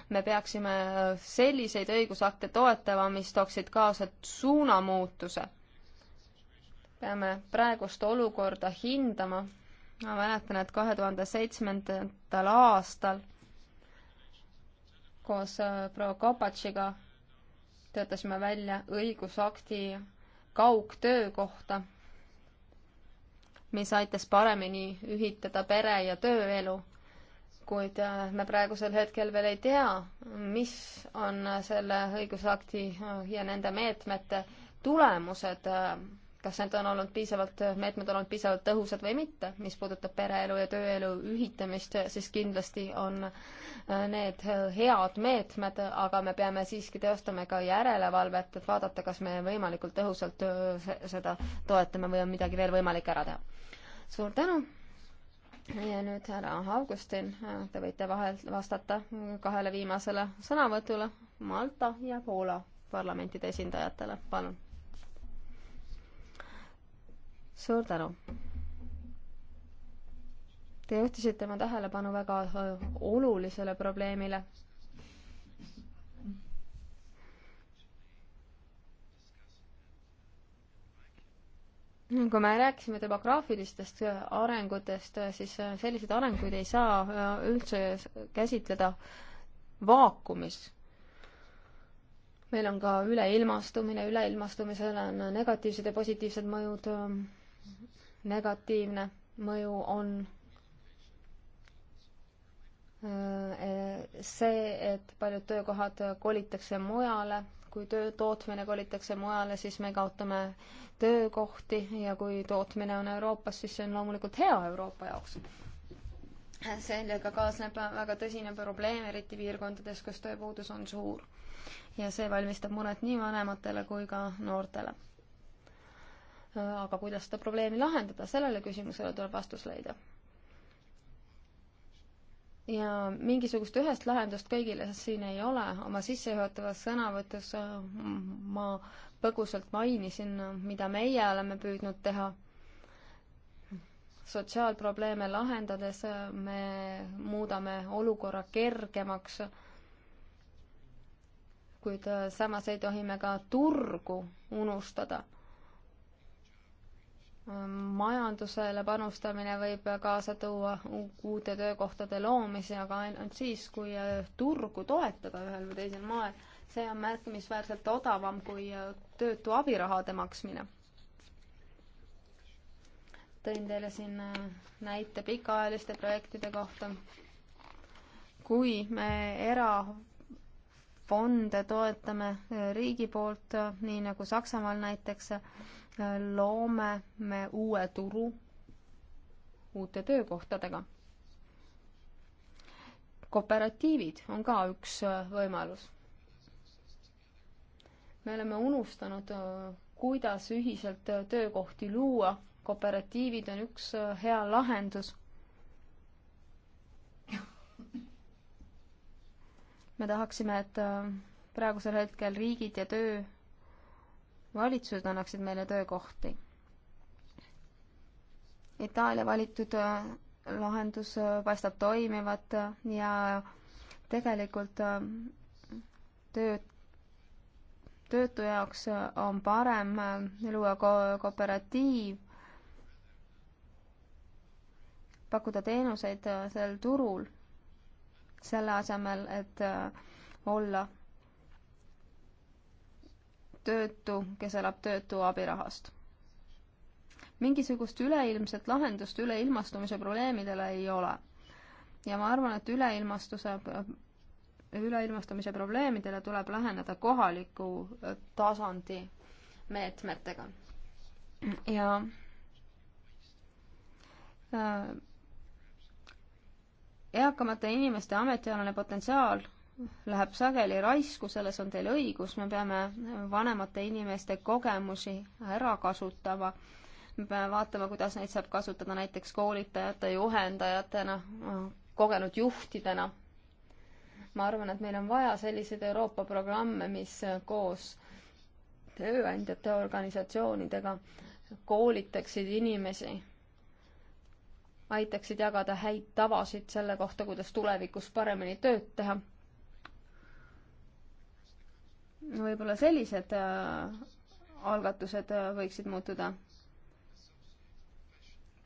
me peaksime äh, selliseid õigusakte toetama, mis tooksid kaasa suunamuutuse. peame praegust olukorda hindama. ma mäletan, et kahe tuhande seitsmendal aastal koos äh, proua Kopatšiga töötasime välja õigusakti kaugtöö kohta mis aitas paremini ühitada pere- ja tööelu. kuid äh, me praegusel hetkel veel ei tea, mis on selle õigusakti äh, ja nende meetmete tulemused, äh, kas need on olnud piisavalt, meetmed on olnud piisavalt tõhusad või mitte. mis puudutab pereelu ja tööelu ühitamist, siis kindlasti on need head meetmed, aga me peame siiski teostama ka järelevalvet, et vaadata, kas me võimalikult tõhusalt seda toetame või on midagi veel võimalik ära teha suur tänu! ja nüüd härra Augustin, te võite vahel vastata kahele viimasele sõnavõtule Malta ja Poola parlamentide esindajatele, palun. suur tänu. Te juhtisite oma tähelepanu väga äh, olulisele probleemile kui me rääkisime demograafilistest äh, arengutest, äh, siis äh, selliseid arenguid ei saa üldse käsitleda vaakumis. meil on ka üleilmastumine, üleilmastumisel on negatiivsed ja positiivsed mõjud. negatiivne mõju on see, et paljud töökohad kolitakse mujale kui töö tootmine kolitakse mujale, siis me kaotame töökohti ja kui tootmine on Euroopas, siis see on loomulikult hea Euroopa jaoks. sellega kaasneb väga tõsine probleem, eriti piirkondades, kus tööpuudus on suur. ja see valmistab muret nii vanematele kui ka noortele. aga kuidas seda probleemi lahendada, sellele küsimusele tuleb vastus leida ja mingisugust ühest lahendust kõigile siin ei ole. oma sissejuhatavas sõnavõtus äh, ma põgusalt mainisin, mida meie oleme püüdnud teha. sotsiaalprobleeme lahendades äh, me muudame olukorra kergemaks, kuid äh, samas ei tohi me ka turgu unustada majandusele panustamine võib kaasa tuua uute töökohtade loomise, aga ainult siis, kui äh, turgu toetada ühel või teisel moel, see on märkimisväärselt odavam kui äh, töötu abirahade maksmine. tõin teile siin äh, näite pikaajaliste projektide kohta. kui me era fonde toetame riigi poolt, nii nagu Saksamaal näiteks, loome me uue turu uute töökohtadega. kooperatiivid on ka üks äh, võimalus. me oleme unustanud, äh, kuidas ühiselt äh, töökohti luua. kooperatiivid on üks hea lahendus. me tahaksime, et praegusel hetkel riigid ja töö valitsused annaksid meile töökohti. Itaalia valitud äh, lahendus äh, paistab toimivat äh, ja tegelikult töö, töötu jaoks on parem luua ko kooperatiiv, pakkuda teenuseid sel turul, selle asemel, et olla töötu, kes elab töötu abirahast. mingisugust üleilmset lahendust üleilmastumise probleemidele ei ole. ja ma arvan, et üleilmastuse, üleilmastumise probleemidele tuleb läheneda kohaliku äh, tasandi meetmetega. ja äh, eakamate inimeste ametialane potentsiaal läheb sageli raisku, selles on teil õigus, me peame vanemate inimeste kogemusi ära kasutama. me peame vaatama, kuidas neid saab kasutada näiteks koolitajate, juhendajatena, kogenud juhtidena. ma arvan, et meil on vaja selliseid Euroopa programme, mis koos tööandjate organisatsioonidega koolitaksid inimesi, aitaksid jagada häid tavasid selle kohta, kuidas tulevikus paremini tööd teha võib-olla sellised äh, algatused äh, võiksid muutuda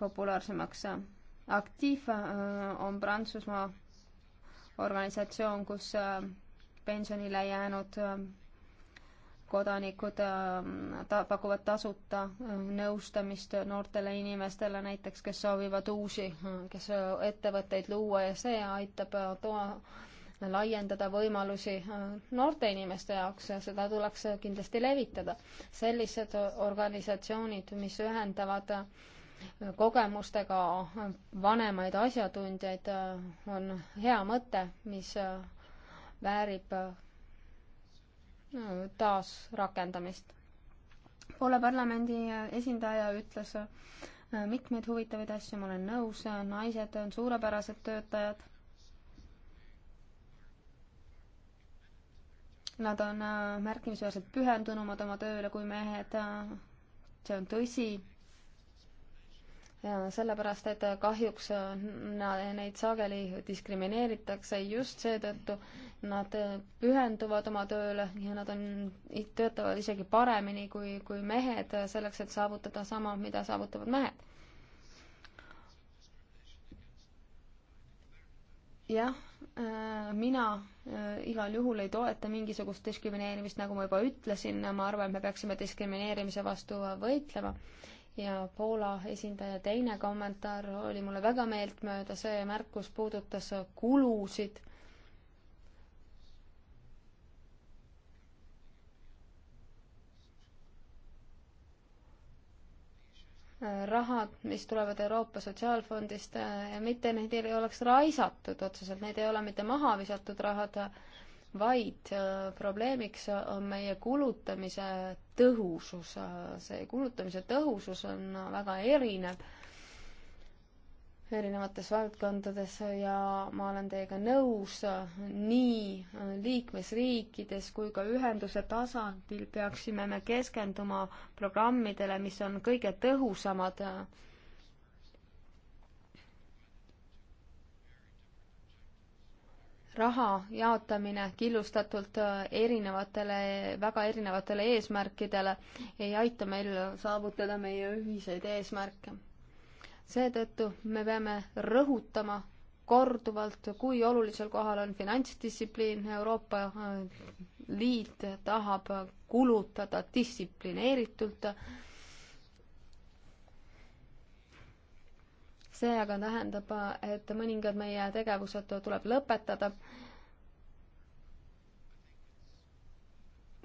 populaarsemaks. Aktiiv äh, on Prantsusmaa organisatsioon, kus pensionile jäänud kodanikud ta-, pakuvad tasuta nõustamist noortele inimestele näiteks, kes soovivad uusi, kes ettevõtteid luua ja see aitab toa laiendada võimalusi äh, noorte inimeste jaoks ja seda tuleks kindlasti levitada. sellised organisatsioonid, mis ühendavad äh, kogemustega äh, vanemaid asjatundjaid, on hea mõte, mis väärib taasrakendamist. Poola parlamendi esindaja ütles mitmeid huvitavaid asju, ma olen nõus, naised on suurepärased töötajad Nad on äh, märkimisväärselt pühendunumad oma tööle kui mehed. Äh, see on tõsi. ja sellepärast, et äh, kahjuks neid sageli diskrimineeritakse just seetõttu, nad pühenduvad oma tööle ja nad on, töötavad isegi paremini kui, kui mehed, selleks et saavutada sama, mida saavutavad mehed jah, äh, mina äh, igal juhul ei toeta mingisugust diskrimineerimist, nagu ma juba ütlesin, ma arvan, et me peaksime diskrimineerimise vastu võitlema. ja Poola esindaja teine kommentaar oli mulle väga meeltmööda, see märkus puudutas kulusid rahad, mis tulevad Euroopa Sotsiaalfondist, äh, mitte neid ei oleks raisatud otseselt, need ei ole mitte maha visatud rahad, vaid äh, probleemiks on meie kulutamise tõhusus. Äh, see kulutamise tõhusus on väga erinev erinevates valdkondades ja ma olen teiega nõus, nii liikmesriikides kui ka ühenduse tasandil peaksime me keskenduma programmidele, mis on kõige tõhusamad raha jaotamine killustatult erinevatele, väga erinevatele eesmärkidele ei aita meil saavutada meie ühiseid eesmärke seetõttu me peame rõhutama korduvalt, kui olulisel kohal on finantsdistsipliin, Euroopa äh, Liit tahab kulutada distsiplineeritult. see aga tähendab, äh, et mõningad meie tegevused tuleb lõpetada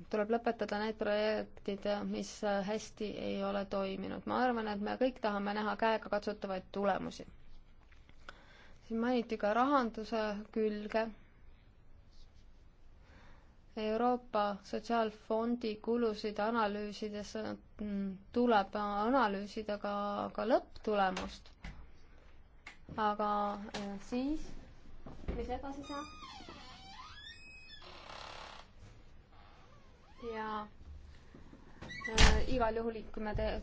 tuleb lõpetada need projektid, mis hästi ei ole toiminud. ma arvan, et me kõik tahame näha käegakatsutavaid tulemusi. siin mainiti ka rahanduse külge. Euroopa Sotsiaalfondi kulusid analüüsides mm, tuleb analüüsida ka, ka lõpptulemust. aga eh, siis, mis edasi saab? ja äh, igal juhul, kui me te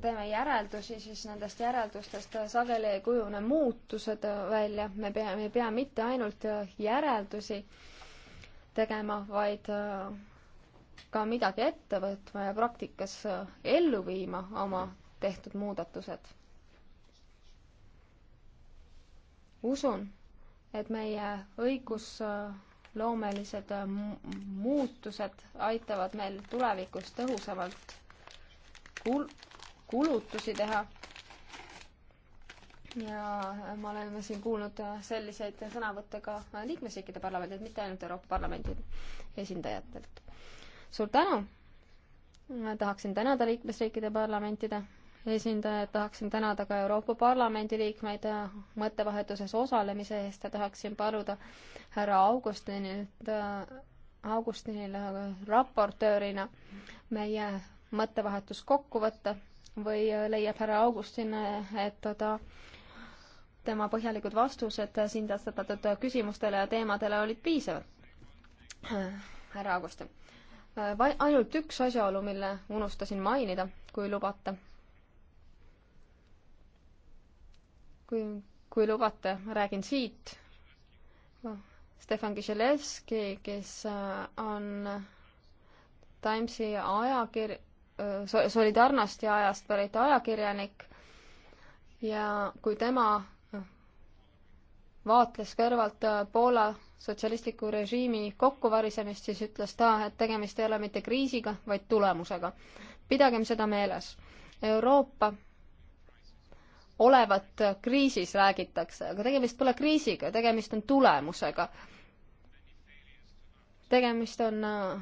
teeme järeldusi, siis nendest järeldustest äh, sageli ei kujune muutused äh, välja, me pea, me ei pea mitte ainult äh, järeldusi tegema, vaid ka midagi ette võtma ja praktikas ellu viima oma tehtud muudatused. usun, et meie õigus loomelised äh, muutused aitavad meil tulevikus tõhusamalt kul kulutusi teha. ja me oleme siin kuulnud äh, selliseid sõnavõtte ka äh, liikmesriikide parlamendilt, mitte ainult Euroopa Parlamendi esindajatelt. suur tänu! tahaksin tänada liikmesriikide parlamentide esindajad, tahaksin tänada ka Euroopa Parlamendi liikmeid äh, mõttevahetuses osalemise eest ja tahaksin paluda härra Augustinilt, äh, Augustinile äh, raportöörina meie mõttevahetus kokku võtta või leiab härra Augustin, et ta tema põhjalikud vastused siin tõstatatud küsimustele ja teemadele olid piisavad. härra Augustin, ainult üks asjaolu, mille unustasin mainida, kui lubate kui, kui lubate, ma räägin siit. Stefan Kiselevski, kes äh, on Timesi ajakir-, äh, Solidarnosti ajast pärit ajakirjanik ja kui tema äh, vaatles kõrvalt Poola sotsialistliku režiimi kokkuvarisemist, siis ütles ta, et tegemist ei ole mitte kriisiga, vaid tulemusega. pidagem seda meeles. Euroopa olevat kriisis räägitakse, aga tegemist pole kriisiga, tegemist on tulemusega. tegemist on äh,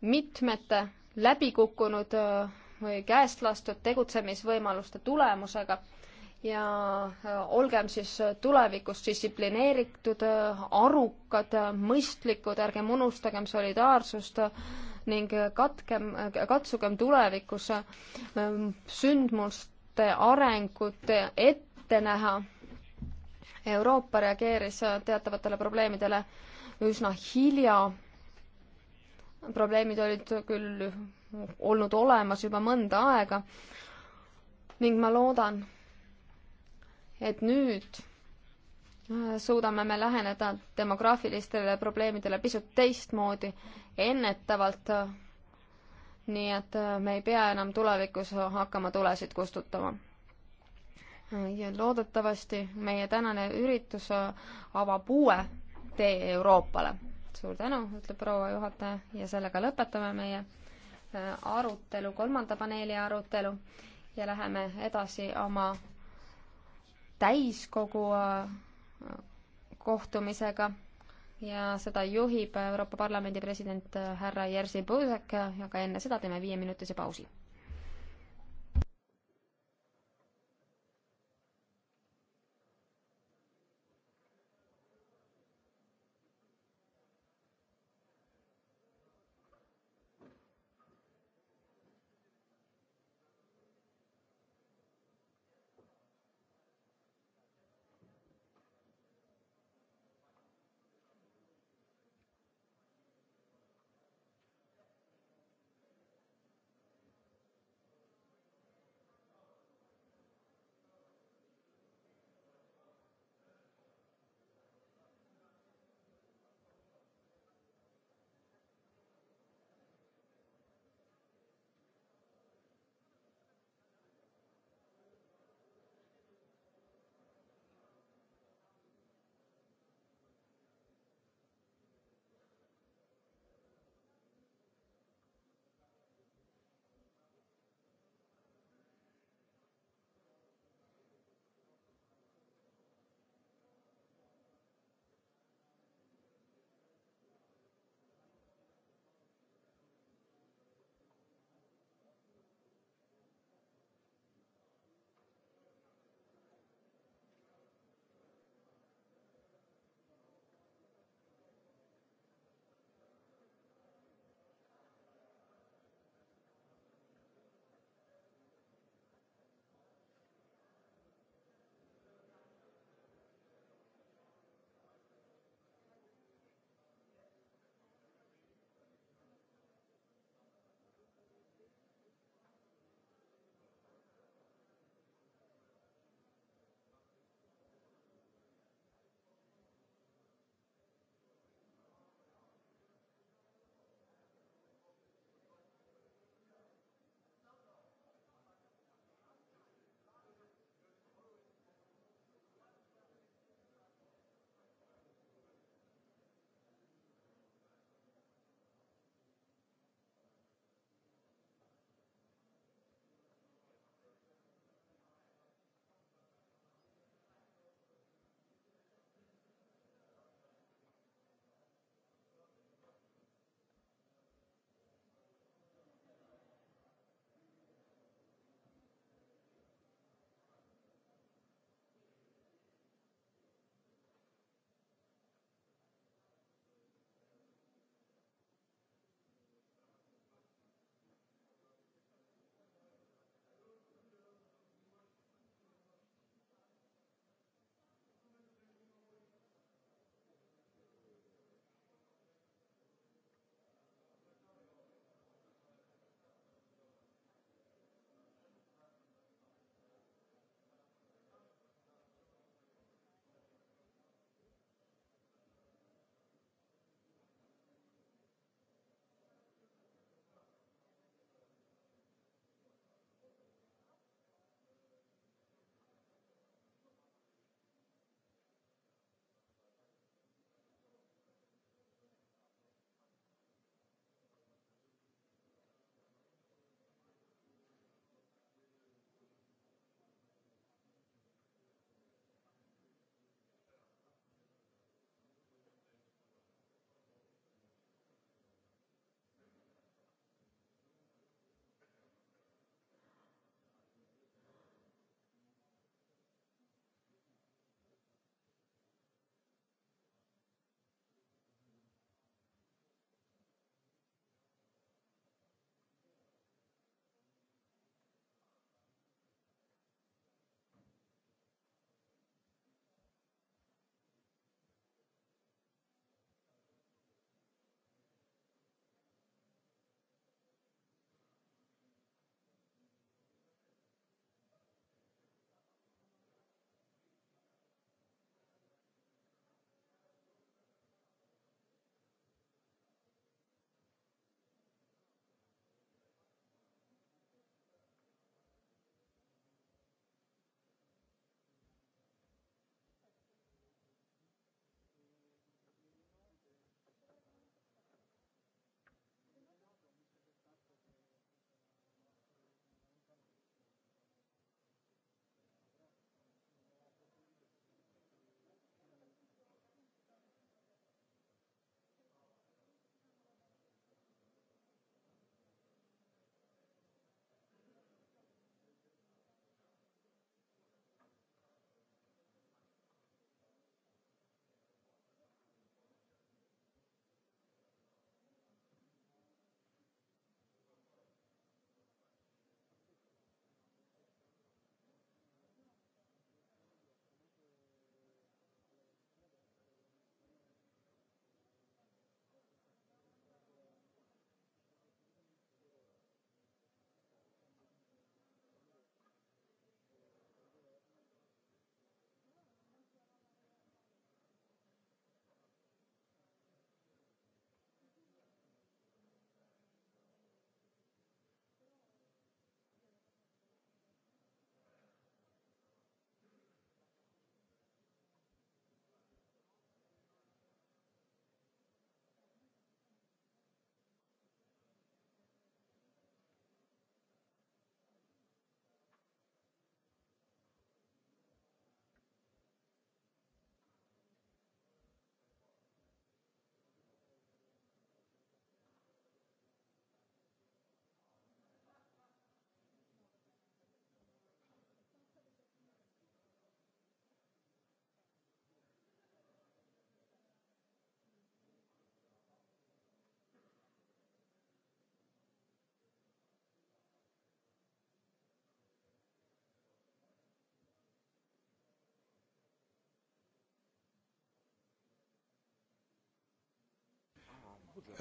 mitmete läbikukkunud äh, või käest lastud tegutsemisvõimaluste tulemusega ja äh, olgem siis tulevikus distsiplineeritud, arukad, mõistlikud, ärgem unustagem solidaarsust ning katkem, katsugem tulevikus sündmust uute arengute ette näha. Euroopa reageeris teatavatele probleemidele üsna hilja. probleemid olid küll olnud olemas juba mõnda aega ning ma loodan, et nüüd suudame me läheneda demograafilistele probleemidele pisut teistmoodi, ennetavalt nii et äh, me ei pea enam tulevikus hakkama tulesid kustutama. ja loodetavasti meie tänane üritus äh, avab uue tee Euroopale. suur tänu, ütleb proua juhataja ja sellega lõpetame meie äh, arutelu, kolmanda paneeli arutelu ja läheme edasi oma täiskogu kohtumisega ja seda juhib Euroopa Parlamendi president härra Jerzy Buzek, aga enne seda teeme viieminutise pausi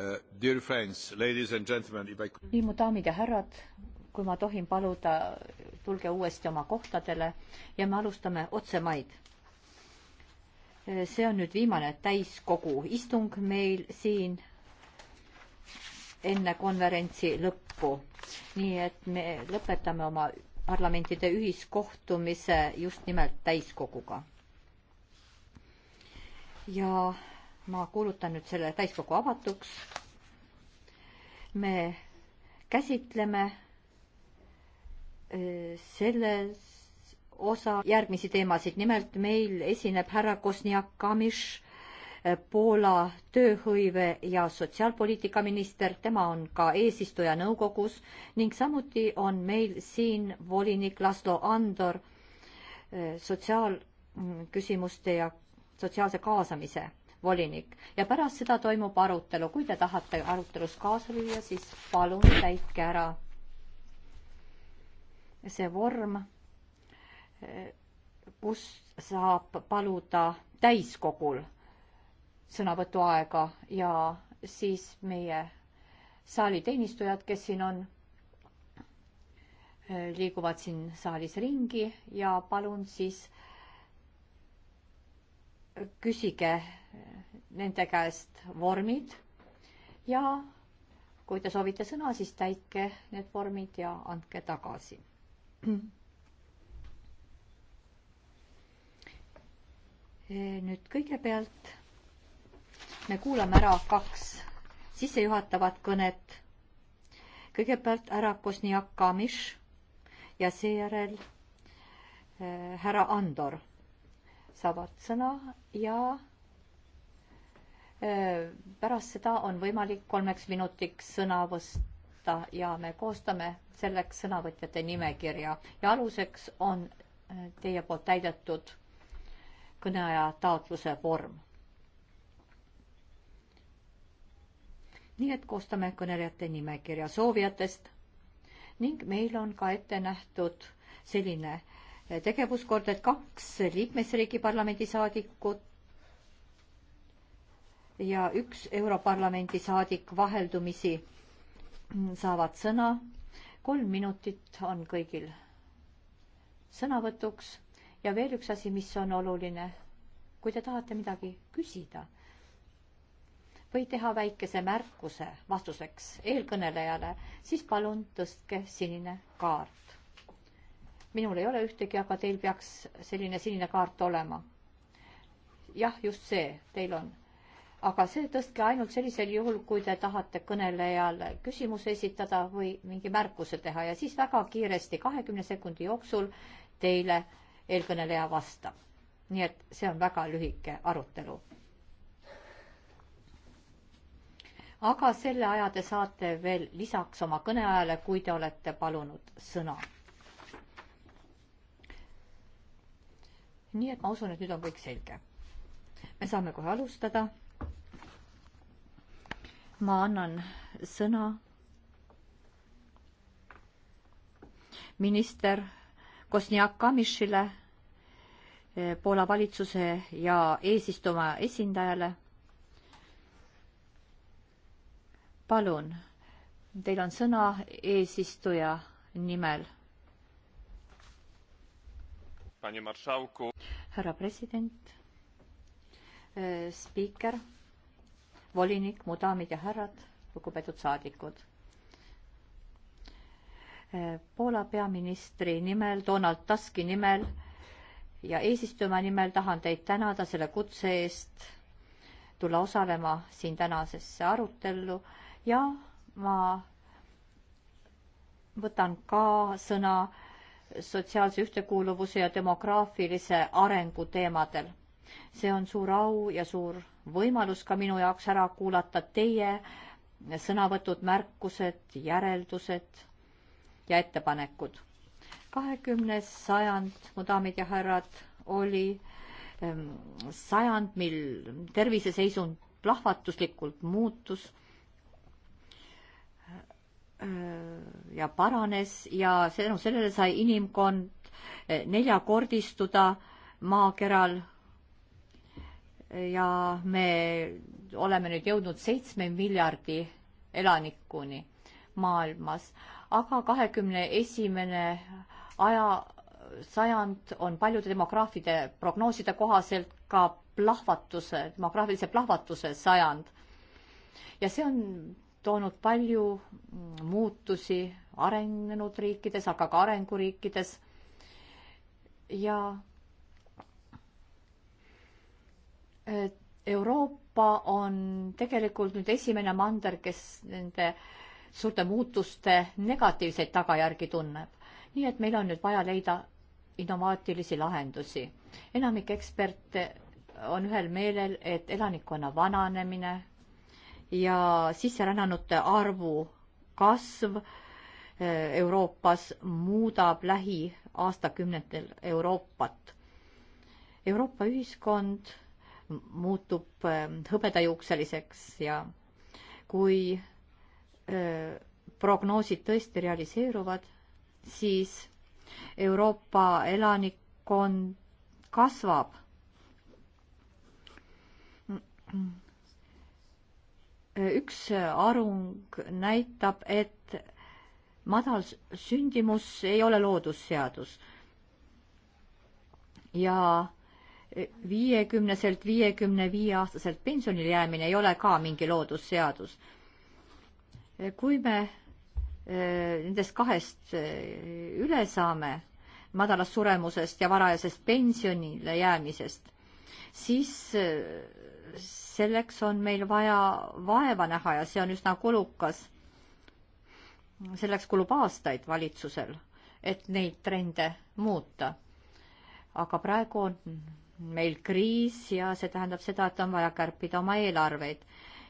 Uh, mu daamid ja härrad, kui ma tohin paluda, tulge uuesti oma kohtadele ja me alustame otsemaid. Uh, see on nüüd viimane täiskogu istung meil siin enne konverentsi lõppu. nii et me lõpetame oma parlamentide ühiskohtumise just nimelt täiskoguga. ja ma kuulutan nüüd selle täiskogu avatuks. me käsitleme äh, selles osa järgmisi teemasid, nimelt meil esineb härra Kosniak Kamiš, äh, Poola tööhõive ja sotsiaalpoliitika minister, tema on ka eesistuja nõukogus ning samuti on meil siin volinik Laslo Andor äh, sotsiaalküsimuste ja sotsiaalse kaasamise volinik ja pärast seda toimub arutelu. kui te tahate arutelus kaasa lüüa, siis palun täitke ära see vorm, kus saab paluda täiskogul sõnavõtuaega ja siis meie saaliteenistujad, kes siin on, liiguvad siin saalis ringi ja palun siis küsige nende käest vormid ja kui te soovite sõna, siis täitke need vormid ja andke tagasi. nüüd kõigepealt me kuulame ära kaks sissejuhatavat kõnet. kõigepealt härra Kosniak Kamish ja seejärel eh, härra Andor saavad sõna ja pärast seda on võimalik kolmeks minutiks sõna võtta ja me koostame selleks sõnavõtjate nimekirja ja aluseks on äh, teie poolt täidetud kõneaja taotluse vorm. nii et koostame kõnelejate nimekirja soovijatest ning meil on ka ette nähtud selline äh, tegevuskord, et kaks liikmesriigi parlamendisaadikut ja üks Europarlamendi saadik vaheldumisi saavad sõna. kolm minutit on kõigil sõnavõtuks ja veel üks asi, mis on oluline. kui te tahate midagi küsida või teha väikese märkuse vastuseks eelkõnelejale, siis palun tõstke sinine kaart. minul ei ole ühtegi, aga teil peaks selline sinine kaart olema. jah, just see, teil on aga see tõstke ainult sellisel juhul, kui te tahate kõnelejale küsimuse esitada või mingi märkuse teha ja siis väga kiiresti, kahekümne sekundi jooksul teile eelkõneleja vastab. nii et see on väga lühike arutelu. aga selle aja te saate veel lisaks oma kõneajale, kui te olete palunud sõna. nii et ma usun, et nüüd on kõik selge. me saame kohe alustada ma annan sõna minister Kosniak Kamishile, eh, Poola valitsuse ja eesistuma esindajale. palun, teil on sõna eesistuja nimel. härra president, eh, spiiker volinik, mu daamid ja härrad, lugupeetud saadikud. Poola peaministri nimel, Donald Tuski nimel ja eesistuja nimel tahan teid tänada selle kutse eest tulla osalema siin tänasesse arutellu ja ma võtan ka sõna sotsiaalse ühtekuuluvuse ja demograafilise arengu teemadel. see on suur au ja suur võimalus ka minu jaoks ära kuulata teie sõnavõtud, märkused, järeldused ja ettepanekud. kahekümnes sajand, mu daamid ja härrad, oli ehm, sajand, mil terviseseisund plahvatuslikult muutus eh, ja paranes ja tänu no, sellele sai inimkond eh, neljakordistuda maakeral ja me oleme nüüd jõudnud seitsme miljardi elanikuni maailmas, aga kahekümne esimene aja, sajand on paljude demograafide prognooside kohaselt ka plahvatuse, demograafilise plahvatuse sajand. ja see on toonud palju muutusi arenenud riikides, aga ka arenguriikides. ja Euroopa on tegelikult nüüd esimene mander, kes nende suurte muutuste negatiivseid tagajärgi tunneb. nii et meil on nüüd vaja leida innovaatilisi lahendusi. enamik eksperte on ühel meelel, et elanikkonna vananemine ja sisserännanute arvu kasv eh, Euroopas muudab lähiaastakümnetel Euroopat. Euroopa ühiskond muutub äh, hõbedajuukseliseks ja kui äh, prognoosid tõesti realiseeruvad, siis Euroopa elanikkond kasvab. üks arung näitab, et madal sündimus ei ole loodusseadus ja viiekümneselt viiekümne viie aastaselt pensionile jäämine ei ole ka mingi loodusseadus. kui me eh, nendest kahest eh, üle saame, madalast suremusest ja varajasest pensionile jäämisest, siis eh, selleks on meil vaja vaeva näha ja see on üsna kulukas. selleks kulub aastaid valitsusel, et neid trende muuta. aga praegu on meil kriis ja see tähendab seda, et on vaja kärpida oma eelarveid.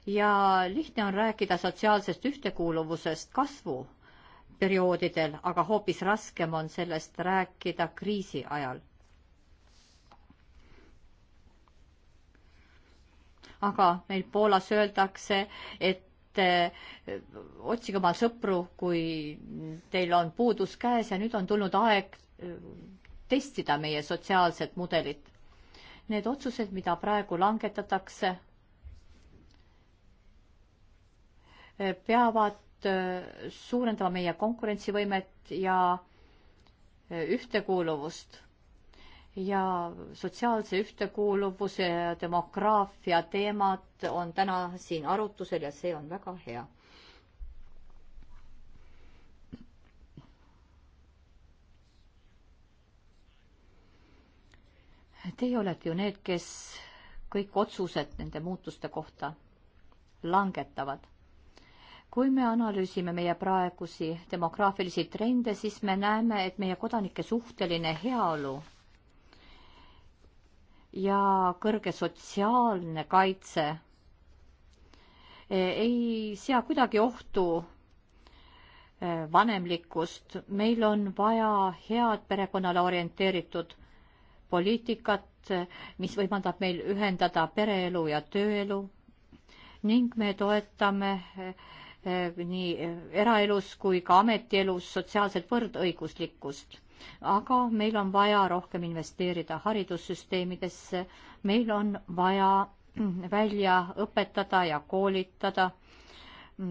ja lihtne on rääkida sotsiaalsest ühtekuuluvusest kasvuperioodidel, aga hoopis raskem on sellest rääkida kriisi ajal. aga meil Poolas öeldakse, et eh, otsige omal sõpru, kui teil on puudus käes ja nüüd on tulnud aeg eh, testida meie sotsiaalset mudelit need otsused, mida praegu langetatakse, eh, peavad eh, suurendama meie konkurentsivõimet ja eh, ühtekuuluvust ja sotsiaalse ühtekuuluvuse ja demograafia teemad on täna siin arutusel ja see on väga hea Teie olete ju need, kes kõik otsused nende muutuste kohta langetavad. kui me analüüsime meie praegusi demograafilisi trende, siis me näeme, et meie kodanike suhteline heaolu ja kõrge sotsiaalne kaitse e, ei sea kuidagi ohtu e, vanemlikkust, meil on vaja head perekonnale orienteeritud poliitikat, mis võimaldab meil ühendada pereelu ja tööelu ning me toetame eh, nii eraelus kui ka ametielus sotsiaalset võrdõiguslikkust. aga meil on vaja rohkem investeerida haridussüsteemidesse, meil on vaja välja õpetada ja koolitada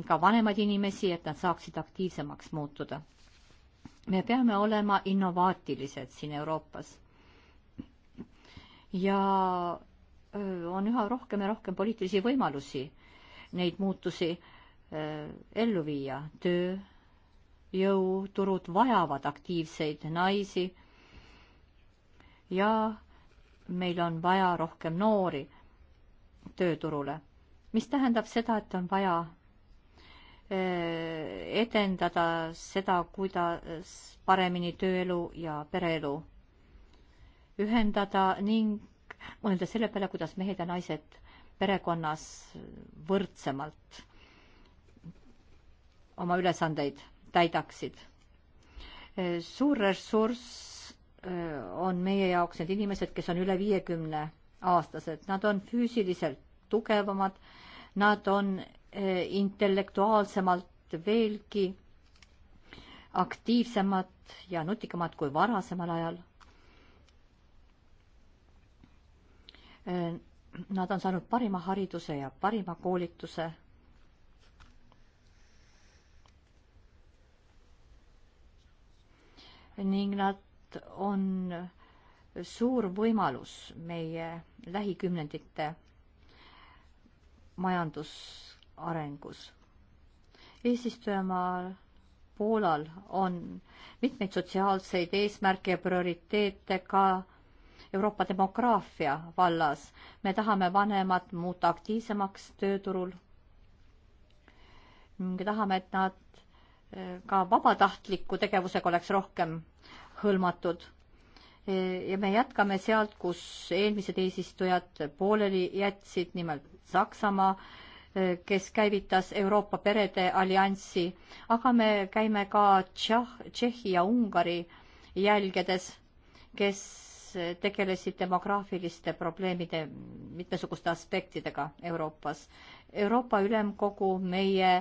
ka vanemaid inimesi, et nad saaksid aktiivsemaks muutuda. me peame olema innovaatilised siin Euroopas ja on üha rohkem ja rohkem poliitilisi võimalusi neid muutusi ellu viia. tööjõuturud vajavad aktiivseid naisi ja meil on vaja rohkem noori tööturule, mis tähendab seda, et on vaja edendada seda, kuidas paremini tööelu ja pereelu ühendada ning mõelda selle peale, kuidas mehed ja naised perekonnas võrdsemalt oma ülesandeid täidaksid. suur ressurss äh, on meie jaoks need inimesed, kes on üle viiekümne aastased, nad on füüsiliselt tugevamad, nad on äh, intellektuaalsemalt veelgi aktiivsemad ja nutikamad kui varasemal ajal Nad on saanud parima hariduse ja parima koolituse. ning nad on suur võimalus meie lähikümnendite majandusarengus. eesistujamaal Poolal on mitmeid sotsiaalseid eesmärke ja prioriteete ka Euroopa demograafia vallas. me tahame vanemad muuta aktiivsemaks tööturul. tahame, et nad eh, ka vabatahtliku tegevusega oleks rohkem hõlmatud. E, ja me jätkame sealt, kus eelmised eesistujad pooleli jätsid, nimelt Saksamaa, e, kes käivitas Euroopa Perede Alliansi, aga me käime ka Tšah-, Tšehhi ja Ungari jälgedes, kes tegelesid demograafiliste probleemide mitmesuguste aspektidega Euroopas. Euroopa Ülemkogu meie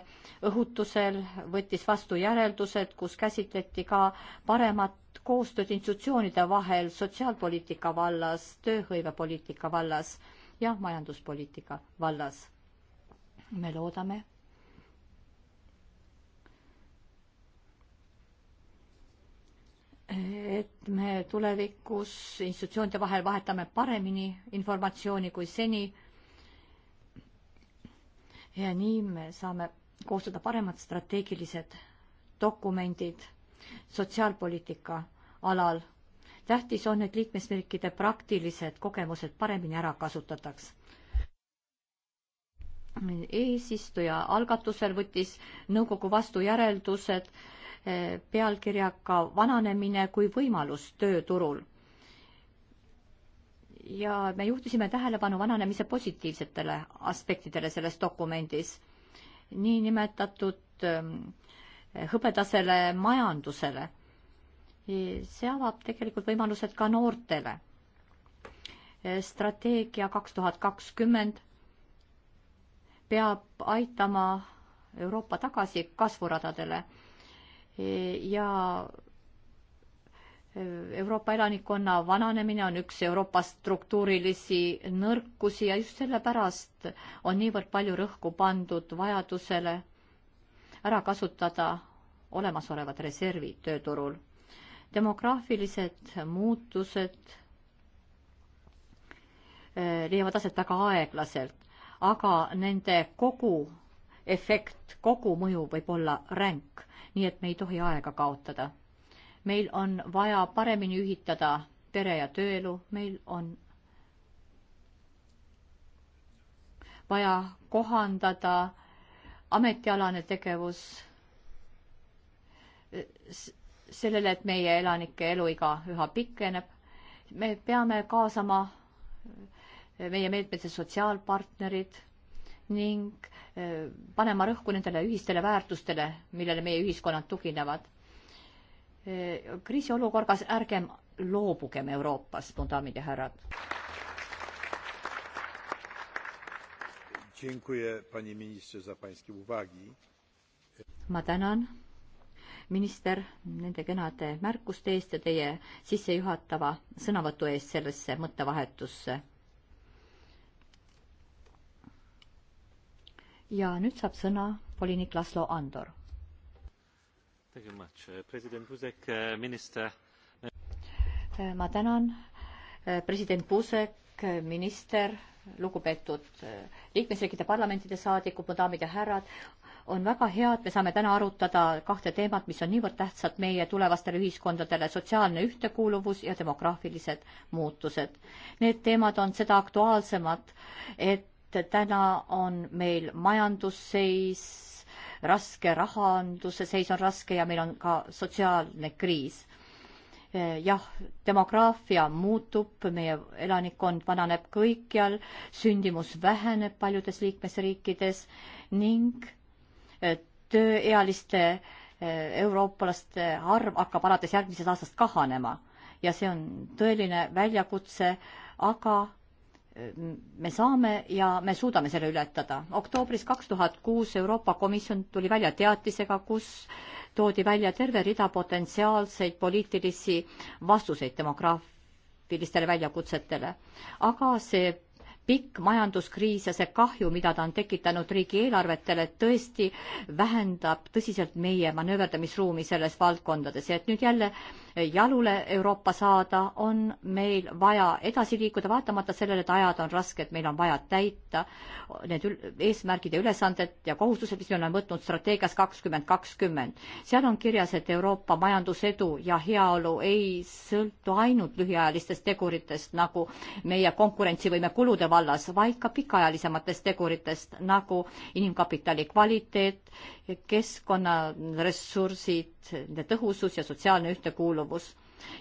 õhutusel võttis vastu järeldused, kus käsitleti ka paremat koostööd institutsioonide vahel sotsiaalpoliitika vallas, tööhõivepoliitika vallas ja majanduspoliitika vallas. me loodame, et me tulevikus institutsioonide vahel vahetame paremini informatsiooni kui seni. ja nii me saame koostada paremad strateegilised dokumendid sotsiaalpoliitika alal. tähtis on, et liikmesriikide praktilised kogemused paremini ära kasutataks. eesistuja algatusel võttis nõukogu vastu järeldused äh, Eh, pealkirjaga Vananemine kui võimalus tööturul. ja me juhtisime tähelepanu vananemise positiivsetele aspektidele selles dokumendis, niinimetatud ehm, hõbedasele majandusele. see avab tegelikult võimalused ka noortele. Eh, strateegia kaks tuhat kakskümmend peab aitama Euroopa tagasi kasvuradadele ja Euroopa elanikkonna vananemine on üks Euroopa struktuurilisi nõrkusi ja just sellepärast on niivõrd palju rõhku pandud vajadusele ära kasutada olemasolevad reservid tööturul. demograafilised muutused eh, leiavad aset väga aeglaselt, aga nende kogu efekt, kogumõju võib olla ränk, nii et me ei tohi aega kaotada. meil on vaja paremini ühitada pere- ja tööelu, meil on vaja kohandada ametialane tegevus sellele, et meie elanike eluiga üha pikeneb. me peame kaasama meie meetmete sotsiaalpartnerid ning panema rõhku nendele ühistele väärtustele, millele meie ühiskonnad tuginevad. kriisiolukorras ärgem loobugem Euroopast, mu daamid ja härrad. ma tänan, minister, nende kenade märkuste eest ja teie sissejuhatava sõnavõtu eest sellesse mõttevahetusse ja nüüd saab sõna volinik Laslo Andor. Eh, eh, eh, ma tänan, president Buzek, minister, lugupeetud liikmesriikide parlamentide saadikud, mu daamid ja härrad, on väga hea, et me saame täna arutada kahte teemat, mis on niivõrd tähtsad meie tulevastele ühiskondadele, sotsiaalne ühtekuuluvus ja demograafilised muutused. Need teemad on seda aktuaalsemad, et et täna on meil majandusseis raske, rahanduse seis on raske ja meil on ka sotsiaalne kriis. jah, demograafia muutub, meie elanikkond vananeb kõikjal, sündimus väheneb paljudes liikmesriikides ning eh, tööealiste eh, eurooplaste arv hakkab alates järgmisest aastast kahanema ja see on tõeline väljakutse, aga me saame ja me suudame selle ületada. oktoobris kaks tuhat kuus Euroopa Komisjon tuli välja teatisega, kus toodi välja terve rida potentsiaalseid poliitilisi vastuseid demograafilistele väljakutsetele. aga see pikk majanduskriis ja see kahju, mida ta on tekitanud riigieelarvetele, tõesti vähendab tõsiselt meie manööverdamisruumi selles valdkondades ja et nüüd jälle jalule Euroopa saada, on meil vaja edasi liikuda, vaatamata sellele, et ajad on rasked, meil on vaja täita need eesmärgid ja ülesanded ja kohustused, mis me oleme võtnud strateegias kakskümmend kakskümmend. seal on kirjas, et Euroopa majandusedu ja heaolu ei sõltu ainult lühiajalistest teguritest, nagu meie konkurentsivõime kulude vallas, vaid ka pikaajalisematest teguritest, nagu inimkapitali kvaliteet, keskkonnaressursid, nende tõhusus ja sotsiaalne ühtekuuluvus.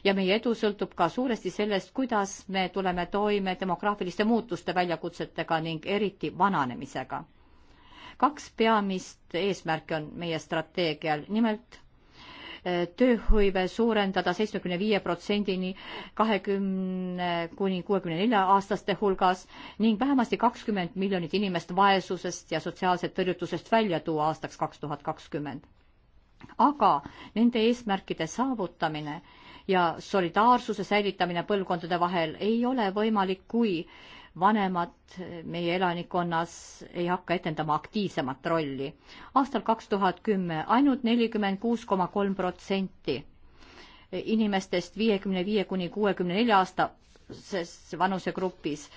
ja meie edu sõltub ka suuresti sellest, kuidas me tuleme toime demograafiliste muutuste väljakutsetega ning eriti vananemisega. kaks peamist eesmärki on meie strateegial, nimelt eh, tööhõive suurendada seitsmekümne viie protsendini kahekümne kuni kuuekümne nelja aastaste hulgas ning vähemasti kakskümmend miljonit inimest vaesusest ja sotsiaalsest tõrjutusest välja tuua aastaks kaks tuhat kakskümmend aga nende eesmärkide saavutamine ja solidaarsuse säilitamine põlvkondade vahel ei ole võimalik, kui vanemad meie elanikkonnas ei hakka etendama aktiivsemat rolli. aastal kaks tuhat kümme ainult nelikümmend kuus koma kolm protsenti inimestest viiekümne viie kuni kuuekümne nelja aastases vanusegrupis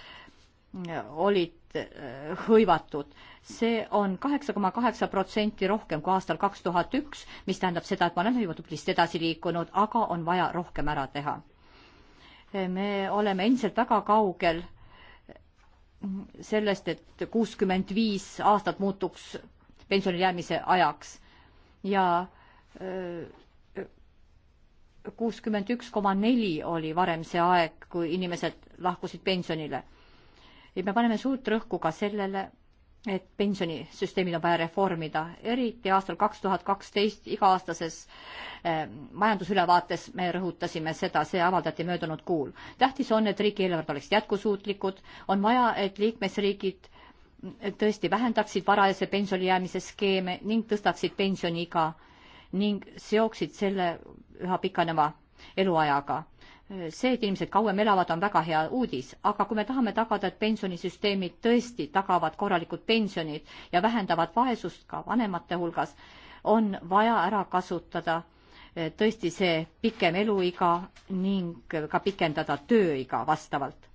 olid Äh, hõivatud. see on kaheksa koma kaheksa protsenti rohkem kui aastal kaks tuhat üks, mis tähendab seda, et me oleme juba tublisti edasi liikunud, aga on vaja rohkem ära teha. me oleme endiselt väga kaugel sellest, et kuuskümmend viis aastat muutuks pensionile jäämise ajaks ja äh, kuuskümmend üks koma neli oli varem see aeg, kui inimesed lahkusid pensionile ja me paneme suurt rõhku ka sellele, et pensionisüsteemid on vaja reformida, eriti aastal kaks tuhat kaksteist iga-aastases eh, majandusülevaates me rõhutasime seda, see avaldati möödunud kuul. tähtis on, et riigieelarved oleks jätkusuutlikud, on vaja, et liikmesriigid eh, tõesti vähendaksid varajase pensioni jäämise skeeme ning tõstaksid pensioniiga ning seoksid selle üha pikaneva eluajaga see, et inimesed kauem elavad, on väga hea uudis, aga kui me tahame tagada, et pensionisüsteemid tõesti tagavad korralikud pensionid ja vähendavad vaesust ka vanemate hulgas, on vaja ära kasutada eh, tõesti see pikem eluiga ning ka pikendada tööiga vastavalt.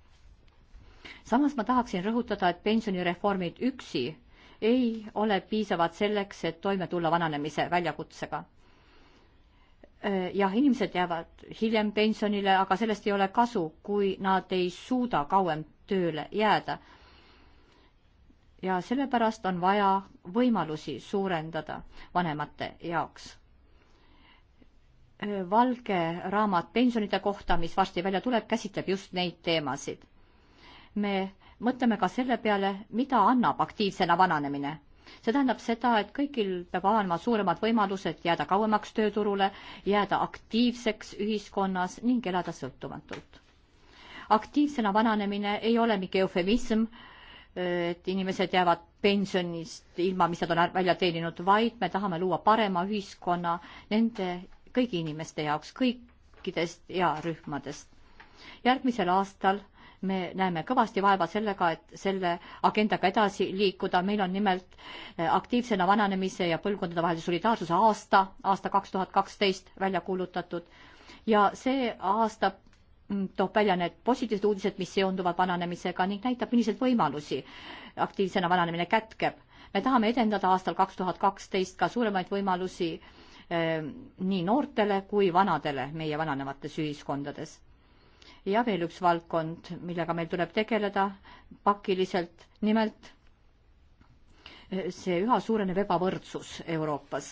samas ma tahaksin rõhutada, et pensionireformid üksi ei ole piisavad selleks, et toime tulla vananemise väljakutsega Äh, jah, inimesed jäävad hiljem pensionile, aga sellest ei ole kasu, kui nad ei suuda kauem tööle jääda. ja sellepärast on vaja võimalusi suurendada vanemate jaoks. Äh, valge raamat pensionide kohta, mis varsti välja tuleb, käsitleb just neid teemasid. me mõtleme ka selle peale, mida annab aktiivsena vananemine see tähendab seda, et kõigil peab avanema suuremad võimalused jääda kauemaks tööturule, jääda aktiivseks ühiskonnas ning elada sõltumatult. aktiivsena vananemine ei ole mingi eufemism, et inimesed jäävad pensionist ilma, mis nad on välja teeninud, vaid me tahame luua parema ühiskonna nende kõigi inimeste jaoks, kõikidest earühmadest. järgmisel aastal me näeme kõvasti vaeva sellega, et selle agendaga edasi liikuda, meil on nimelt eh, aktiivsena vananemise ja põlvkondadevahelise solidaarsuse aasta, aasta kaks tuhat kaksteist välja kuulutatud ja see aasta mm, toob välja need positiivsed uudised, mis seonduvad vananemisega ning näitab, milliseid võimalusi aktiivsena vananemine kätkeb. me tahame edendada aastal kaks tuhat kaksteist ka suuremaid võimalusi eh, nii noortele kui vanadele meie vananevates ühiskondades ja veel üks valdkond, millega meil tuleb tegeleda pakiliselt, nimelt eh, see üha suurenev ebavõrdsus Euroopas.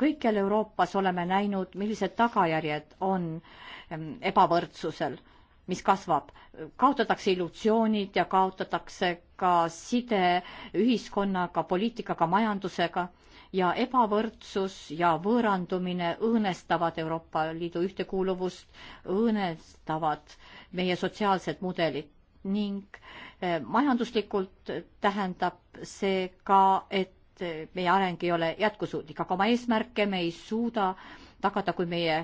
kõikjal Euroopas oleme näinud, millised tagajärjed on ehm, ebavõrdsusel, mis kasvab. kaotatakse illusioonid ja kaotatakse ka side ühiskonnaga, poliitikaga, majandusega ja ebavõrdsus ja võõrandumine õõnestavad Euroopa Liidu ühtekuuluvust, õõnestavad meie sotsiaalset mudelit ning eh, majanduslikult tähendab see ka, et eh, meie areng ei ole jätkusuutlik, aga oma eesmärke me ei suuda tagada, kui meie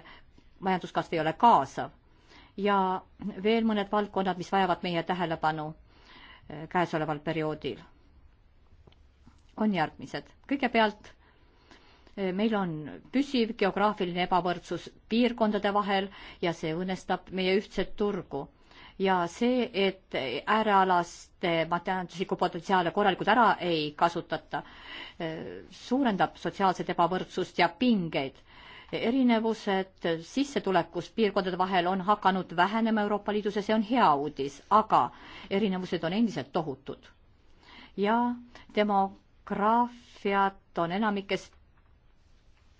majanduskasv ei ole kaasav. ja veel mõned valdkonnad, mis vajavad meie tähelepanu eh, käesoleval perioodil, on järgmised. kõigepealt meil on püsiv geograafiline ebavõrdsus piirkondade vahel ja see õõnestab meie ühtset turgu. ja see, et äärealaste majanduslikku potentsiaale korralikult ära ei kasutata, eh, suurendab sotsiaalset ebavõrdsust ja pingeid erinevused sissetulekus piirkondade vahel on hakanud vähenema Euroopa Liidus ja see on hea uudis, aga erinevused on endiselt tohutud. ja demograafiat on enamikes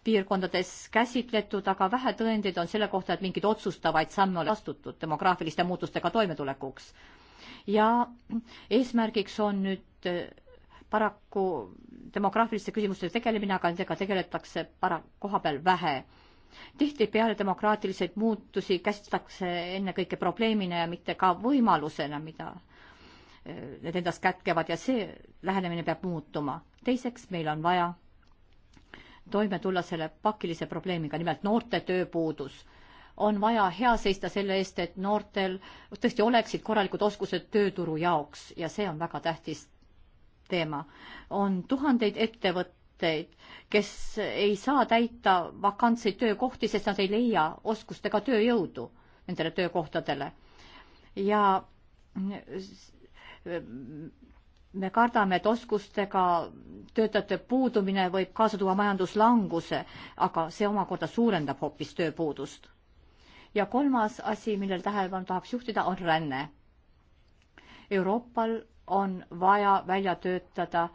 piirkondades käsitletud, aga vähe tõendeid on selle kohta, et mingeid otsustavaid samme oleks astutud demograafiliste muutustega toimetulekuks. ja eesmärgiks on nüüd eh, paraku demograafiliste küsimustega tegelemine, aga nendega tegeletakse para-, koha peal vähe. tihtipeale demokraatiliseid muutusi käsitletakse ennekõike probleemina ja mitte ka võimalusena, mida eh, need endast kätkevad ja see lähenemine peab muutuma. teiseks, meil on vaja toime tulla selle pakilise probleemiga, nimelt noorte tööpuudus. on vaja hea seista selle eest, et noortel tõesti oleksid korralikud oskused tööturu jaoks ja see on väga tähtis teema. on tuhandeid ettevõtteid, kes ei saa täita vakantseid töökohti, sest nad ei leia oskustega tööjõudu nendele töökohtadele. ja me kardame, et oskustega töötajate puudumine võib kaasa tuua majanduslanguse, aga see omakorda suurendab hoopis tööpuudust. ja kolmas asi, millele tähelepanu tahaks juhtida, on ränne. Euroopal on vaja välja töötada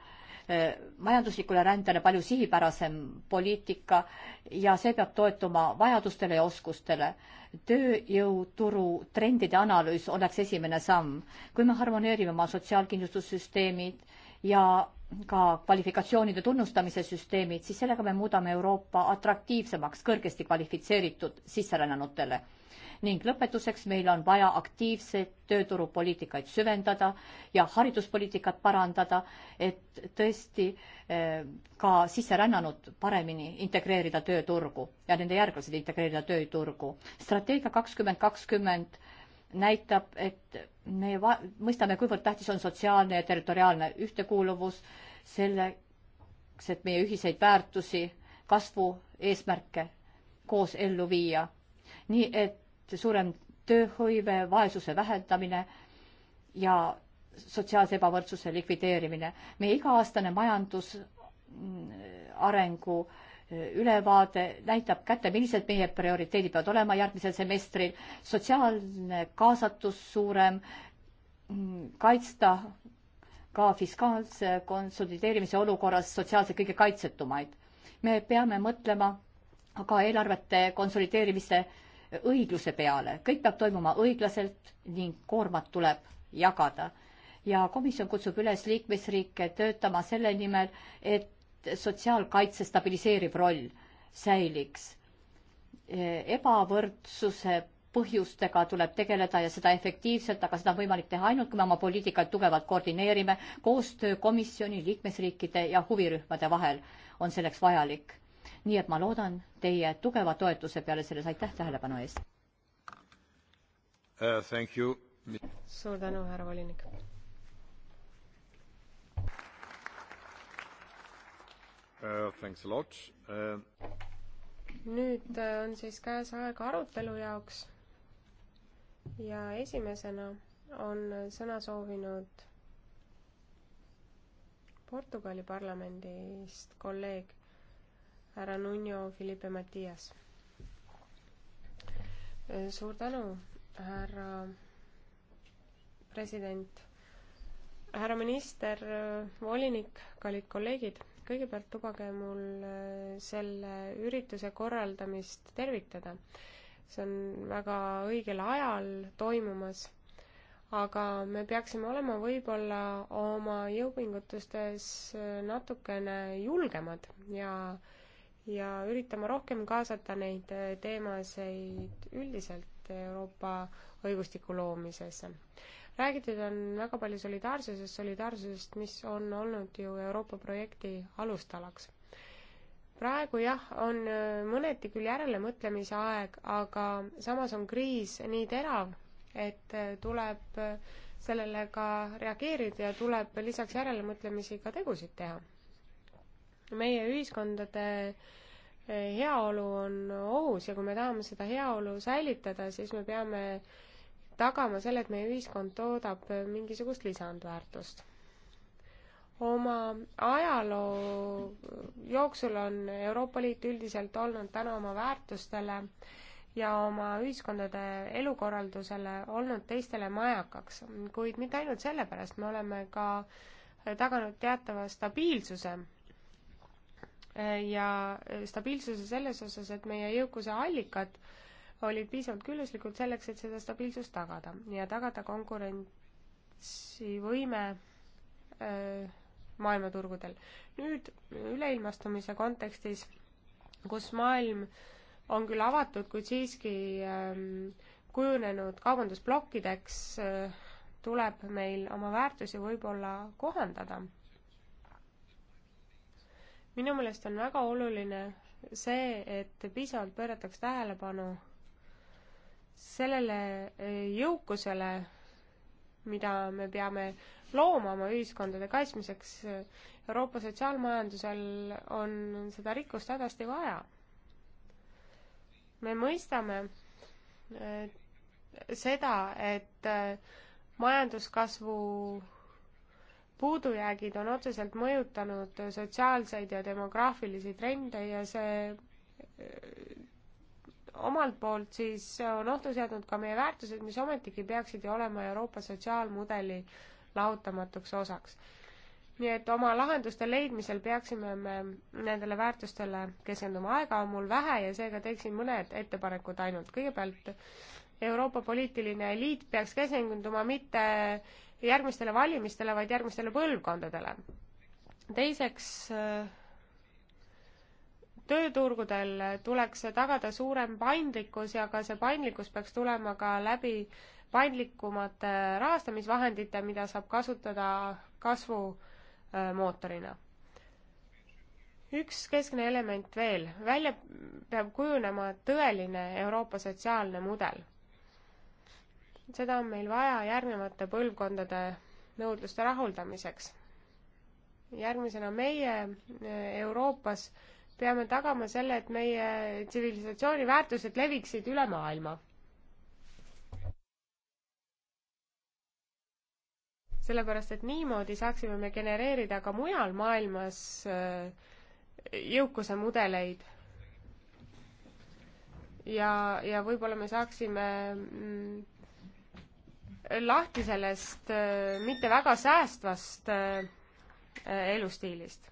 eh, majanduslikule rändele palju sihipärasem poliitika ja see peab toetuma vajadustele ja oskustele tööjõuturu trendide analüüs oleks esimene samm. kui me harmoneerime oma sotsiaalkindlustussüsteemid ja ka kvalifikatsioonide tunnustamise süsteemid, siis sellega me muudame Euroopa atraktiivsemaks kõrgesti kvalifitseeritud sisserännanutele ning lõpetuseks meil on vaja aktiivseid tööturupoliitikaid süvendada ja hariduspoliitikat parandada, et tõesti eh, ka sisserännanud paremini integreerida tööturgu ja nende järglased integreerida tööturgu. strateegia kakskümmend kakskümmend näitab, et me mõistame, kuivõrd tähtis on sotsiaalne ja territoriaalne ühtekuuluvus selleks, et meie ühiseid väärtusi, kasvu eesmärke koos ellu viia. nii et suurem tööhõive, vaesuse vähendamine ja sotsiaalse ebavõrdsuse likvideerimine. meie iga-aastane majandusarengu mm, eh, ülevaade näitab kätte, millised meie prioriteedid peavad olema järgmisel semestril, sotsiaalne kaasatus suurem, mm, kaitsta ka fiskaalse konsolideerimise olukorras sotsiaalselt kõige kaitsetumaid. me peame mõtlema aga eelarvete konsolideerimise õigluse peale, kõik peab toimuma õiglaselt ning koormat tuleb jagada. ja komisjon kutsub üles liikmesriike töötama selle nimel, et sotsiaalkaitse stabiliseeriv roll säiliks. ebavõrdsuse põhjustega tuleb tegeleda ja seda efektiivselt, aga seda on võimalik teha ainult, kui me oma poliitikat tugevalt koordineerime. koostöö komisjoni, liikmesriikide ja huvirühmade vahel on selleks vajalik nii et ma loodan teie tugeva toetuse peale selles, aitäh tähelepanu eest uh,! suur tänu, härra volinik! Uh, uh... nüüd uh, on siis käes aeg arutelu jaoks ja esimesena on sõna soovinud Portugali parlamendist kolleeg härra Nuno Felipe Matias. suur tänu, härra president, härra minister, volinik, kallid kolleegid, kõigepealt lubage mul eh, selle ürituse korraldamist tervitada. see on väga õigel ajal toimumas aga me peaksime olema võib-olla oma jõupingutustes eh, natukene julgemad ja äh, ja üritama rohkem kaasata neid äh, teemasid üldiselt Euroopa õigustiku loomisesse. räägitud on väga palju solidaarsusest, solidaarsusest, mis on olnud ju Euroopa projekti alustalaks. praegu jah, on äh, mõneti küll järelemõtlemise aeg, aga samas on kriis nii terav, et äh, tuleb sellele ka reageerida ja tuleb lisaks järelemõtlemisi ka tegusid teha meie ühiskondade eh, heaolu on ohus ja kui me tahame seda heaolu säilitada, siis me peame tagama selle, et meie ühiskond toodab mingisugust lisandväärtust. oma ajaloo jooksul on Euroopa Liit üldiselt olnud tänu oma väärtustele ja oma ühiskondade elukorraldusele olnud teistele majakaks, kuid mitte ainult sellepärast, me oleme ka taganud teatava stabiilsuse ja stabiilsuse selles osas, et meie jõukuse allikad olid piisavalt külluslikud selleks, et seda stabiilsust tagada ja tagada konkurentsivõime äh, maailmaturgudel. nüüd üleilmastumise kontekstis, kus maailm on küll avatud, kuid siiski ähm, kujunenud kaubandusplokkideks, äh, tuleb meil oma väärtusi võib-olla kohandada minu meelest on väga oluline see, et piisavalt pöörataks tähelepanu sellele eh, jõukusele, mida me peame looma oma ühiskondade kaitsmiseks. Euroopa sotsiaalmajandusel on seda rikkust hädasti vaja. me mõistame eh, seda, et eh, majanduskasvu puudujäägid on otseselt mõjutanud sotsiaalseid ja demograafilisi trende ja see äh, omalt poolt siis on ohtu seadnud ka meie väärtused, mis ometigi peaksid ju olema Euroopa sotsiaalmudeli lahutamatuks osaks. nii et oma lahenduste leidmisel peaksime me nendele väärtustele keskenduma. aega on mul vähe ja seega teeksin mõned ettepanekud ainult. kõigepealt Euroopa poliitiline eliit peaks keskenduma mitte järgmistele valimistele, vaid järgmistele põlvkondadele. teiseks, äh, tööturgudel tuleks tagada suurem paindlikkus ja ka see paindlikkus peaks tulema ka läbi paindlikumate rahastamisvahendite, mida saab kasutada kasvumootorina äh, üks keskne element veel, välja peab kujunema tõeline Euroopa sotsiaalne mudel seda on meil vaja järgnevate põlvkondade nõudluste rahuldamiseks. järgmisena meie eh, Euroopas peame tagama selle, et meie tsivilisatsiooni väärtused leviksid üle maailma. sellepärast, et niimoodi saaksime me genereerida ka mujal maailmas eh, jõukuse mudeleid ja, ja võib-olla me saaksime mm, lahti sellest äh, mitte väga säästvast äh, elustiilist.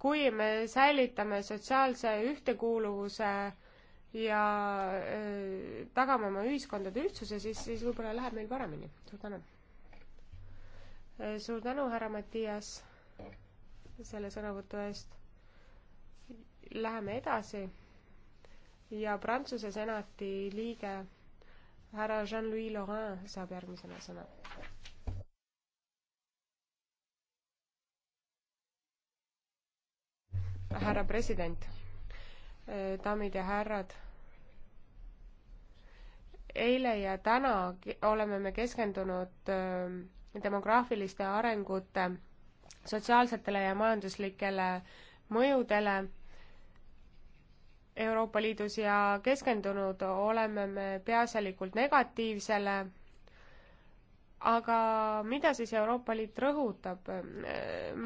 kui me säilitame sotsiaalse ühtekuuluvuse ja äh, tagame oma ühiskondade ühtsuse, siis, siis võib-olla läheb meil paremini. suur tänu. suur tänu, härra Mattias, selle sõnavõtu eest. Läheme edasi ja Prantsuse senati liige härra Jean-Louis Laurin saab järgmisena sõna. härra president, daamid ja härrad eile ja täna oleme me keskendunud äh, demograafiliste arengute sotsiaalsetele ja majanduslikele mõjudele Euroopa Liidus ja keskendunud oleme me peaasjalikult negatiivsele, aga mida siis Euroopa Liit rõhutab?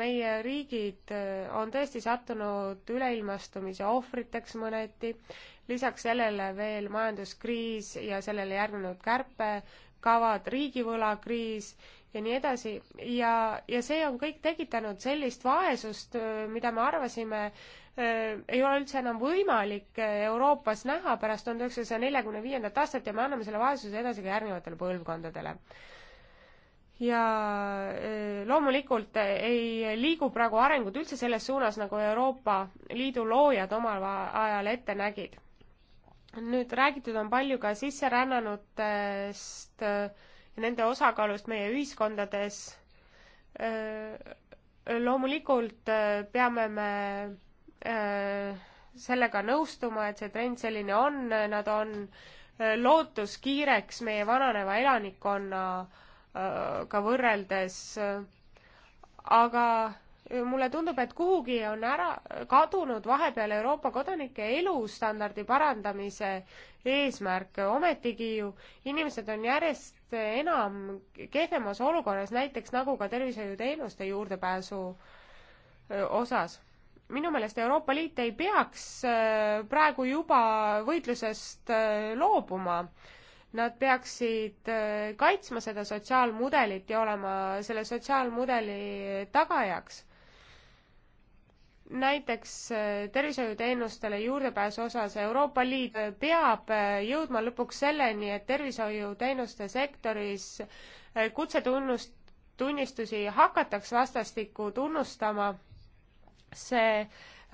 meie riigid on tõesti sattunud üleilmastumise ohvriteks mõneti, lisaks sellele veel majanduskriis ja sellele järgnenud kärpekavad, riigivõlakriis ja nii edasi ja, ja see on kõik tekitanud sellist vaesust, mida me arvasime, ei ole üldse enam võimalik Euroopas näha pärast tuhande üheksasaja neljakümne viiendat aastat ja me anname selle vaesuse edasi ka järgnevatele põlvkondadele ja loomulikult ei liigu praegu arengud üldse selles suunas, nagu Euroopa Liidu loojad omal ajal ette nägid. nüüd räägitud on palju ka sisserännanutest äh, ja nende osakaalust meie ühiskondades. loomulikult peame me sellega nõustuma, et see trend selline on, nad on lootuskiireks meie vananeva elanikkonnaga võrreldes. aga mulle tundub, et kuhugi on ära kadunud vahepeal Euroopa kodanike elustandardi parandamise eesmärk, ometigi ju inimesed on järjest enam kehvemas olukorras, näiteks nagu ka tervishoiuteenuste juurdepääsu osas. minu meelest Euroopa Liit ei peaks praegu juba võitlusest loobuma. Nad peaksid kaitsma seda sotsiaalmudelit ja olema selle sotsiaalmudeli tagajaks näiteks äh, tervishoiuteenustele juurdepääsu osas Euroopa Liit peab äh, jõudma lõpuks selleni, et tervishoiuteenuste sektoris äh, kutsetunnust, tunnistusi hakataks vastastikku tunnustama. see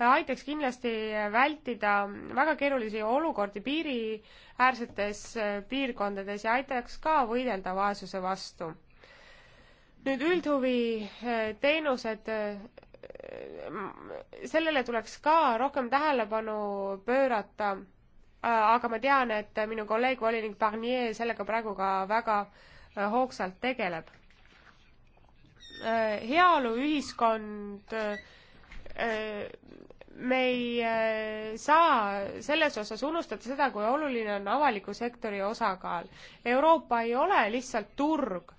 aitaks kindlasti vältida väga keerulisi olukordi piiriäärsetes piirkondades ja aitaks ka võidelda vaesuse vastu. nüüd üldhuviteenused sellele tuleks ka rohkem tähelepanu pöörata, aga ma tean, et minu kolleeg volinik Barnier sellega praegu ka väga äh, hoogsalt tegeleb. Äh, heaoluühiskond, äh, me ei saa selles osas unustada seda, kui oluline on avaliku sektori osakaal. Euroopa ei ole lihtsalt turg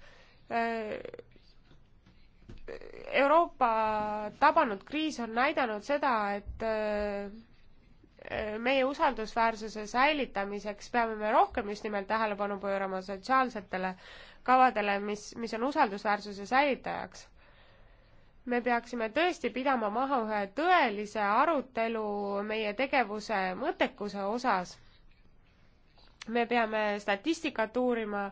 Euroopa tabanud kriis on näidanud seda, et äh, äh, meie usaldusväärsuse säilitamiseks peame me rohkem just nimelt tähelepanu pöörama sotsiaalsetele kavadele, mis, mis on usaldusväärsuse säilitajaks. me peaksime tõesti pidama maha ühe tõelise arutelu meie tegevuse mõttekuse osas. me peame statistikat uurima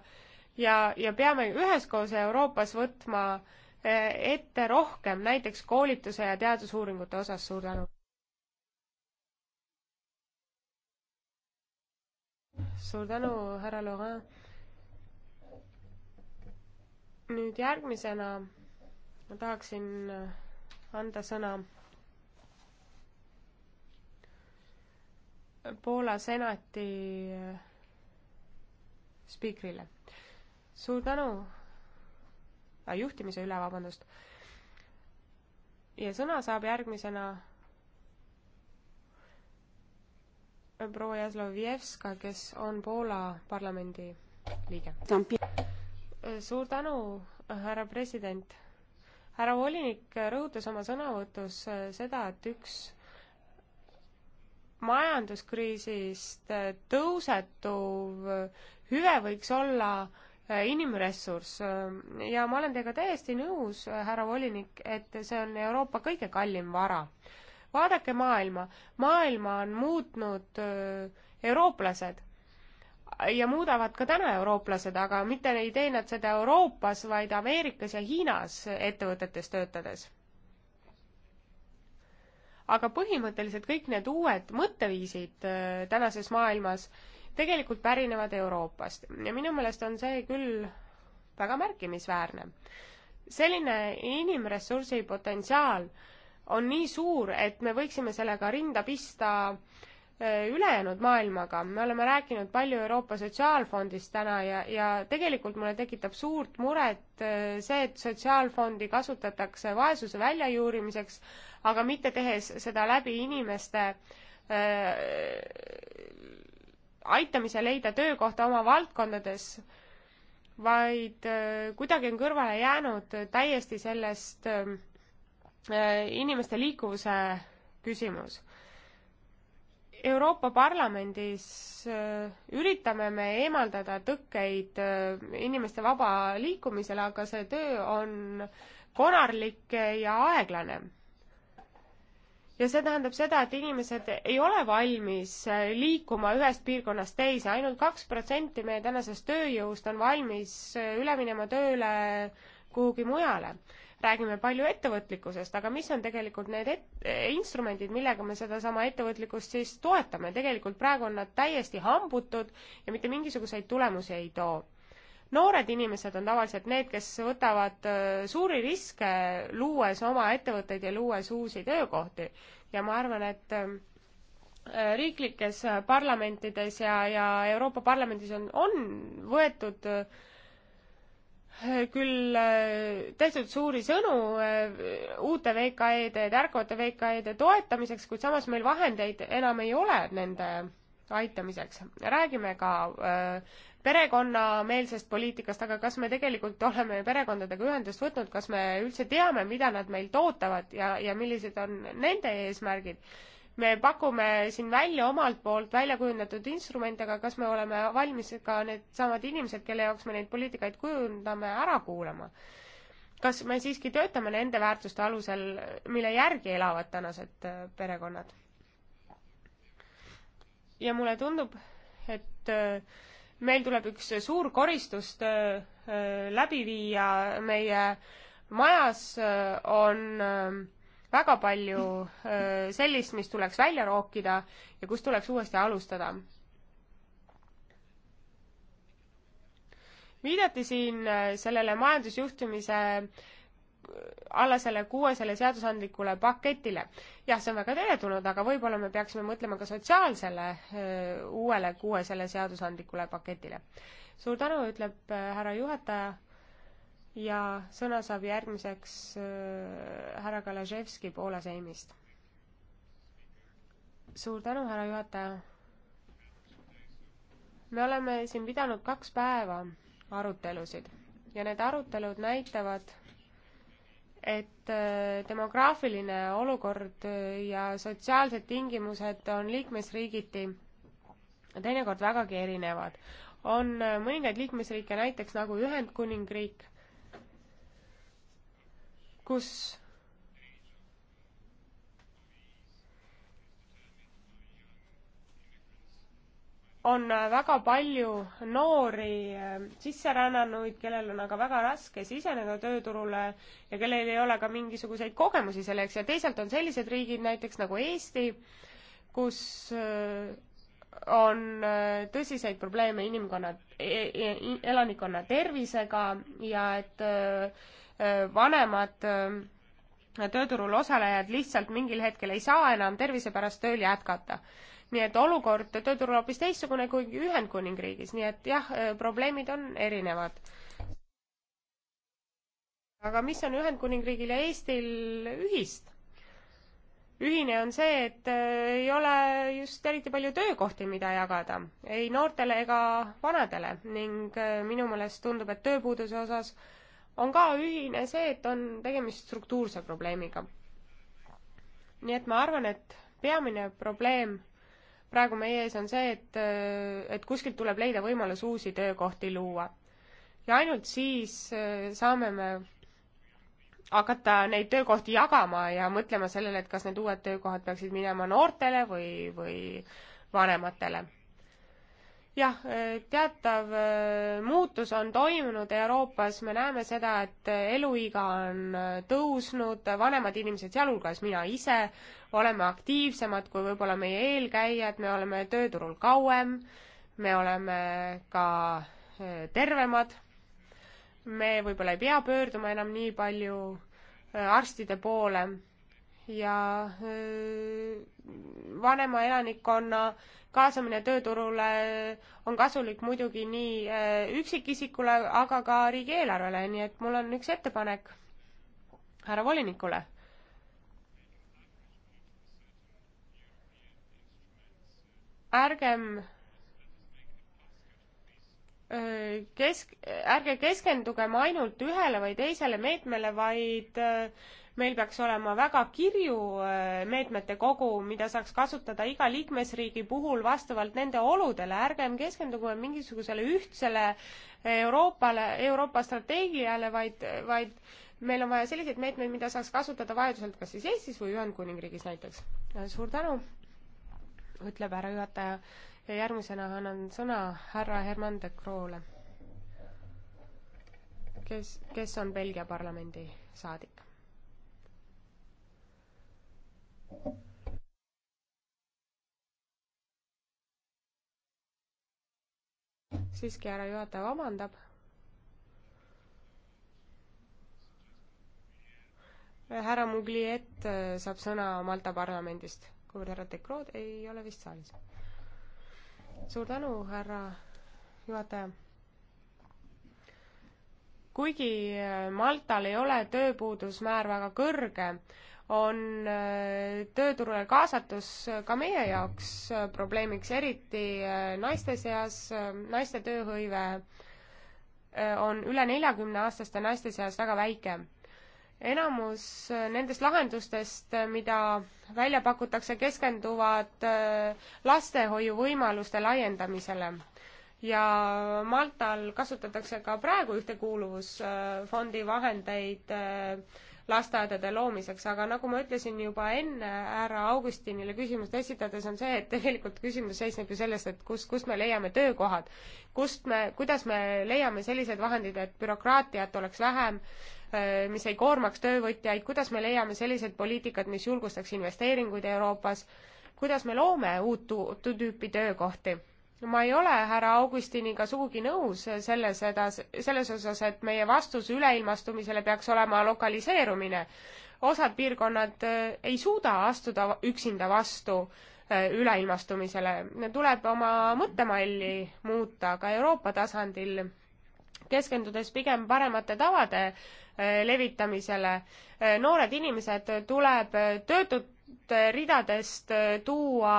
ja, ja peame üheskoos Euroopas võtma äh, Eh, ette rohkem, näiteks koolituse ja teadusuuringute osas, suur tänu! suur tänu, härra Laurent! nüüd järgmisena ma tahaksin eh, anda sõna Poola senati eh, spiikrile. suur tänu, äh,, juhtimise üle, vabandust. ja sõna saab järgmisena äh, proua Jazlovjevska, kes on Poola parlamendi liige. Äh, suur tänu, härra president. härra volinik rõhutas oma sõnavõtus äh, seda, et üks majanduskriisist tõusetuv hüve võiks olla äh, Äh, inimressurss äh, ja ma olen teiega täiesti nõus, äh, härra volinik, et see on Euroopa kõige kallim vara. vaadake maailma, maailma on muutnud eurooplased ja muudavad ka täna eurooplased, aga mitte ei tee nad seda Euroopas, vaid Ameerikas ja Hiinas ettevõtetes töötades aga põhimõtteliselt kõik need uued mõtteviisid tänases maailmas tegelikult pärinevad Euroopast ja minu meelest on see küll väga märkimisväärne. selline inimressursi potentsiaal on nii suur, et me võiksime sellega rinda pista äh, ülejäänud maailmaga, me oleme rääkinud palju Euroopa Sotsiaalfondist täna ja, ja tegelikult mulle tekitab suurt muret äh, see, et Sotsiaalfondi kasutatakse vaesuse väljajuurimiseks, aga mitte tehes seda läbi inimeste äh, aitamise leida töökohta oma valdkondades, vaid äh, kuidagi on kõrvale jäänud täiesti sellest äh, inimeste liikuvuse küsimus. Euroopa Parlamendis äh, üritame me eemaldada tõkkeid inimeste vaba liikumisele, aga see töö on konarlik ja aeglane ja see tähendab seda, et inimesed ei ole valmis äh, liikuma ühest piirkonnast teise ainult, ainult kaks protsenti meie tänasest tööjõust on valmis äh, üle minema tööle kuhugi mujale. räägime palju ettevõtlikkusest, aga mis on tegelikult need et-, äh, instrumendid, millega me sedasama ettevõtlikkust siis toetame, tegelikult praegu on nad täiesti hambutud ja mitte mingisuguseid tulemusi ei too noored inimesed on tavaliselt need, kes võtavad äh, suuri riske, luues oma ettevõtteid ja luues uusi töökohti. ja ma arvan, et ähm, äh, riiklikes äh, parlamentides ja, ja Euroopa Parlamendis on, on võetud küll tehtud suuri sõnu uute VKE-de, tärkavate VKE-de toetamiseks, kuid samas meil vahendeid enam ei ole nende aitamiseks. räägime ka äh, perekonnameelsest poliitikast, aga kas me tegelikult oleme perekondadega ühendust võtnud, kas me üldse teame, mida nad meilt ootavad ja, ja millised on nende eesmärgid? me pakume siin välja omalt poolt välja kujundatud instrumente, aga kas me oleme valmis ka needsamad inimesed, kelle jaoks me neid poliitikaid kujundame, ära kuulama? kas me siiski töötame nende väärtuste alusel, mille järgi elavad tänased äh, perekonnad? ja mulle tundub, et äh, meil tuleb üks suur koristustöö äh, äh, läbi viia, meie majas äh, on väga palju sellist, mis tuleks välja rookida ja kust tuleks uuesti alustada. viidati siin sellele majandusjuhtimise alla selle kuuesele seadusandlikule paketile. jah, see on väga teretulnud, aga võib-olla me peaksime mõtlema ka sotsiaalsele uuele kuuesele seadusandlikule paketile. suur tänu, ütleb äh, härra juhataja ja sõna saab järgmiseks härra Kalaževski Poola seimist. suur tänu, härra juhataja. me oleme siin pidanud kaks päeva arutelusid ja need arutelud näitavad, et äh, demograafiline olukord äh, ja sotsiaalsed tingimused on liikmesriigiti teinekord vägagi erinevad. on äh, mõningaid liikmesriike, näiteks nagu Ühendkuningriik, kus on väga palju noori äh, sisserännanuid, kellel on aga väga raske siseneda tööturule ja kellel ei ole ka mingisuguseid kogemusi selleks ja teisalt on sellised riigid näiteks nagu Eesti, kus äh, on äh, tõsiseid probleeme inimkonna, e, e, elanikkonna tervisega ja et vanemad tööturul osalejad lihtsalt mingil hetkel ei saa enam tervise pärast tööl jätkata nii et olukord tööturul hoopis teistsugune kui Ühendkuningriigis, nii et jah, äh, probleemid on erinevad. aga mis on Ühendkuningriigil ja Eestil ühist? ühine on see, et äh, ei ole just eriti palju töökohti, mida jagada, ei noortele ega vanadele ning äh, minu meelest tundub, et tööpuuduse osas on ka ühine see, et on tegemist struktuurse probleemiga. nii et ma arvan, et peamine probleem praegu meie ees on see, et, et kuskilt tuleb leida võimalus uusi töökohti luua. ja ainult siis äh, saame me hakata neid töökohti jagama ja mõtlema sellele, et kas need uued töökohad peaksid minema noortele või, või vanematele jah, eh, teatav eh, muutus on toimunud Euroopas, me näeme seda, et eluiga on eh, tõusnud, vanemad inimesed, sealhulgas mina ise, oleme aktiivsemad kui võib-olla meie eelkäijad, me oleme tööturul kauem, me oleme ka tervemad, me võib-olla ei pea pöörduma enam nii palju arstide poole ja vanema elanikkonna kaasamine tööturule on kasulik muidugi nii üksikisikule, aga ka riigieelarvele, nii et mul on üks ettepanek härra volinikule. ärgem kesk, ärge keskendugem ainult ühele või teisele meetmele, vaid äh, meil peaks olema väga kirju äh, meetmete kogu, mida saaks kasutada iga liikmesriigi puhul vastavalt nende oludele, ärgem keskendume mingisugusele ühtsele äh, Euroopale, Euroopa strateegiale, vaid, vaid meil on vaja selliseid meetmeid, mida saaks kasutada vajaduselt kas siis Eestis või Ühendkuningriigis näiteks. Äh, suur tänu, ütleb härra juhataja ja järgmisena annan sõna härra Herman de Croole, kes, kes on Belgia parlamendi saadik. siiski härra juhataja vabandab. härra Mugliet äh, saab sõna Malta parlamendist, kuivõrd härra Dekrood ei ole vist saalis. suur tänu, härra juhataja. kuigi äh, Maltal ei ole tööpuudusmäär väga kõrge, on äh, tööturule kaasatus ka meie jaoks äh, probleemiks, eriti äh, naiste seas, naiste tööhõive on üle neljakümne aastaste naiste seas väga väike. enamus nendest lahendustest, mida välja pakutakse, keskenduvad lastehoiu võimaluste laiendamisele ja Maltal kasutatakse ka praegu ühtekuuluvusfondi vahendeid äh, lasteaedade loomiseks, aga nagu ma ütlesin juba enne härra Augustinile küsimust esitades, on see, et tegelikult küsimus seisneb ju selles, et kus, kust me leiame töökohad. kust me, kuidas me leiame sellised vahendid, et bürokraatiat oleks vähem, äh, mis ei koormaks töövõtjaid, kuidas me leiame sellised poliitikad, mis julgustaks investeeringuid Euroopas, kuidas me loome uut, uut tüüpi töökohti ma ei ole härra Augustiniga sugugi nõus selles edas-, selles osas, et meie vastus üleilmastumisele peaks olema lokaliseerumine. osad piirkonnad äh, ei suuda astuda üksinda vastu äh, üleilmastumisele, tuleb oma mõttemalli muuta ka Euroopa tasandil, keskendudes pigem paremate tavade äh, levitamisele. noored inimesed tuleb töötute ridadest tuua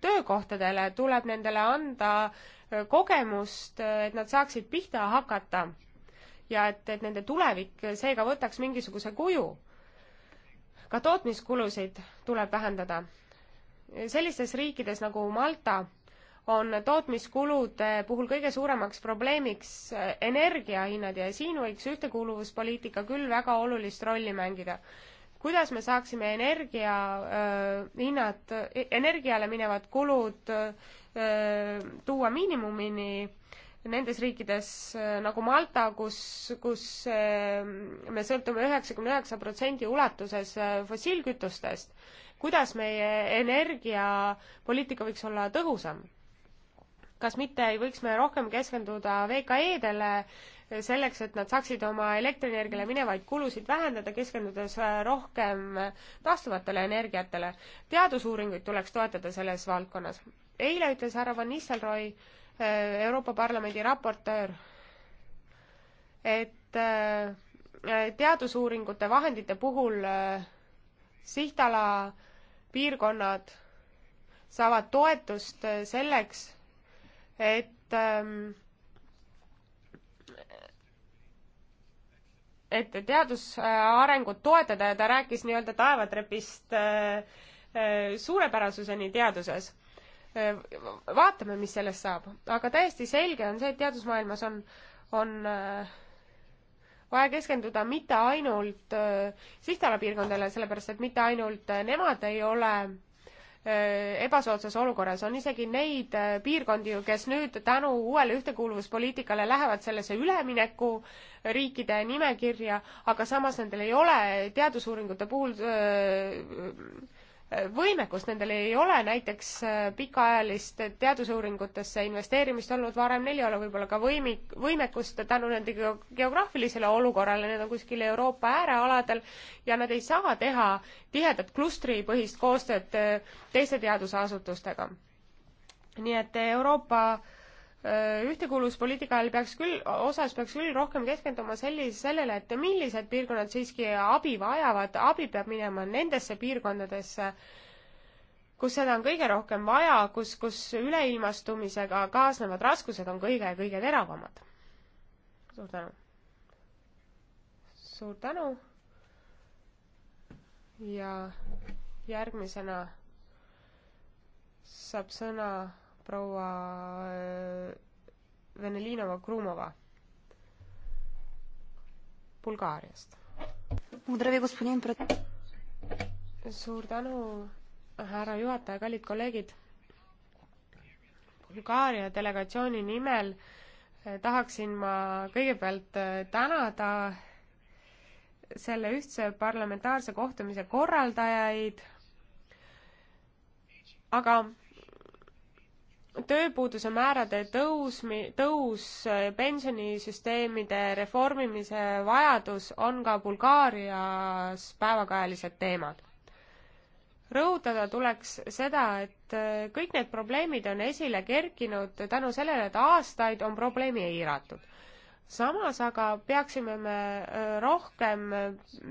töökohtadele, tuleb nendele anda äh, kogemust, äh, et nad saaksid pihta hakata ja et, et nende tulevik seega võtaks mingisuguse kuju. ka tootmiskulusid tuleb vähendada. sellistes riikides nagu Malta on tootmiskulude äh, puhul kõige suuremaks probleemiks energiahinnad ja siin võiks ühtekuuluvuspoliitika küll väga olulist rolli mängida kuidas me saaksime energia äh, hinnad, energiale minevad kulud öö, äh, tuua miinimumini nendes riikides äh, nagu Malta, kus, kus me sõltume üheksakümne üheksa protsendi ulatuses fossiilkütustest, kuidas meie energiapoliitika võiks olla tõhusam? kas mitte ei võiks me rohkem keskenduda VKE-dele, selleks, et nad saaksid oma elektrienergiale minevaid kulusid vähendada, keskendudes äh, rohkem taastuvatele energiatele. teadusuuringuid tuleks toetada selles valdkonnas. eile ütles härra Van Nistelrooy, äh, Euroopa Parlamendi raportöör, et äh, teadusuuringute vahendite puhul sihtala piirkonnad saavad toetust selleks, et ähm, et teadusarengut toetada ja ta rääkis nii-öelda taevatrepist äh, äh, suurepärasuseni teaduses. Äh, vaatame, mis sellest saab, aga täiesti selge on see, et teadusmaailmas on, on vaja keskenduda mitte ainult sihtalapiirkondadele, sellepärast et mitte ainult nemad ei ole Äh, ebasoodsas olukorras. on isegi neid äh, piirkondi ju, kes nüüd tänu uuele ühtekuuluvuspoliitikale lähevad sellesse ülemineku riikide nimekirja, aga samas nendel ei ole teadusuuringute puhul öö, äh, võimekust nendel ei ole, näiteks äh, pikaajalist teadusuuringutesse investeerimist olnud varem, neil ei ole võib-olla ka võimi-, võimekust tänu nende geograafilisele olukorrale, need on kuskil Euroopa äärealadel ja nad ei saa teha tihedat klustripõhist koostööd äh, teiste teadusasutustega. nii et Euroopa äh, Äh, ühtekuuluvuspoliitika ajal peaks küll, osas peaks küll rohkem keskenduma sellise, sellele, et millised piirkonnad siiski abi vajavad, abi peab minema nendesse piirkondadesse, kus seda on kõige rohkem vaja, kus, kus üleilmastumisega kaasnevad raskused on kõige-kõige teravamad. suur tänu! suur tänu! ja järgmisena saab sõna proua äh, Venelinova-Krumova Bulgaariast. suur tänu, härra juhataja, kallid kolleegid. Bulgaaria delegatsiooni nimel äh, tahaksin ma kõigepealt äh, tänada selle ühtse parlamentaarse kohtumise korraldajaid, aga tööpuuduse määrade tõus, tõus, pensionisüsteemide reformimise vajadus on ka Bulgaarias päevakajalised teemad. rõhutada tuleks seda, et kõik need probleemid on esile kerkinud tänu sellele, et aastaid on probleemi eiratud samas aga peaksime me rohkem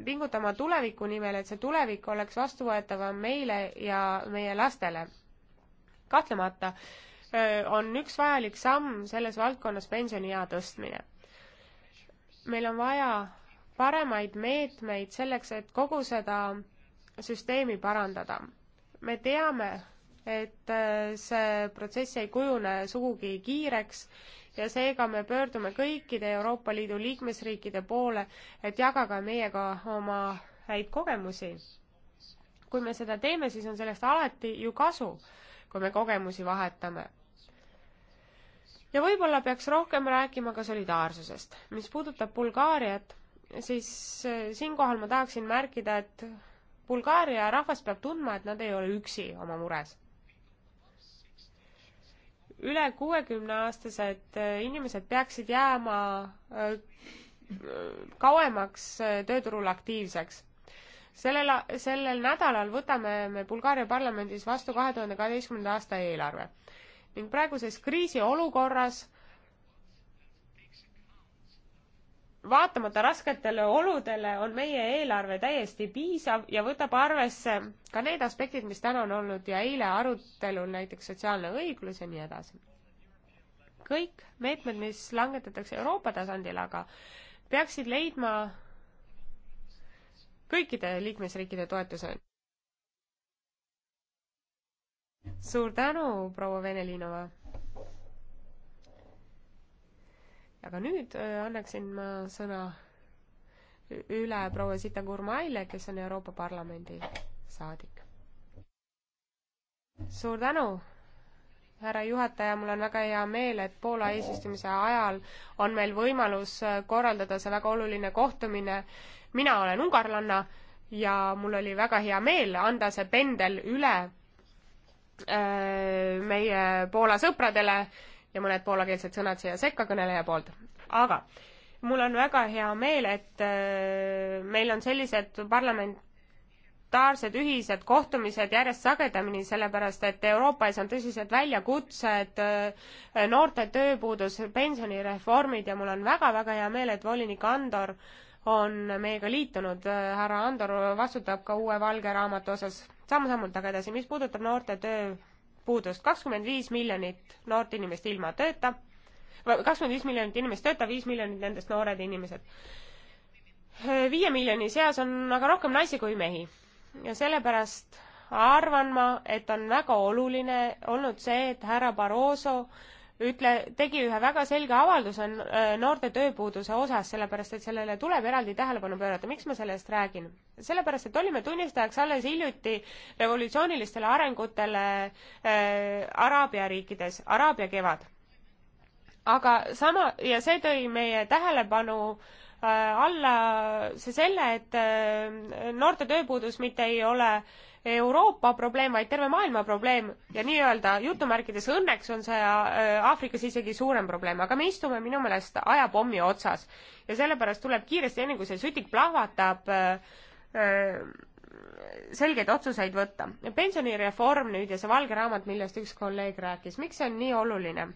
pingutama tuleviku nimel, et see tulevik oleks vastuvõetavam meile ja meie lastele. kahtlemata äh, on üks vajalik samm selles valdkonnas pensioniea tõstmine. meil on vaja paremaid meetmeid selleks, et kogu seda süsteemi parandada. me teame, et see protsess ei kujune sugugi kiireks ja seega me pöördume kõikide Euroopa Liidu liikmesriikide poole, et jagage meiega oma häid kogemusi. kui me seda teeme, siis on sellest alati ju kasu, kui me kogemusi vahetame ja võib-olla peaks rohkem rääkima ka solidaarsusest. mis puudutab Bulgaariat, siis äh, siinkohal ma tahaksin märkida, et Bulgaaria rahvas peab tundma, et nad ei ole üksi oma mures üle kuuekümneaastased äh, inimesed peaksid jääma äh, kauemaks tööturul aktiivseks. sellel, sellel nädalal võtame me Bulgaaria parlamendis vastu kahe tuhande kaheteistkümnenda aasta eelarve ning praeguses kriisiolukorras vaatamata rasketele oludele on meie eelarve täiesti piisav ja võtab arvesse ka need aspektid, mis täna on olnud ja eile arutelul näiteks sotsiaalne õiglus ja nii edasi. kõik meetmed, mis langetatakse Euroopa tasandil aga, peaksid leidma kõikide liikmesriikide toetuse suur tänu, proua Venelinova. aga nüüd äh, annaksin ma sõna üle proua Sita Gurmaile, kes on Euroopa Parlamendi saadik. suur tänu härra juhataja, mul on väga hea meel, et Poola eesistumise ajal on meil võimalus äh, korraldada see väga oluline kohtumine. mina olen ungarlanna ja mul oli väga hea meel anda see pendel üle Äh, meie Poola sõpradele ja mõned poolakeelsed sõnad siia sekka kõneleja poolt. aga mul on väga hea meel, et äh, meil on sellised parlamentaarsed ühised kohtumised järjest sagedamini, sellepärast et Euroopa ees on tõsised väljakutsed, äh, noorte tööpuudus, pensionireformid ja mul on väga-väga hea meel, et volinik Andor on meiega liitunud, härra Andor vastutab ka uue valge raamatu osas samm-sammult aga edasi, mis puudutab noorte tööpuudust, kakskümmend viis miljonit noort inimest ilma tööta, kakskümmend viis miljonit inimest töötab, viis miljonit nendest noored inimesed. viie miljoni seas on aga rohkem naisi kui mehi ja sellepärast arvan ma, et on väga oluline olnud see, et härra Barroso ütle, tegi ühe väga selge avalduse äh, noorte tööpuuduse osas, sellepärast et sellele tuleb eraldi tähelepanu pöörata. miks ma sellest räägin? sellepärast, et olime tunnistajaks alles hiljuti revolutsioonilistele arengutele äh, Araabia riikides, Araabia kevad. aga sama, ja see tõi meie tähelepanu äh, alla see selle, et äh, noorte tööpuudus mitte ei ole äh, Euroopa probleem, vaid terve maailma probleem ja nii-öelda jutumärkides õnneks on see äh, Aafrikas isegi suurem probleem, aga me istume minu meelest ajapommi otsas ja sellepärast tuleb kiiresti, enne kui see sütik plahvatab, äh, äh, selgeid otsuseid võtta. pensionireform nüüd ja see valge raamat, millest üks kolleeg rääkis, miks see on nii oluline?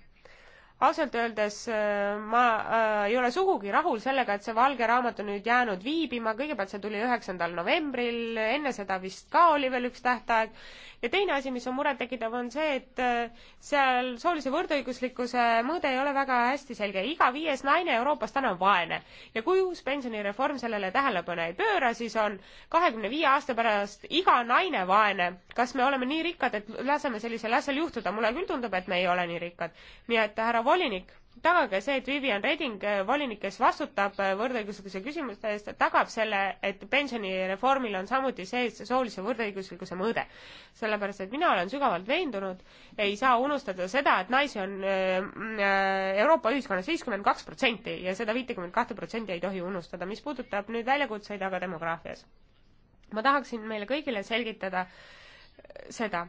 ausalt öeldes äh, ma äh, ei ole sugugi rahul sellega, et see valge raamat on nüüd jäänud viibima, kõigepealt see tuli üheksandal novembril, enne seda vist ka oli veel üks tähtaeg ja teine asi, mis on murettekitav, on see, et äh, seal soolise võrdõiguslikkuse mõõde ei ole väga hästi selge. iga viies naine Euroopas täna on vaene ja kui uus pensionireform sellele tähelepanu ei pööra, siis on kahekümne viie aasta pärast iga naine vaene. kas me oleme nii rikkad, et laseme sellisel asjal juhtuda? mulle küll tundub, et me ei ole nii rikkad. nii et härra volinik tagage see, et Vivian Reding, äh, volinik, kes vastutab äh, võrdõiguslikkuse küsimuste eest, tagab selle, et pensionireformil on samuti sees see soolise võrdõiguslikkuse mõõde. sellepärast, et mina olen sügavalt veendunud, ei saa unustada seda, et naisi on äh, mm, Euroopa ühiskonnas viiskümmend kaks protsenti ja seda viitekümmet kahte protsenti ei tohi unustada, mis puudutab nüüd väljakutseid aga demograafias. ma tahaksin meile kõigile selgitada seda,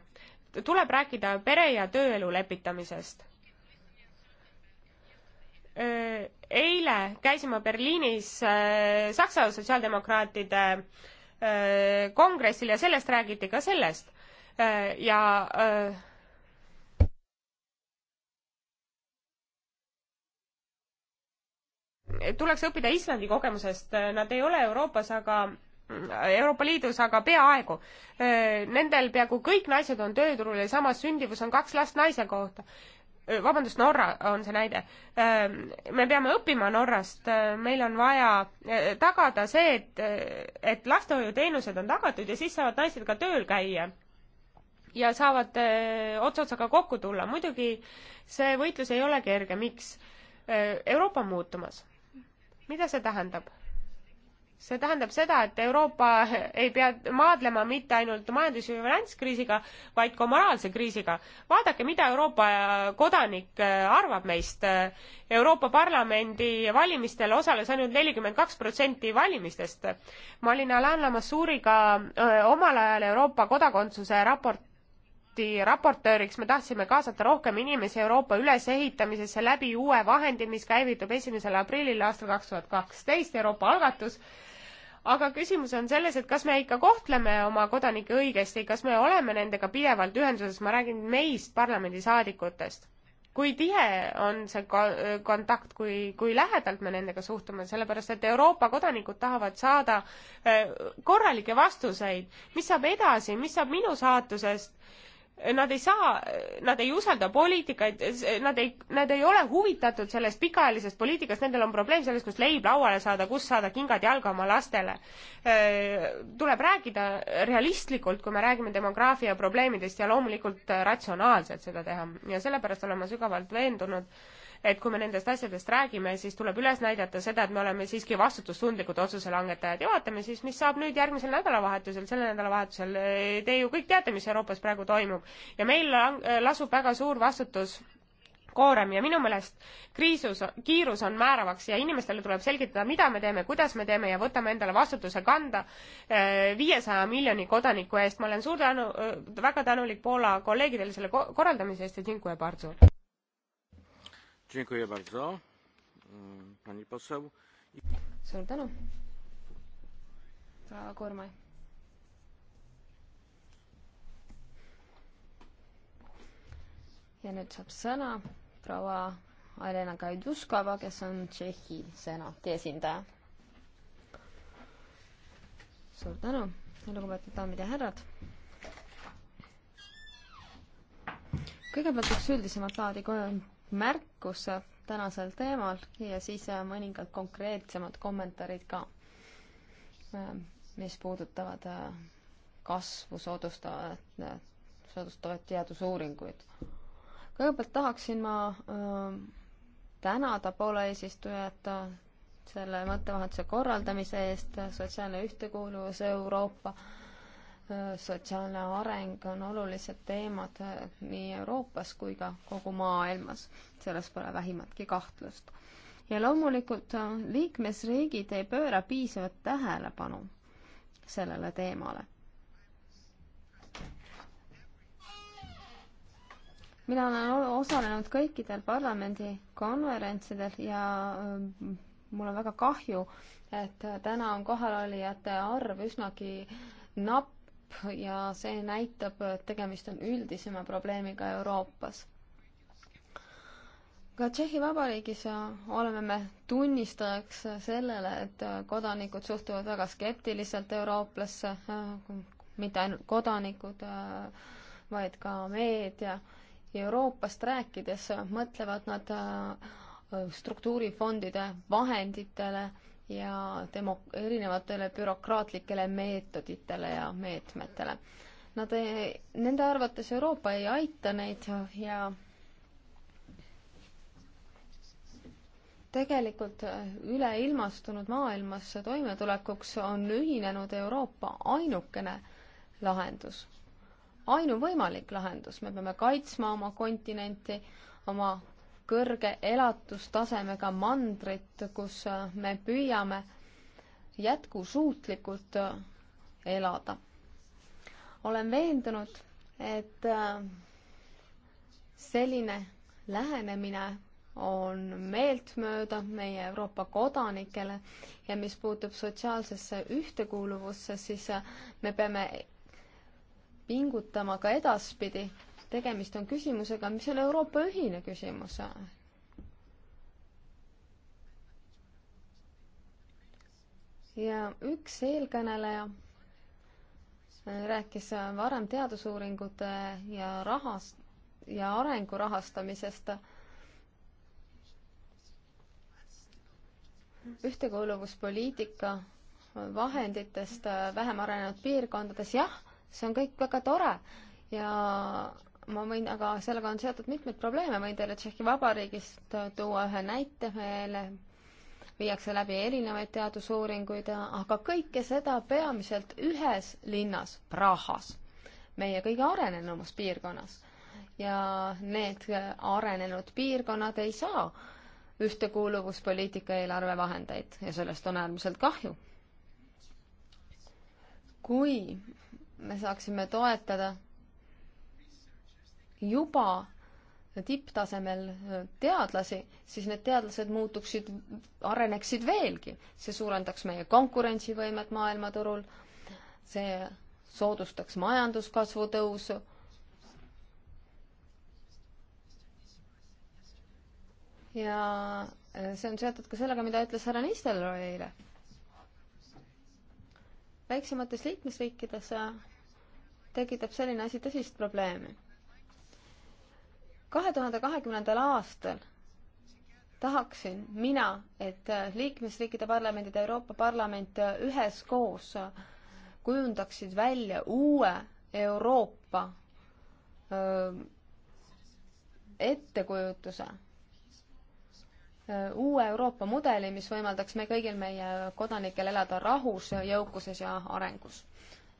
tuleb rääkida pere ja tööelu lepitamisest Äh, eile käisin ma Berliinis äh, Saksa sotsiaaldemokraatide äh, kongressil ja sellest räägiti ka sellest ja tuleks õppida Islandi kogemusest, nad ei ole Euroopas, aga Euroopa Liidus, aga peaaegu. Nendel peaaegu kõik naised on tööturul ja samas sündivus on kaks last naise kohta vabandust, Norra on see näide. me peame õppima Norrast, meil on vaja tagada see, et, et lastehoiuteenused on tagatud ja siis saavad naised ka tööl käia ja saavad ots otsaga kokku tulla. muidugi see võitlus ei ole kerge, miks? Euroopa on muutumas. mida see tähendab? see tähendab seda, et Euroopa ei pea maadlema mitte ainult majandus- ja finantskriisiga, vaid ka moraalse kriisiga. vaadake, mida Euroopa kodanik äh, arvab meist. Euroopa Parlamendi valimistel osales ainult nelikümmend kaks protsenti valimistest. ma olin Alain Lamassouriga äh, omal ajal Euroopa kodakondsuse raport projekti raportööriks me tahtsime kaasata rohkem inimesi Euroopa ülesehitamisesse läbi uue vahendi, mis käivitub esimesel aprillil aastal kaks tuhat kaksteist Euroopa algatus aga küsimus on selles, et kas me ikka kohtleme oma kodanikke õigesti, kas me oleme nendega pidevalt ühenduses, ma räägin meist parlamendisaadikutest. kui tihe on see kontakt, kui, kui lähedalt me nendega suhtume, sellepärast et Euroopa kodanikud tahavad saada eh, korralikke vastuseid, mis saab edasi, mis saab minu saatusest Nad ei saa, nad ei usalda poliitikaid, nad ei, nad ei ole huvitatud sellest pikaajalisest poliitikast, nendel on probleem selles, kus leib lauale saada, kus saada kingad jalga oma lastele. Äh, tuleb rääkida realistlikult, kui me räägime demograafia probleemidest ja loomulikult ratsionaalselt seda teha ja sellepärast olen ma sügavalt veendunud, et kui me nendest asjadest räägime, siis tuleb üles näidata seda, et me oleme siiski vastutustundlikud otsuse langetajad ja vaatame siis, mis saab nüüd järgmisel nädalavahetusel, sellel nädalavahetusel. Eh, te ju kõik teate, mis Euroopas praegu toimub ja meil eh, lasub väga suur vastutus koorem ja minu meelest kriisus, kiirus on määravaks ja inimestele tuleb selgitada, mida me teeme, kuidas me teeme ja võtame endale vastutuse kanda eh, viiesaja miljoni kodaniku eest. ma olen suur tänu, väga tänulik Poola kolleegidele selle korraldamise eest ja Cinque Barzo. Mm, suur tänu, proua Koormai. ja nüüd saab sõna proua Alena Gajduskova, kes on Tšehhi senati esindaja. suur tänu, lugupeetud daamid ja härrad. kõigepealt üks üldisemat laadi märkus tänasel teemal ja siis äh, mõningad konkreetsemad kommentaarid ka, äh, mis puudutavad äh, kasvu soodustavat, soodustavaid teadusuuringuid. kõigepealt tahaksin ma tänada Poola eesistujat selle mõttevahetuse korraldamise eest, sotsiaalne ühtekuuluvus Euroopa äh, sotsiaalne areng on olulised teemad eh, nii Euroopas kui ka kogu maailmas, selles pole vähimatki kahtlust. ja loomulikult eh, liikmesriigid ei pööra piisavat tähelepanu sellele teemale. mina olen osalenud kõikidel parlamendi konverentsidel ja eh, mul on väga kahju, et täna on kohalolijate arv üsnagi napp, läheb ja see näitab, et tegemist on üldisema probleemiga Euroopas. ka Tšehhi Vabariigis oleme me tunnistajaks sellele, et kodanikud suhtuvad väga skeptiliselt eurooplasse, mitte ainult kodanikud, vaid ka meedia. Euroopast rääkides mõtlevad nad struktuurifondide vahenditele ja demo-, erinevatele bürokraatlikele meetoditele ja meetmetele. Nad ei, nende arvates Euroopa ei aita neid ja tegelikult üleilmastunud maailmas toimetulekuks on ühinenud Euroopa ainukene lahendus, ainuvõimalik lahendus, me peame kaitsma oma kontinenti, oma kõrge elatustasemega mandrit, kus me püüame jätkusuutlikult elada. olen veendunud, et selline lähenemine on meeltmööda meie Euroopa kodanikele ja mis puutub sotsiaalsesse ühtekuuluvusse, siis me peame pingutama ka edaspidi tegemist on küsimusega, mis on Euroopa ühine küsimus. ja üks eelkõneleja rääkis varem teadusuuringute ja rahast- ja arengu rahastamisest ühtekuuluvuspoliitika vahenditest vähem arenenud piirkondades, jah, see on kõik väga tore ja ma võin, aga sellega on seotud mitmeid probleeme, võin teile Tšehhi Vabariigist tuua ühe näite meile, viiakse läbi erinevaid teadusuuringuid, aga kõike seda peamiselt ühes linnas, Prahas, meie kõige arenenumas piirkonnas. ja need arenenud piirkonnad ei saa ühtekuuluvuspoliitika eelarvevahendeid ja sellest on äärmiselt kahju. kui me saaksime toetada juba tipptasemel äh, teadlasi, siis need teadlased muutuksid, areneksid veelgi. see suurendaks meie konkurentsivõimet maailmaturul, see soodustaks majanduskasvu tõusu. ja äh, see on seotud ka sellega, mida ütles härra Nistelrooy eile. väiksemates liikmesriikides äh, tekitab selline asi tõsist probleemi kahe tuhande kahekümnendal aastal tahaksin mina, et liikmesriikide parlamendid ja Euroopa Parlament üheskoos kujundaksid välja uue Euroopa ettekujutuse, uue Euroopa mudeli, mis võimaldaks me kõigil meie kodanikel elada rahus, jõukuses ja arengus.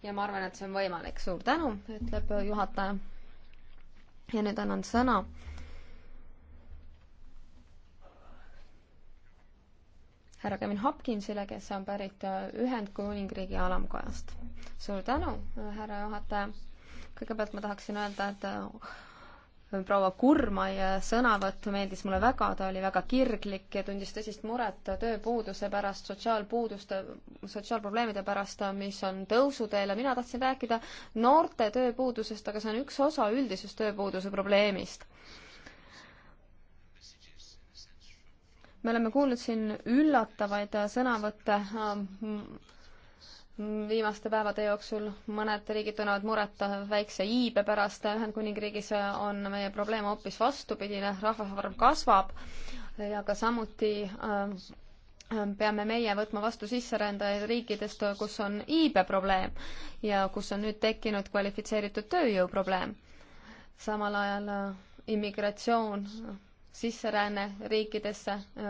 ja ma arvan, et see on võimalik. suur tänu, ütleb juhataja ja nüüd annan sõna härra Kevin Hopkinsile, kes on pärit äh, Ühendkuningriigi alamkojast. suur tänu, äh, härra juhataja. kõigepealt ma tahaksin öelda, et äh, proua Kurmai sõnavõtt meeldis mulle väga, ta oli väga kirglik ja tundis tõsist muret tööpuuduse pärast, sotsiaalpuuduste, sotsiaalprobleemide pärast, mis on tõusuteel ja mina tahtsin rääkida noorte tööpuudusest, aga see on üks osa üldisest tööpuuduse probleemist. me oleme kuulnud siin üllatavaid sõnavõtte viimaste päevade jooksul mõned riigid tunnevad muret väikse iibe pärast, Ühendkuningriigis on meie probleem hoopis vastupidine, rahvaarv kasvab ja ka samuti äh, peame meie võtma vastu sisserändajaid riikidest, kus on iibe probleem ja kus on nüüd tekkinud kvalifitseeritud tööjõu probleem. samal ajal äh, immigratsioon sisseränne riikidesse äh,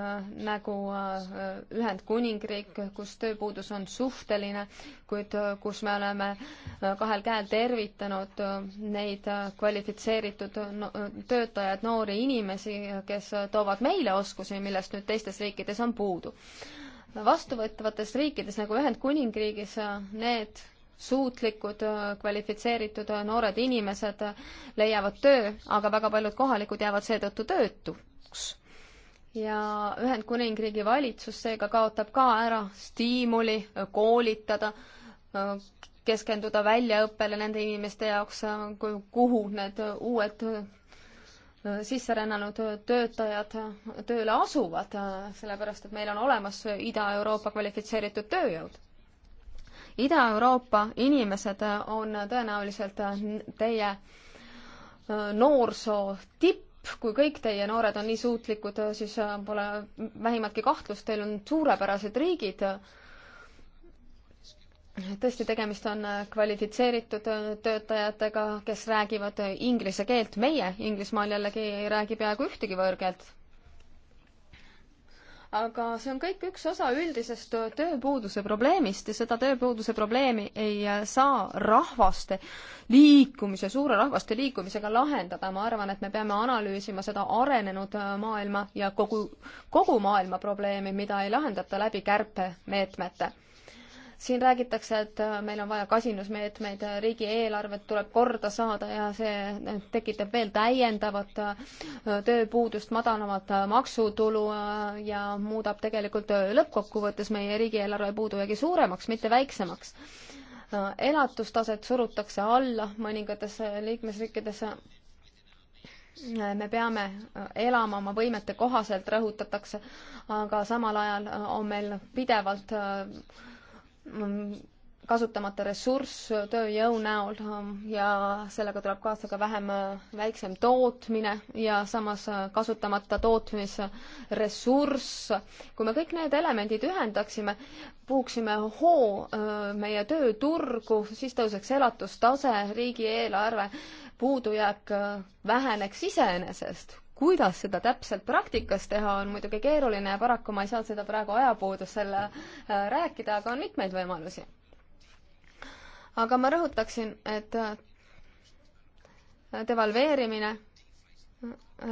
nagu äh, Ühendkuningriik, kus tööpuudus on suhteline, kuid äh, kus me oleme kahel käel tervitanud neid kvalifitseeritud töötajaid, noori inimesi, kes toovad meile oskusi, millest nüüd teistes riikides on puudu. vastuvõtvates riikides nagu Ühendkuningriigis need suutlikud, äh, kvalifitseeritud äh, noored inimesed äh, leiavad töö, aga väga paljud kohalikud jäävad seetõttu töötuks. ja Ühendkuningriigi valitsus seega kaotab ka ära stiimuli koolitada, keskenduda väljaõppele nende inimeste jaoks, kuhu need uued sisserännanud töötajad tööle asuvad, sellepärast et meil on olemas Ida-Euroopa kvalifitseeritud tööjõud Ida-Euroopa inimesed on tõenäoliselt teie äh, noorsoo tipp, kui kõik teie noored on nii suutlikud, äh, siis äh, pole vähimatki kahtlust, teil on suurepärased riigid. tõesti, tegemist on kvalifitseeritud töötajatega, kes räägivad inglise keelt. meie Inglismaal jällegi ei räägi peaaegu ühtegi võõrkeelt aga see on kõik üks osa üldisest tööpuuduse probleemist ja seda tööpuuduse probleemi ei saa rahvaste liikumise, suure rahvaste liikumisega lahendada. ma arvan, et me peame analüüsima seda arenenud maailma ja kogu, kogu maailma probleemi, mida ei lahendata läbi kärpemeetmete siin räägitakse, et äh, meil on vaja kasinusmeetmeid, äh, riigieelarvet tuleb korda saada ja see äh, tekitab veel täiendavat tööpuudust, madalamat maksutulu ja muudab tegelikult lõppkokkuvõttes meie riigieelarve puudujäägi suuremaks, mitte väiksemaks. elatustaset surutakse alla mõningates liikmesriikides me peame elama oma võimete kohaselt, rõhutatakse, aga samal ajal on meil pidevalt äh, Mm, kasutamata ressurss tööjõu näol ähm, ja sellega tuleb kaasa ka vähem, äh, väiksem tootmine ja samas äh, kasutamata tootmisressurss. kui me kõik need elemendid ühendaksime, puuksime hoo äh, meie tööturgu, siis tõuseks elatustase, riigieelarve puudujääk väheneks iseenesest kuidas seda täpselt praktikas teha, on muidugi keeruline ja paraku ma ei saa seda praegu ajapuudusel äh, rääkida, aga on mitmeid võimalusi. aga ma rõhutaksin, et äh, devalveerimine äh,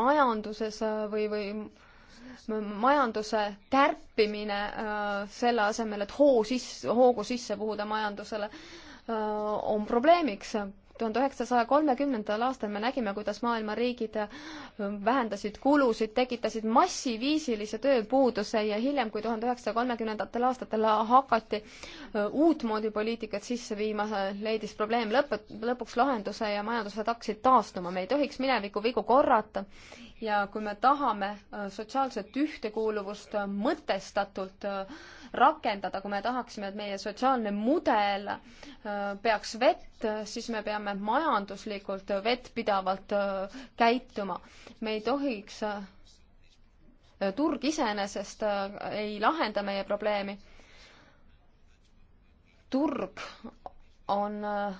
majanduses või, või majanduse kärpimine selle asemel, et hoo sisse, hoogu sisse puhuda majandusele, on probleemiks tuhande üheksasaja kolmekümnendal aastal me nägime, kuidas maailma riigid äh, vähendasid kulusid, tekitasid massiviisilise tööpuuduse ja hiljem, kui tuhande üheksasaja kolmekümnendatel aastatel hakati äh, uutmoodi poliitikat sisse viima, leidis probleem lõpp, lõpuks lahenduse ja majandused hakkasid taastuma. me ei tohiks mineviku vigu korrata ja kui me tahame äh, sotsiaalset ühtekuuluvust mõtestatult rakendada, kui me tahaksime, et meie sotsiaalne mudel äh, peaks vett, siis me peame majanduslikult vettpidavalt äh, käituma. me ei tohiks, äh, turg iseenesest ei lahenda meie probleemi. turg on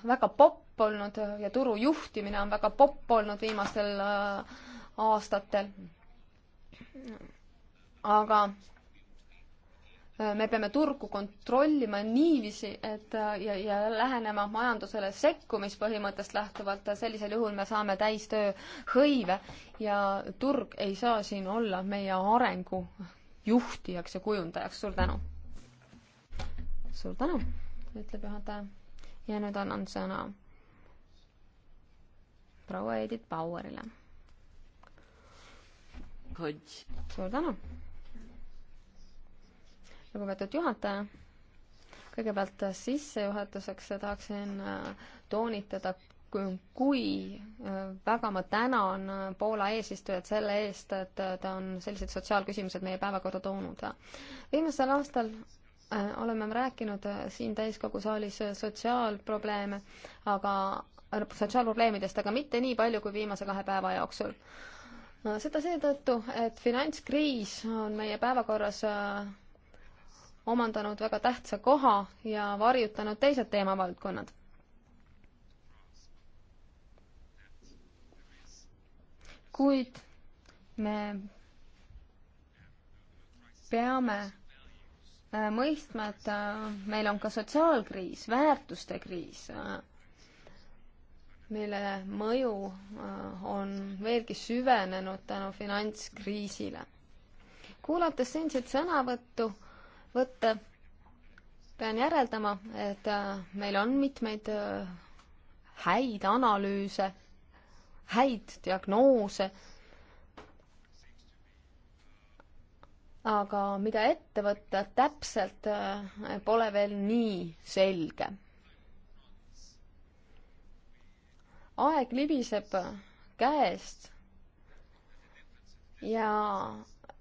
väga popp olnud ja turu juhtimine on väga popp olnud viimastel aastatel. aga Äh, me peame turgu kontrollima niiviisi, et äh, ja, ja lähenema majandusele sekkumispõhimõttest lähtuvalt, äh, sellisel juhul me saame täistöö hõive ja turg ei saa siin olla meie arengu juhtijaks ja kujundajaks, suur tänu! suur tänu, ütleb juhataja. ja nüüd annan sõna proua Edith Bauerile. suur tänu! lugupeetud juhataja, kõigepealt sissejuhatuseks tahaksin äh, toonitada, kui äh, väga ma tänan äh, Poola eesistujat selle eest, et ta on sellised sotsiaalküsimused meie päevakorda toonud. viimasel aastal oleme me rääkinud siin täiskogu saalis sotsiaalprobleeme, aga, sotsiaalprobleemidest, aga mitte nii palju kui viimase kahe päeva jooksul. seda seetõttu, et finantskriis on meie päevakorras omandanud väga tähtsa koha ja varjutanud teised teemavaldkonnad. kuid me peame äh, mõistma, et äh, meil on ka sotsiaalkriis, väärtuste kriis, äh, mille mõju on veelgi süvenenud tänu finantskriisile. kuulates siinset sõnavõttu, võtte, pean järeldama, et äh, meil on mitmeid äh, häid analüüse, häid diagnoose, aga mida ette võtta täpselt, äh, pole veel nii selge. aeg libiseb käest ja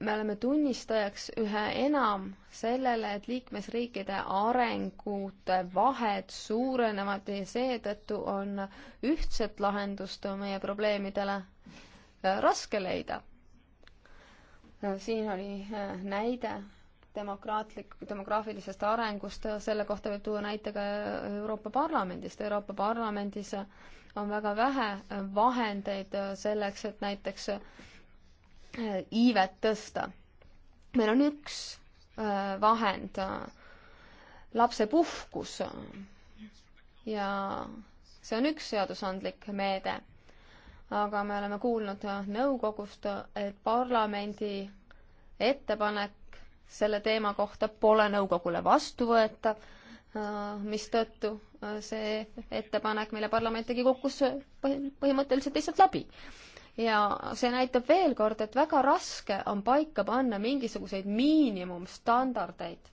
me oleme tunnistajaks üha enam sellele, et liikmesriikide arengute vahed suurenevad ja seetõttu on ühtset lahendust meie probleemidele äh, raske leida. Äh, siin oli äh, näide demokraatlik, demograafilisest arengust, selle kohta võib tuua näite ka Euroopa Parlamendist. Euroopa Parlamendis on väga vähe vahendeid selleks, et näiteks Äh, iivet tõsta. meil on üks äh, vahend, äh, lapsepuhkus ja see on üks seadusandlik meede. aga me oleme kuulnud nõukogust, et parlamendi ettepanek selle teema kohta pole nõukogule vastuvõetav, mistõttu see ettepanek, mille parlament tegi, kukkus põhimõtteliselt lihtsalt läbi ja see näitab veel kord, et väga raske on paika panna mingisuguseid miinimumstandardeid,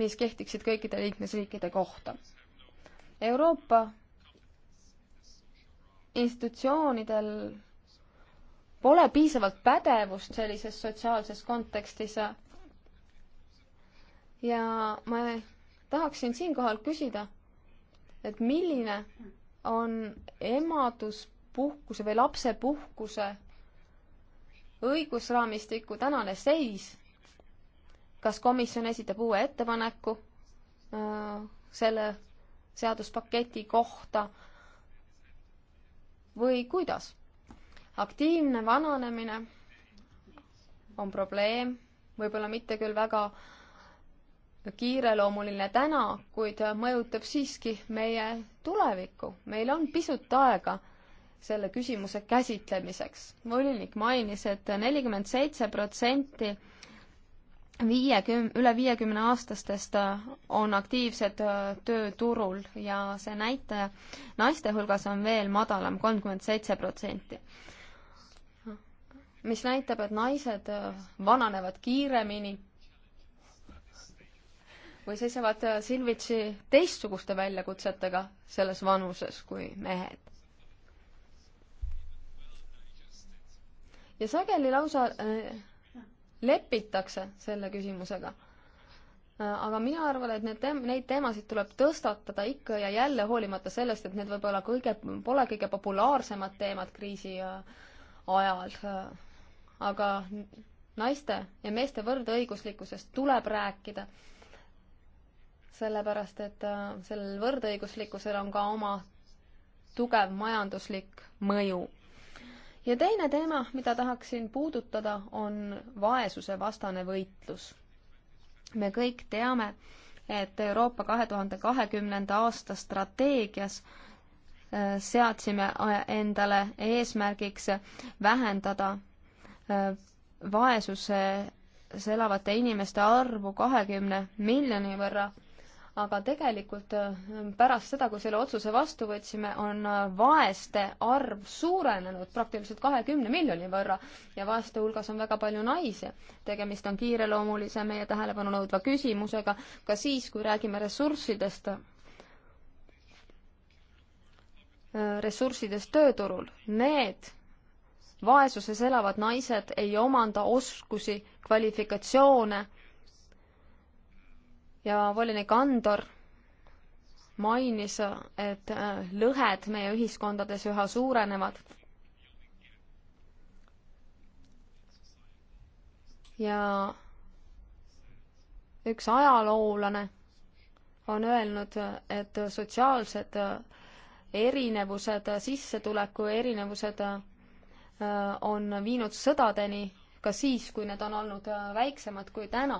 mis kehtiksid kõikide liikmesriikide kohta. Euroopa institutsioonidel pole piisavalt pädevust sellises sotsiaalses kontekstis ja ma tahaksin siinkohal küsida, et milline on emaduspuhkuse või lapsepuhkuse õigusraamistiku tänane seis. kas komisjon esitab uue ettepaneku äh, selle seaduspaketi kohta või kuidas? aktiivne vananemine on probleem, võib-olla mitte küll väga äh, kiireloomuline täna, kuid mõjutab siiski meie tulevikku. meil on pisut aega selle küsimuse käsitlemiseks. volinik mainis et, et nelikümmend seitse protsenti viiekümne, üle viiekümne aastastest äh, on aktiivsed äh, tööturul ja see näitaja naiste hulgas on veel madalam, kolmkümmend seitse protsenti. mis näitab, et naised äh, vananevad kiiremini või seisavad äh, silmitsi teistsuguste väljakutsetega selles vanuses kui mehed. ja sageli lausa äh, lepitakse selle küsimusega äh, aga mina arvan, et need teem-, neid teemasid tuleb tõstatada ikka ja jälle, hoolimata sellest, et need võib-olla kõige, pole kõige populaarsemad teemad kriisi ajal. aga naiste ja meeste võrdõiguslikkusest tuleb rääkida sellepärast et äh, sellel võrdõiguslikkusel on ka oma tugev majanduslik mõju. ja teine teema, mida tahaksin puudutada, on vaesusevastane võitlus. me kõik teame, et Euroopa kahe tuhande kahekümnenda aasta strateegias äh, seadsime äh, endale eesmärgiks vähendada vaesuse elavate inimeste arvu kahekümne miljoni võrra aga tegelikult äh, pärast seda, kui selle otsuse vastu võtsime, on äh, vaeste arv suurenenud praktiliselt kahekümne miljoni võrra ja vaeste hulgas on väga palju naisi. tegemist on kiireloomulise, meie tähelepanu nõudva küsimusega ka siis, kui räägime ressurssidest, äh, ressurssidest tööturul. Need vaesuses elavad naised ei omanda oskusi, kvalifikatsioone ja volinik Andor mainis, et äh, lõhed meie ühiskondades üha suurenevad. ja üks ajaloolane on öelnud, et sotsiaalsed äh, erinevused, äh, sissetuleku erinevused on viinud sõdadeni ka siis, kui need on olnud väiksemad kui täna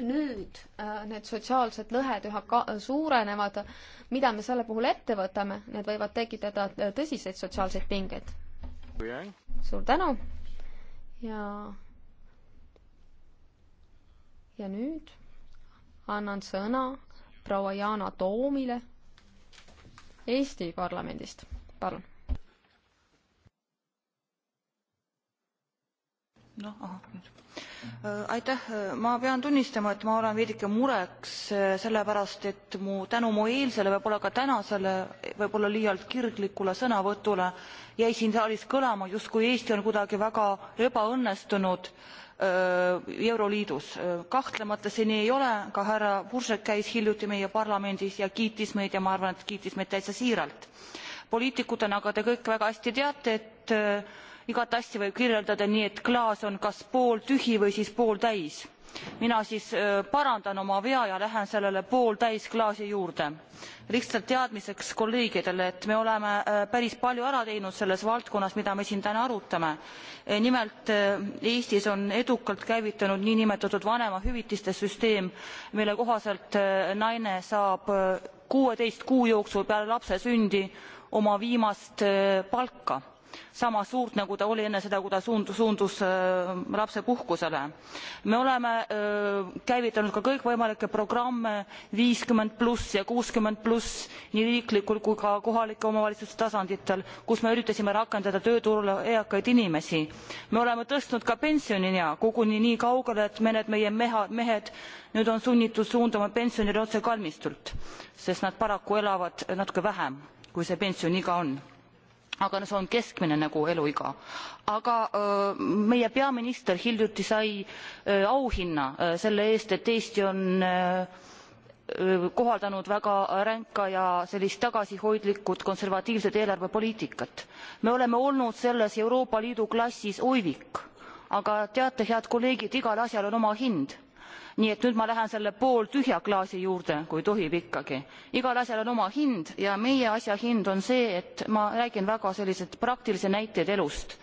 nüüd äh, need sotsiaalsed lõhed üha ka-, suurenevad, mida me selle puhul ette võtame, need võivad tekitada äh, tõsiseid sotsiaalseid pingeid. suur tänu ja ja nüüd annan sõna proua Yana Toomile Eesti parlamendist, palun. noh, ahah, nüüd Äh, aitäh, äh, ma pean tunnistama, et ma olen veidike mureks, äh, sellepärast et mu tänu mu eilsele, võib-olla ka tänasele, võib-olla liialt kirglikule sõnavõtule jäi siin saalis kõlama, justkui Eesti on kuidagi väga ebaõnnestunud euroliidus. kahtlemata see nii ei ole ka härra buzek käis hiljuti meie parlamendis ja kiitis meid ja ma arvan et kiitis meid täitsa siiralt. poliitikutena aga te kõik väga hästi teate et igat asja võib kirjeldada nii et klaas on kas pooltühi või siis pooltäis mina siis äh, parandan oma vea ja lähen sellele pooltäis klaasi juurde lihtsalt teadmiseks kolleegidele et me oleme äh, päris palju ära teinud selles valdkonnas mida me siin täna arutame äh, nimelt eestis on edukalt käivitunud niinimetatud vanemahüvitiste süsteem mille kohaselt naine saab kuueteist kuu jooksul peale lapse sündi oma viimast palka sama suurt nagu ta oli enne seda kui ta suundus, suundus äh, lapsepuhkusele. me oleme äh, käivitanud ka kõikvõimalikke programme ja nii riiklikul kui ka kohalike omavalitsuste tasanditel kus me üritasime rakendada tööturule eakaid inimesi. me oleme tõstnud ka pensioniea koguni nii kaugele et mõned meie meha, mehed nüüd on sunnitud suunduma pensionile otse kalmistult sest nad paraku elavad natuke vähem kui see pensioniiga on aga no see on keskmine nagu eluiga. aga öö, meie peaminister hiljuti sai öö, auhinna öö, selle eest, et Eesti on öö, kohaldanud väga ränka ja sellist tagasihoidlikud konservatiivset eelarvepoliitikat. me oleme olnud selles euroopa liidu klassis oivik aga teate head kolleegid igal asjal on oma hind nii et nüüd ma lähen selle pooltühja klaasi juurde kui tohib ikkagi igal asjal on oma hind ja meie asja hind on see et ma räägin väga selliseid praktilisi näiteid elust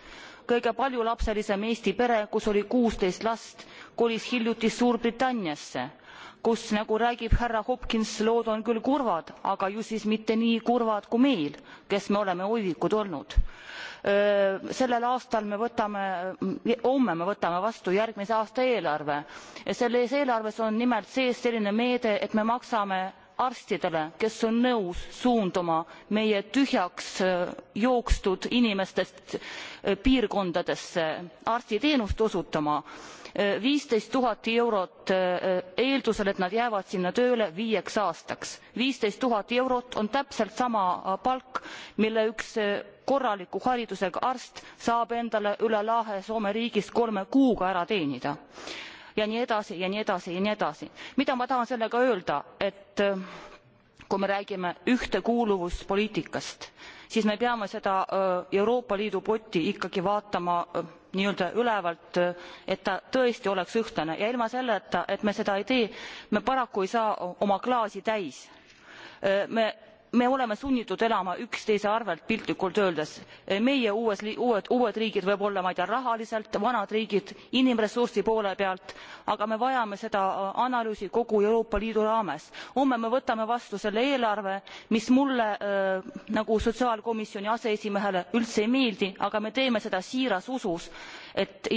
kõige paljulapselisem eesti pere kus oli 16 last kolis hiljuti suurbritanniasse kus nagu räägib härra hopkins lood on küll kurvad aga ju siis mitte nii kurvad kui meil kes me oleme uivikud olnud. sellel aastal me võtame homme me võtame vastu järgmise aasta eelarve ja selles eelarves on nimelt sees selline meede et me maksame arstidele kes on nõus suunduma meie tühjaks äh, jookstud inimestest äh, piirkondadesse arstiteenust osutama äh, viisteist tuhat eurot eeldusel et nad jäävad sinna tööle viieks aastaks viisteist tuhat eurot on täpselt sama palk mille üks korraliku haridusega arst saab endale üle lahe soome riigis kolme kuuga ära teenida ja nii edasi ja nii edasi ja nii edasi. mida ma tahan sellega öelda et äh, kui me räägime ühtekuuluvuspoliitikast siis me peame seda äh, euroopa liidu potti ikkagi vaatama äh, nii-öelda ülevalt et ta tõesti oleks ühtlane ja ilma selleta et me seda ei tee me paraku ei saa oma klaasi täis. me me oleme sunnitud elama üksteise arvelt piltlikult öeldes meie uues, uued uued riigid võib-olla ma ei tea rahaliselt vanad riigid inimressursi poole pealt aga me vajame seda äh, analüüsi kogu euroopa liidu raames. homme me võtame vastu selle eelarve mis mulle äh, nagu sotsiaalkomisjoni aseesimehele üldse ei meeldi aga me teeme seda siiras usus et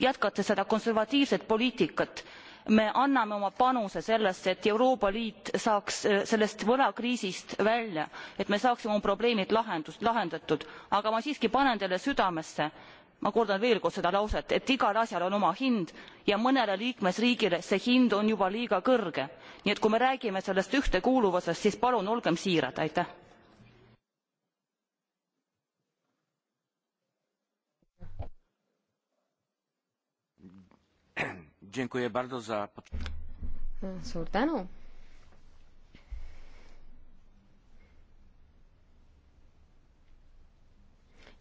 jätkates seda konservatiivset poliitikat me anname oma panuse sellesse et euroopa liit saaks äh, sellest võlakriisist välja et me saaksime oma probleemid lahendust lahendatud aga ma siiski panen teile südamesse ma kordan veel kord seda lauset et igal asjal on oma hind ja mõnele liikmesriigile see hind on juba liiga kõrge nii et kui me räägime sellest ühtekuuluvusest siis palun olgem siirad aitäh suur tänu.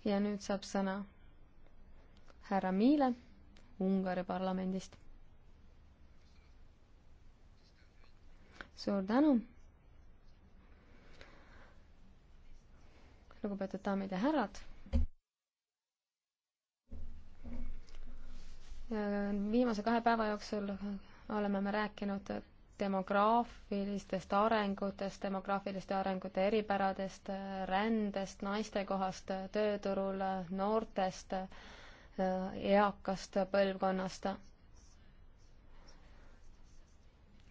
ja nüüd saab sõna härra Miile Ungari parlamendist. suur tänu. lugupeetud daamid ja härrad viimase kahe päeva jooksul oleme me rääkinud demograafilistest arengutest, demograafiliste arengute eripäradest, rändest, naiste kohast tööturul, noortest, eakast põlvkonnast.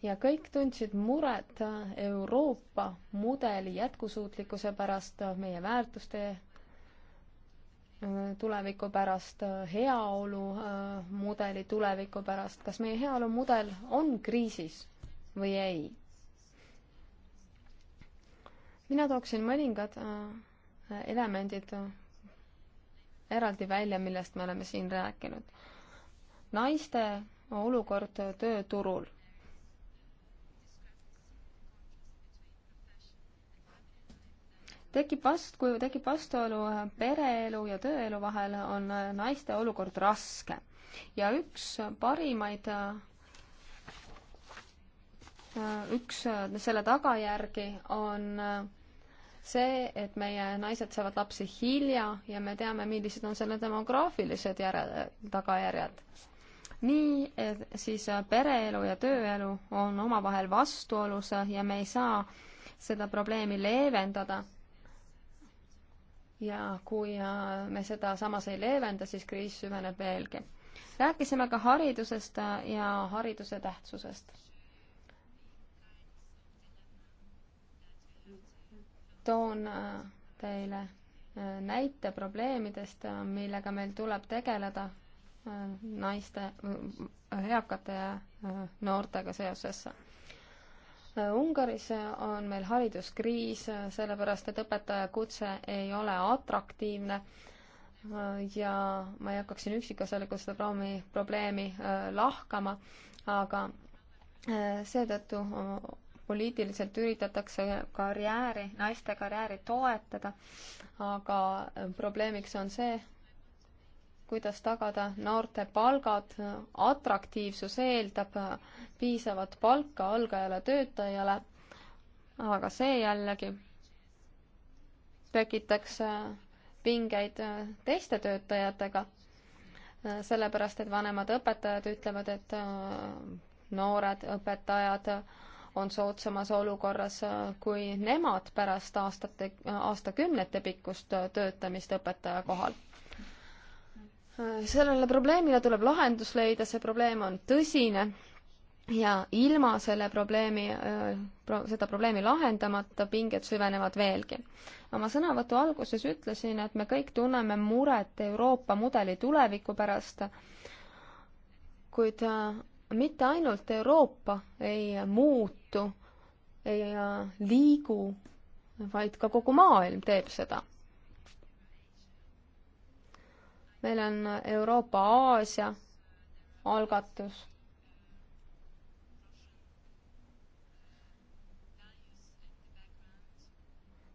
ja kõik tundsid muret Euroopa mudeli jätkusuutlikkuse pärast, meie väärtuste tuleviku pärast, heaolumudeli äh, tuleviku pärast, kas meie heaolumudel on kriisis või ei? mina tooksin mõningad äh, elemendid äh, eraldi välja, millest me oleme siin rääkinud. naiste olukord tööturul tekib vast-, kui tekib vastuolu äh, pereelu ja tööelu vahel, on äh, naiste olukord raske. ja üks parimaid, äh, üks selle tagajärgi on see, et meie naised saavad lapsi hilja ja me teame, millised on selle demograafilised järe-, tagajärjed. nii, et siis pereelu ja tööelu on omavahel vastuolus ja me ei saa seda probleemi leevendada ja kui äh, me seda samas ei leevenda, siis kriis süveneb veelgi. rääkisime ka haridusest äh, ja hariduse tähtsusest. toon äh, teile näite probleemidest, millega meil tuleb tegeleda naiste, eakate ja noortega seoses Ungaris on meil hariduskriis, sellepärast et õpetajakutse ei ole atraktiivne ja ma ei hakkaks siin üksikasjalikult seda probleemi, probleemi äh, lahkama, aga äh, seetõttu äh, poliitiliselt üritatakse karjääri, naiste karjääri toetada, aga probleemiks on see, kuidas tagada noorte palgad, atraktiivsus eeldab piisavat palka algajale töötajale, aga see jällegi tekitaks pingeid teiste töötajatega, sellepärast et vanemad õpetajad ütlevad, et äh, noored õpetajad on soodsamas olukorras kui nemad pärast aastate, aastakümnete pikkust töötamist õpetaja kohal sellele probleemile tuleb lahendus leida, see probleem on tõsine ja ilma selle probleemi, äh, seda probleemi lahendamata pinged süvenevad veelgi. oma sõnavõtu alguses ütlesin, et me kõik tunneme muret Euroopa mudeli tuleviku pärast, kuid äh, mitte ainult Euroopa ei muutu, ei äh, liigu, vaid ka kogu maailm teeb seda. meil on Euroopa-Aasia algatus.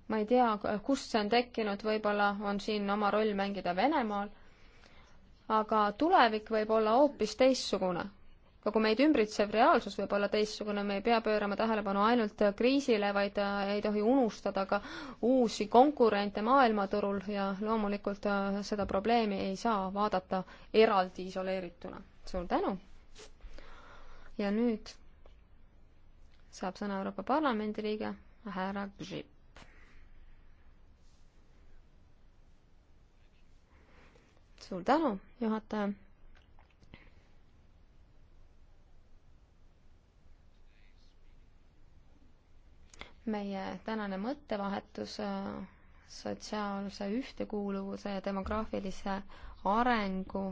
ma ei tea, kust see on tekkinud, võib-olla on siin oma roll mängida Venemaal, aga tulevik võib olla hoopis teistsugune kogu meid ümbritsev reaalsus võib olla teistsugune, me ei pea pöörama tähelepanu ainult kriisile, vaid äh, ei tohi unustada ka uusi konkurente maailmaturul ja loomulikult äh, seda probleemi ei saa vaadata eraldi isoleerituna. suur tänu! ja nüüd saab sõna Euroopa Parlamendi liige härra Grzyb. suur tänu, juhataja meie tänane mõttevahetus äh, sotsiaalse ühtekuuluvuse ja demograafilise arengu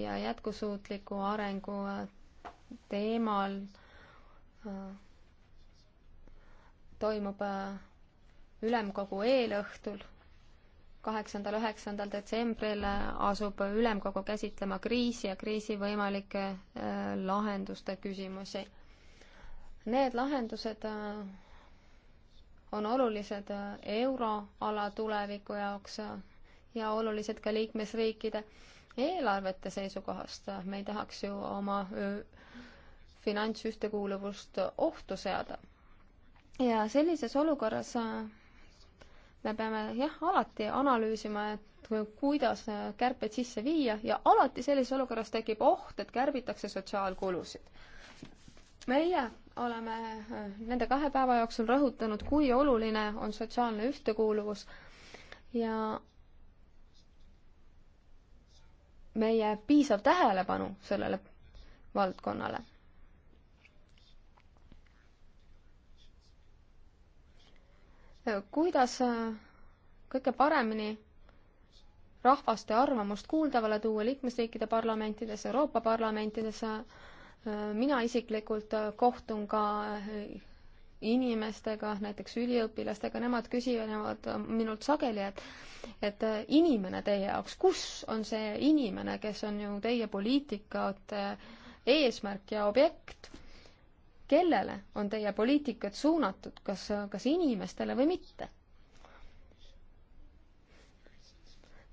ja jätkusuutliku arengu äh, teemal äh, toimub ülemkogu eelõhtul, kaheksandal, üheksandal detsembril asub ülemkogu käsitlema kriisi ja kriisi võimalike lahenduste küsimusi. Need lahendused on olulised äh, euroala tuleviku jaoks äh, ja olulised ka liikmesriikide eelarvete seisukohast. Äh, me ei tahaks ju oma finantsühtekuuluvust ohtu seada. ja sellises olukorras me peame jah, alati analüüsima, et kuidas kärpeid sisse viia ja alati sellises olukorras tekib oht, et kärbitakse sotsiaalkulusid. meie oleme äh, nende kahe päeva jooksul rõhutanud, kui oluline on sotsiaalne ühtekuuluvus ja meie piisav tähelepanu sellele valdkonnale. kuidas äh, kõige paremini rahvaste arvamust kuuldavale tuua liikmesriikide parlamentides, Euroopa parlamentides mina isiklikult äh, kohtun ka äh, inimestega, näiteks üliõpilastega, nemad küsivad äh, minult sageli, et et inimene teie jaoks, kus on see inimene, kes on ju teie poliitikate eesmärk ja objekt? kellele on teie poliitikad suunatud, kas, kas inimestele või mitte?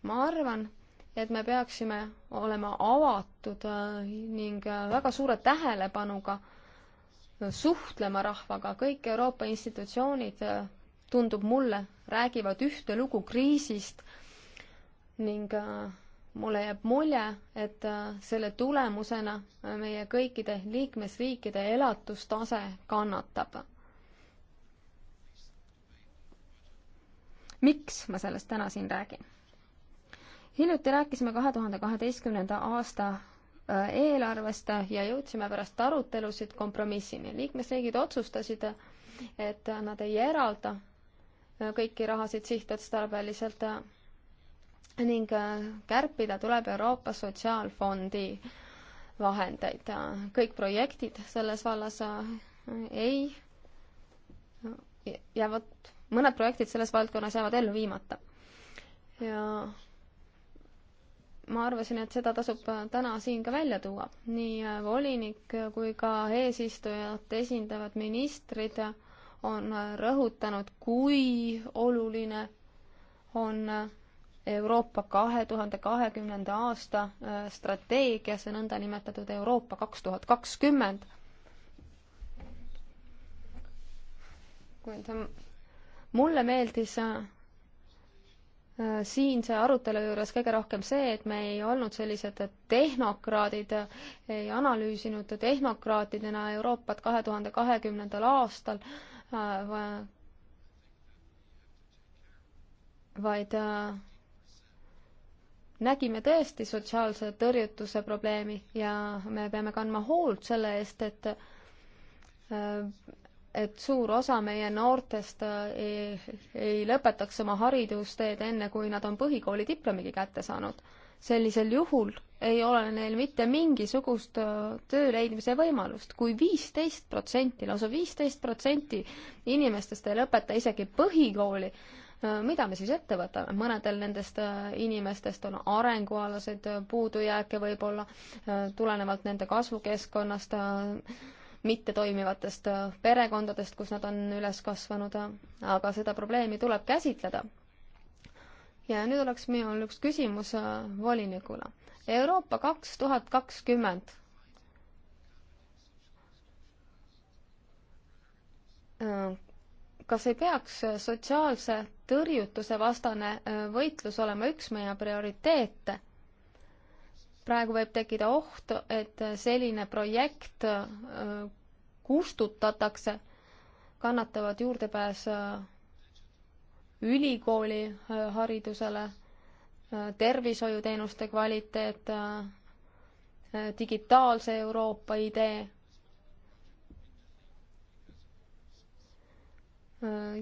ma arvan, et me peaksime olema avatud äh, ning äh, väga suure tähelepanuga suhtlema rahvaga, kõik Euroopa institutsioonid, äh, tundub mulle, räägivad ühte lugu kriisist ning mulle jääb mulje, et selle tulemusena meie kõikide liikmesriikide elatustase kannatab. miks ma sellest täna siin räägin? hiljuti rääkisime kahe tuhande kaheteistkümnenda aasta äh, eelarvest äh, ja jõudsime pärast arutelusid kompromissini. liikmesriigid otsustasid, et nad ei eralda äh, kõiki rahasid sihtotstarbeliselt ning kärpida tuleb Euroopa Sotsiaalfondi vahendeid. kõik projektid selles vallas ei jäävad, mõned projektid selles valdkonnas jäävad ellu viimata. ja ma arvasin, et seda tasub äh, täna siin ka välja tuua. nii äh, volinik kui ka eesistujat esindavad ministrid on äh, rõhutanud, kui oluline on Euroopa kahe tuhande kahekümnenda aasta strateegia, see nõndanimetatud Euroopa kaks tuhat kakskümmend. kuid mulle meeldis Äh, siinse arutelu juures kõige rohkem see, et me ei olnud sellised tehnokraadid, ei analüüsinud tehnokraatidena Euroopat kahe tuhande kahekümnendal aastal, äh, vaid äh, nägime tõesti sotsiaalse tõrjutuse probleemi ja me peame kandma hoolt selle eest, et et suur osa meie noortest äh, ei, ei lõpetaks oma haridusteed enne, kui nad on põhikooli diplomigi kätte saanud. sellisel juhul ei ole neil mitte mingisugust äh, töö leidmise võimalust kui. kui viisteist protsenti, lausa viisteist protsenti inimestest ei lõpeta isegi põhikooli, äh, mida me siis ette võtame, mõnedel nendest inimestest on arengualaseid puudujääke võib-olla, tulenevalt nende kasvukeskkonnast mittetoimivatest äh, perekondadest, kus nad on üles kasvanud, äh, aga seda probleemi tuleb käsitleda. ja nüüd oleks minul üks küsimus äh, volinikule. Euroopa kaks tuhat kakskümmend kas ei peaks sotsiaalse tõrjutuse vastane võitlus olema üks meie prioriteete? praegu võib tekkida oht, et selline projekt äh, kustutatakse, kannatavad juurdepääs äh, ülikooli äh, haridusele, tervishoiuteenuste kvaliteet, digitaalse Euroopa idee.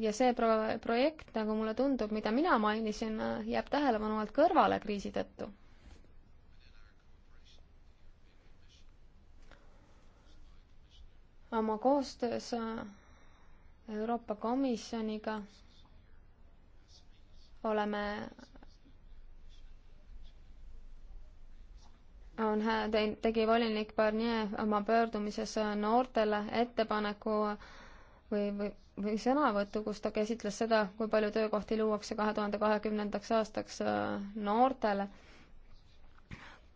ja see pro-, projekt, nagu mulle tundub, mida mina mainisin, jääb tähelepanu alt kõrvale kriisi tõttu oma koostöös äh, Euroopa Komisjoniga oleme on teinud, tegi volinik Barnier oma pöördumises äh, noortele ettepaneku või, või, või sõnavõttu, kus ta käsitles seda, kui palju töökohti luuakse kahe tuhande kahekümnendaks aastaks äh, noortele.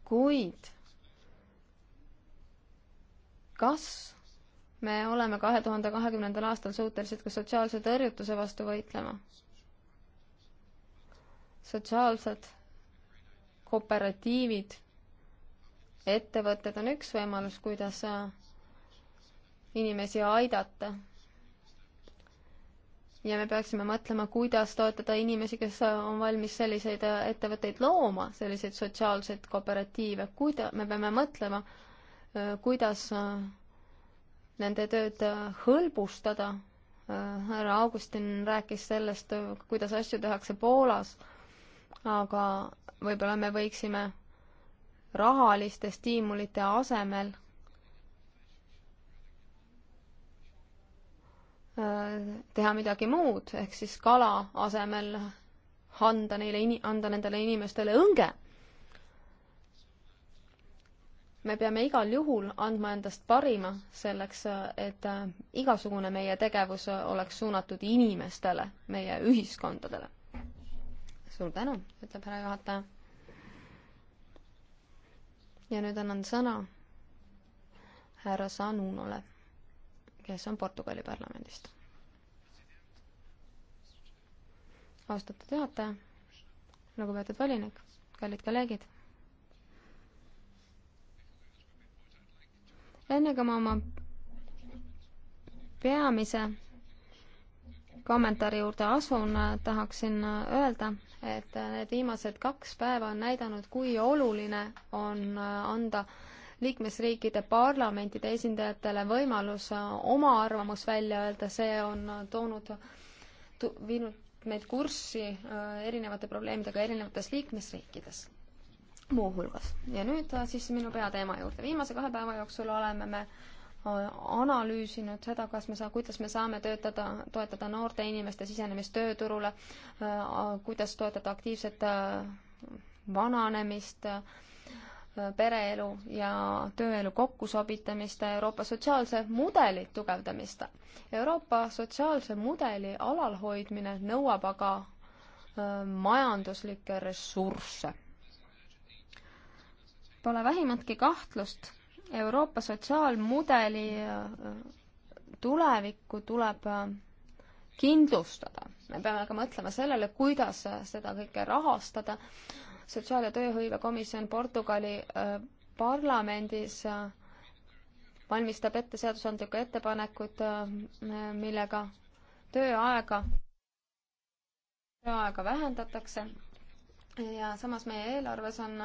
kuid kas me oleme kahe tuhande kahekümnendal aastal suutelised ka sotsiaalse tõrjutuse vastu võitlema. sotsiaalsed kooperatiivid, ettevõtted on üks võimalus, kuidas äh, inimesi aidata. ja me peaksime mõtlema, kuidas toetada inimesi, kes äh, on valmis selliseid äh, ettevõtteid looma, selliseid sotsiaalseid kooperatiive, kuida-, me peame mõtlema, kuidas nende tööd äh, hõlbustada. Äh, härra Augustin rääkis sellest, äh, kuidas asju tehakse Poolas, aga võib-olla me võiksime rahaliste stiimulite asemel teha midagi muud, ehk siis kala asemel anda neile, anda nendele inimestele õnge me peame igal juhul andma endast parima selleks, et äh, igasugune meie tegevus oleks suunatud inimestele, meie ühiskondadele. suur tänu, ütleb härra juhataja. ja nüüd annan sõna härra Sanunole, kes on Portugali parlamendist. austatud juhataja, lugupeetud volinik, kallid kolleegid enne kui ma oma peamise kommentaari juurde asun, tahaksin öelda, et need viimased kaks päeva on näidanud, kui oluline on anda liikmesriikide parlamentide esindajatele võimalus oma arvamus välja öelda, see on toonud, viinud meid kurssi äh, erinevate probleemidega erinevates liikmesriikides muuhulgas. ja nüüd äh, siis minu peateema juurde. viimase kahe päeva jooksul oleme me äh, analüüsinud seda, kas me saa-, kuidas me saame töötada, toetada noorte inimeste sisenemist tööturule, äh, kuidas toetada aktiivset vananemist, pereelu ja tööelu kokkusobitamist, Euroopa sotsiaalse mudeli tugevdamist. Euroopa sotsiaalse mudeli alalhoidmine nõuab aga majanduslikke ressursse pole vähimatki kahtlust, Euroopa sotsiaalmudeli äh, tulevikku tuleb äh, kindlustada. me peame ka mõtlema sellele, kuidas äh, seda kõike rahastada. sotsiaal- ja tööhõivekomisjon Portugali parlamendis valmistab ette seadusandlikku ettepanekut, millega tööaega, tööaega vähendatakse ja samas meie eelarves on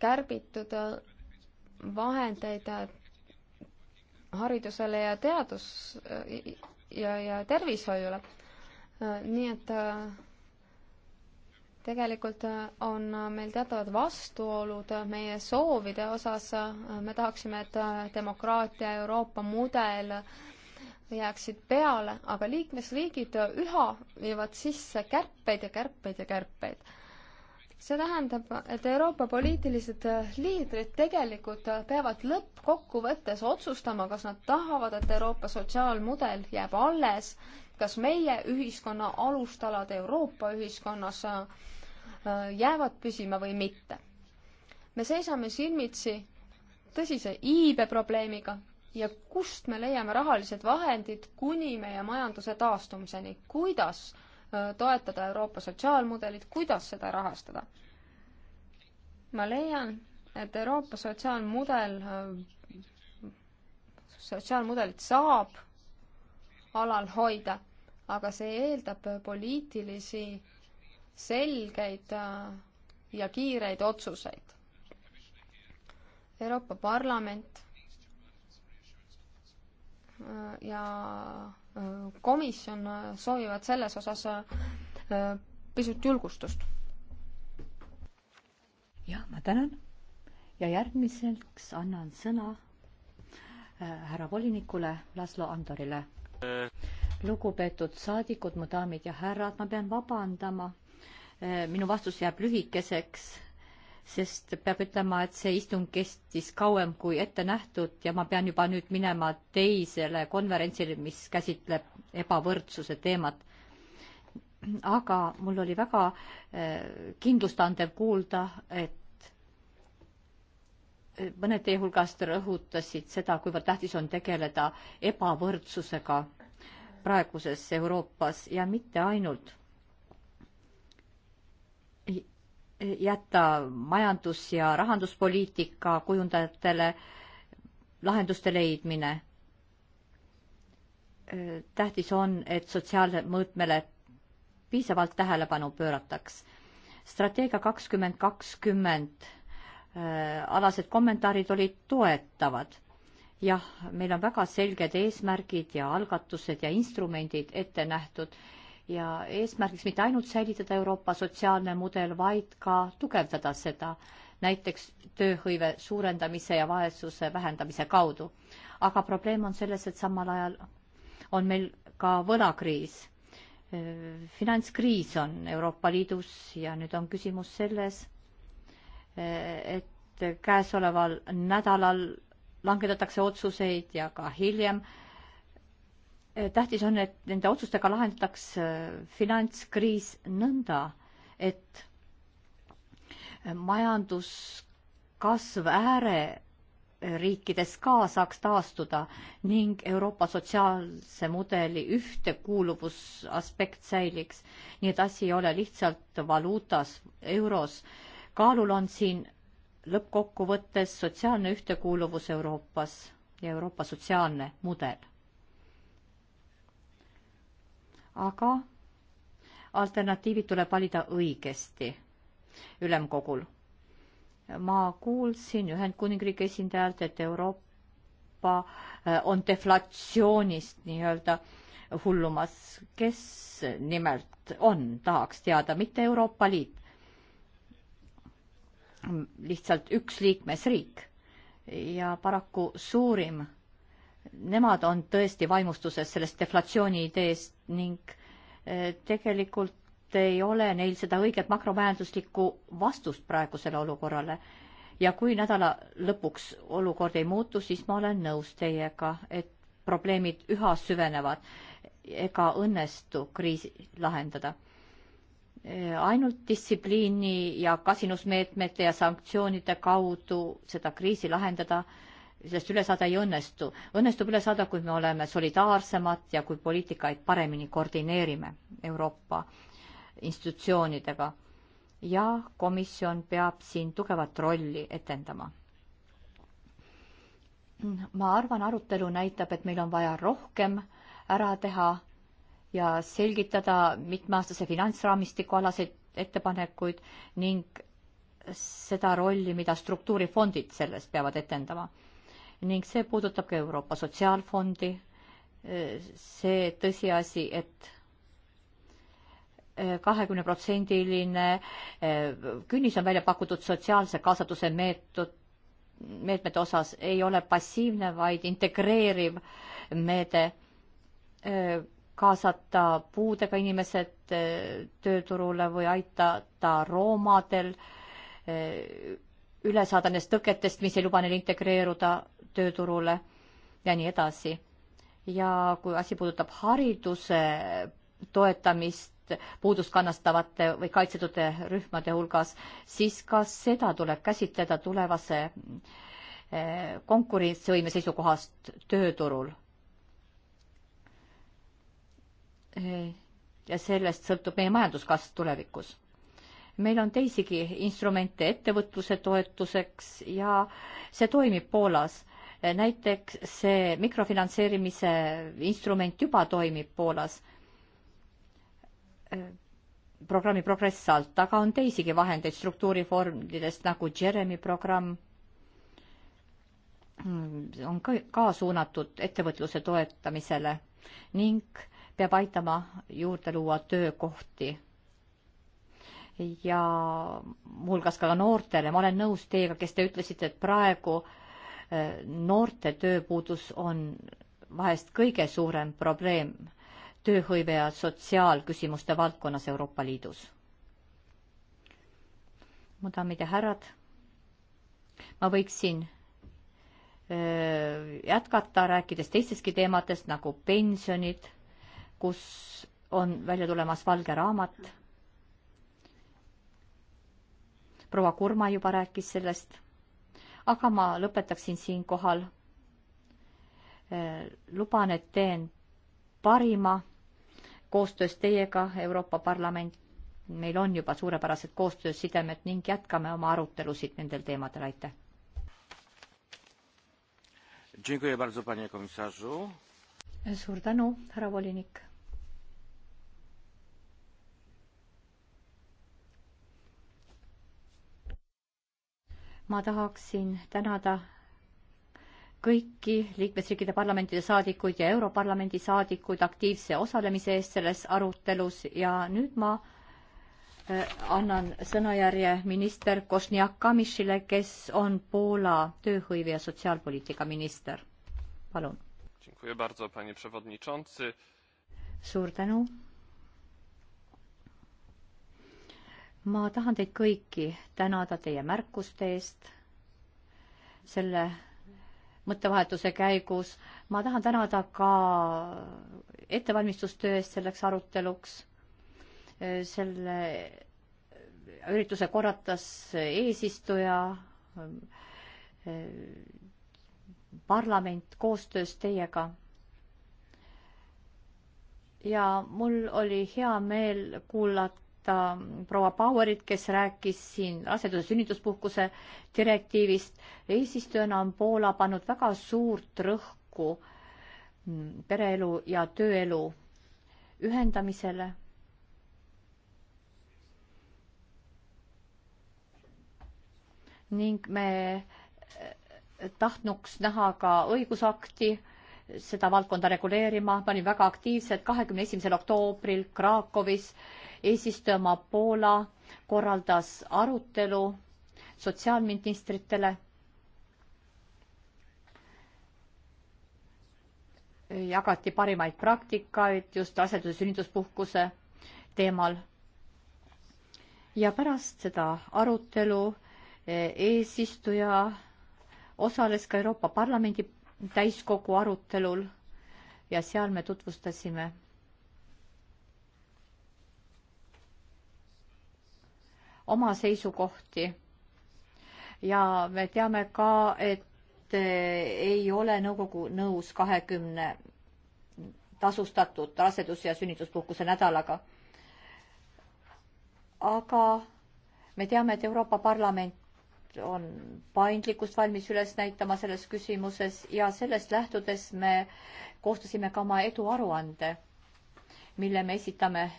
kärbitud äh, vahendeid äh, haridusele ja teadus- äh, ja, ja tervishoiule. nii et tegelikult on meil teatavad vastuolud meie soovide osas, me tahaksime, et demokraatia Euroopa mudel jääksid peale, aga liikmesriigid üha viivad sisse kärpeid ja kärpeid ja kärpeid see tähendab, et Euroopa poliitilised liidrid tegelikult peavad lõppkokkuvõttes otsustama, kas nad tahavad, et Euroopa sotsiaalmudel jääb alles, kas meie ühiskonna alustalad Euroopa ühiskonnas äh, jäävad püsima või mitte. me seisame silmitsi tõsise iibeprobleemiga ja kust me leiame rahalised vahendid kuni meie majanduse taastumiseni, kuidas Äh, toetada Euroopa sotsiaalmudelit, kuidas seda rahastada. ma leian, et Euroopa sotsiaalmudel, äh, sotsiaalmudelit saab alal hoida, aga see eeldab poliitilisi selgeid äh, ja kiireid otsuseid. Euroopa Parlament ja komisjon äh, soovivad selles osas äh, pisut julgustust. jah, ma tänan ja järgmiseks annan sõna äh, härra volinikule Laslo Andorile. lugupeetud saadikud, mu daamid ja härrad, ma pean vabandama. minu vastus jääb lühikeseks sest peab ütlema, et see istung kestis kauem kui ette nähtud ja ma pean juba nüüd minema teisele konverentsile, mis käsitleb ebavõrdsuse teemat. aga mul oli väga eh, kindlustandev kuulda, et eh, mõned teie hulgast rõhutasid seda, kuivõrd tähtis on tegeleda ebavõrdsusega praeguses Euroopas ja mitte ainult jätta majandus- ja rahanduspoliitika kujundajatele lahenduste leidmine. tähtis on, et sotsiaalsele mõõtmele piisavalt tähelepanu pöörataks. strateegia kakskümmend kakskümmend äh, alased kommentaarid olid toetavad. jah, meil on väga selged eesmärgid ja algatused ja instrumendid ette nähtud ja eesmärgiks mitte ainult säilitada Euroopa sotsiaalne mudel, vaid ka tugevdada seda, näiteks tööhõive suurendamise ja vaesuse vähendamise kaudu. aga probleem on selles, et samal ajal on meil ka võlakriis. Äh, finantskriis on Euroopa Liidus ja nüüd on küsimus selles, äh, et käesoleval nädalal langetatakse otsuseid ja ka hiljem äh, tähtis on, et nende otsustega lahendataks äh, finantskriis nõnda, et äh, majanduskasv ääreriikides ka saaks taastuda ning Euroopa sotsiaalse mudeli ühtekuuluvusaspekt säiliks. nii et asi ei ole lihtsalt valuutas, euros. kaalul on siin lõppkokkuvõttes sotsiaalne ühtekuuluvus Euroopas ja Euroopa sotsiaalne mudel aga alternatiivid tuleb valida õigesti ülemkogul. ma kuulsin Ühendkuningriigi esindajalt, et Euroopa äh, on deflatsioonist nii-öelda hullumas, kes nimelt on, tahaks teada, mitte Euroopa Liit. lihtsalt üks liikmesriik ja paraku suurim nemad on tõesti vaimustuses sellest deflatsiooni ideest ning eh, tegelikult ei ole neil seda õiget makromajanduslikku vastust praegusele olukorrale. ja kui nädala lõpuks olukord ei muutu, siis ma olen nõus teiega, et probleemid üha süvenevad ega õnnestu kriisi lahendada. Eh, ainult distsipliini ja kasinusmeetmete ja sanktsioonide kaudu seda kriisi lahendada sellest üle saada ei õnnestu. õnnestub üle saada, kui me oleme solidaarsemad ja kui poliitikaid paremini koordineerime Euroopa institutsioonidega. ja komisjon peab siin tugevat rolli etendama. ma arvan, arutelu näitab, et meil on vaja rohkem ära teha ja selgitada mitmeaastase finantsraamistiku alaseid ettepanekuid ning seda rolli, mida struktuurifondid selles peavad etendama ning see puudutab ka Euroopa Sotsiaalfondi. see tõsiasi, et eh, kahekümne protsendiline eh, künnis on välja pakutud sotsiaalse kaasatuse meetod, meetmete osas ei ole passiivne, vaid integreeriv meede eh, kaasata puudega inimesed tööturule või aidata roomadel üle saada nendest tõketest, mis ei luba neil integreeruda tööturule ja nii edasi. ja kui asi puudutab hariduse toetamist puudust kannastavate või kaitsetute rühmade hulgas, siis ka seda tuleb käsitleda tulevase eh, konkurentsivõime seisukohast tööturul. Eh, ja sellest sõltub meie majanduskasv tulevikus meil on teisigi instrumente ettevõtluse toetuseks ja see toimib Poolas näiteks see mikrofinantseerimise instrument juba toimib Poolas äh, programmi Progress alt, aga on teisigi vahendeid struktuurifondidest nagu Jeremy programm mm, on ka, ka suunatud ettevõtluse toetamisele ning peab aitama juurde luua töökohti. ja muuhulgas ka noortele, ma olen nõus teiega, kes te ütlesite, et praegu äh, noorte tööpuudus on vahest kõige suurem probleem tööhõive ja sotsiaalküsimuste valdkonnas Euroopa Liidus. mu daamid ja härrad, ma võiksin jätkata, rääkides teistestki teemadest nagu pensionid, kus on välja tulemas valge raamat. proua Kurma juba rääkis sellest aga ma lõpetaksin siinkohal. Äh, luban, et teen parima koostöös teiega, Euroopa Parlament. meil on juba suurepärased koostöösidemed ning jätkame oma arutelusid nendel teemadel, aitäh. suur tänu, härra volinik ma tahaksin tänada kõiki liikmesriikide parlamentide saadikuid ja Europarlamendi saadikuid aktiivse osalemise eest selles arutelus ja nüüd ma äh, annan sõnajärje minister Košniak Kamišile, kes on Poola tööhõive ja sotsiaalpoliitika minister. palun. suur tänu ma tahan teid kõiki tänada teie märkuste eest selle mõttevahetuse käigus. ma tahan tänada ka ettevalmistustöö eest selleks aruteluks. selle ürituse korratas eesistuja, parlament koostöös teiega. ja mul oli hea meel kuulata kuulata proua Bauerit, kes rääkis siin raseduse sünnituspuhkuse direktiivist. eesistujana on Poola pannud väga suurt rõhku pereelu ja tööelu ühendamisele. ning me eh, tahtnuks näha ka õigusakti seda valdkonda reguleerima, ma olin väga aktiivselt kahekümne esimesel oktoobril Krakowis eesistujamaa Poola korraldas arutelu sotsiaalministritele. jagati parimaid praktikaid just asedus- ja sünnituspuhkuse teemal. ja pärast seda arutelu e, eesistuja osales ka Euroopa Parlamendi täiskogu arutelul ja seal me tutvustasime oma seisukohti. ja me teame ka, et eh, ei ole nõukogu nõus kahekümne tasustatud rasedus- ja sünnituspuhkuse nädalaga. aga me teame, et Euroopa Parlament on paindlikkust valmis üles näitama selles küsimuses ja sellest lähtudes me koostasime ka oma eduaruande, mille me esitame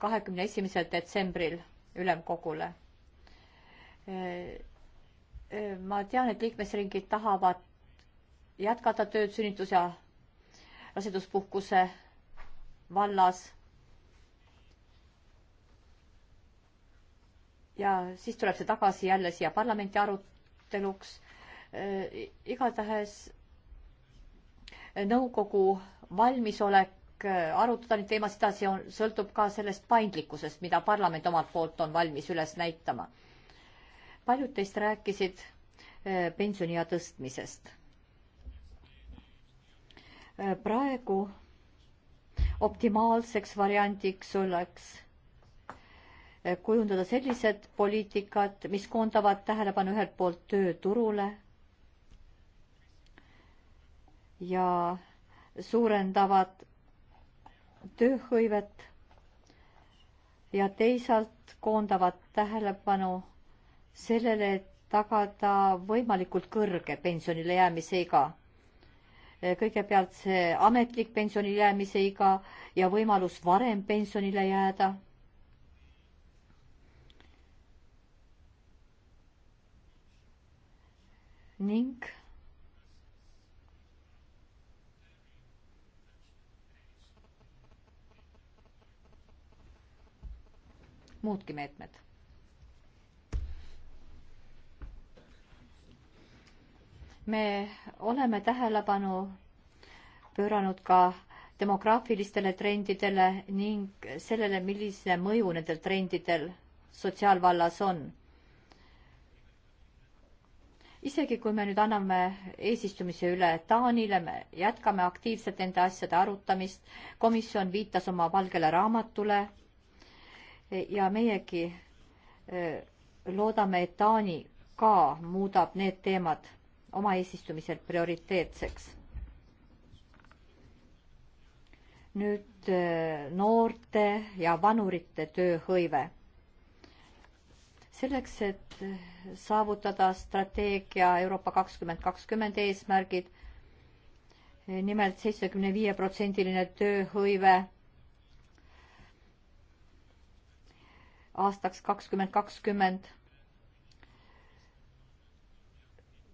kahekümne esimesel detsembril ülemkogule. ma tean, et liikmesringid tahavad jätkata tööd sünnitus- ja raseduspuhkuse vallas. ja siis tuleb see tagasi jälle siia parlamenti aruteluks. igatahes nõukogu valmisolek Äh, arutada neid teemasid edasi, on, sõltub ka sellest paindlikkusest, mida parlament omalt poolt on valmis üles näitama. paljud teist rääkisid äh, pensioniea tõstmisest. Äh, praegu optimaalseks variandiks oleks kujundada sellised poliitikad, mis koondavad tähelepanu ühelt poolt tööturule ja suurendavad tööhõivet ja teisalt koondavad tähelepanu sellele, et tagada võimalikult kõrge pensionile jäämise iga. kõigepealt see ametlik pensionile jäämise iga ja võimalus varem pensionile jääda. ning muudki meetmed. me oleme tähelepanu pööranud ka demograafilistele trendidele ning sellele, milline mõju nendel trendidel sotsiaalvallas on isegi kui me nüüd anname eesistumise üle Taanile, me jätkame aktiivselt nende asjade arutamist. komisjon viitas oma valgele raamatule ja meiegi eh, loodame, et Taani ka muudab need teemad oma eesistumisel prioriteetseks. nüüd eh, noorte ja vanurite tööhõive. selleks, et eh, saavutada strateegia Euroopa kakskümmend kakskümmend eesmärgid nimelt, nimelt seitsmekümne viie protsendiline tööhõive aastaks kakskümmend kakskümmend.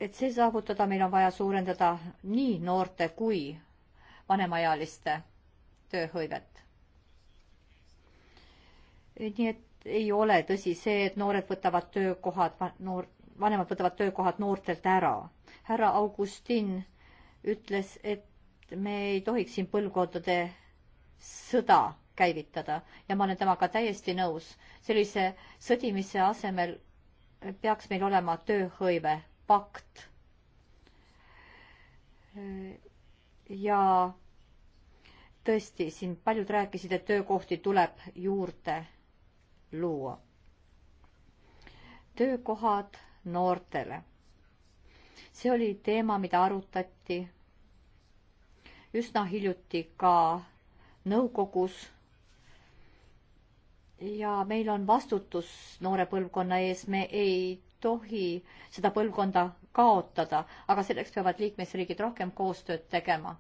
et see saavutada, meil on vaja suurendada nii noorte kui vanemaealiste tööhõivet. nii et ei ole tõsi see, et noored võtavad töökohad, noor, vanemad võtavad töökohad noortelt ära. härra Augustin ütles, et me ei tohiks siin põlvkondade sõda käivitada ja ma olen temaga täiesti nõus. sellise sõdimise asemel peaks meil olema tööhõive pakt. ja tõesti, siin paljud rääkisid, et töökohti tuleb juurde luua. töökohad noortele. see oli teema, mida arutati üsna hiljuti ka nõukogus ja meil on vastutus noore põlvkonna ees, me ei tohi seda põlvkonda kaotada, aga selleks peavad liikmesriigid rohkem koostööd tegema.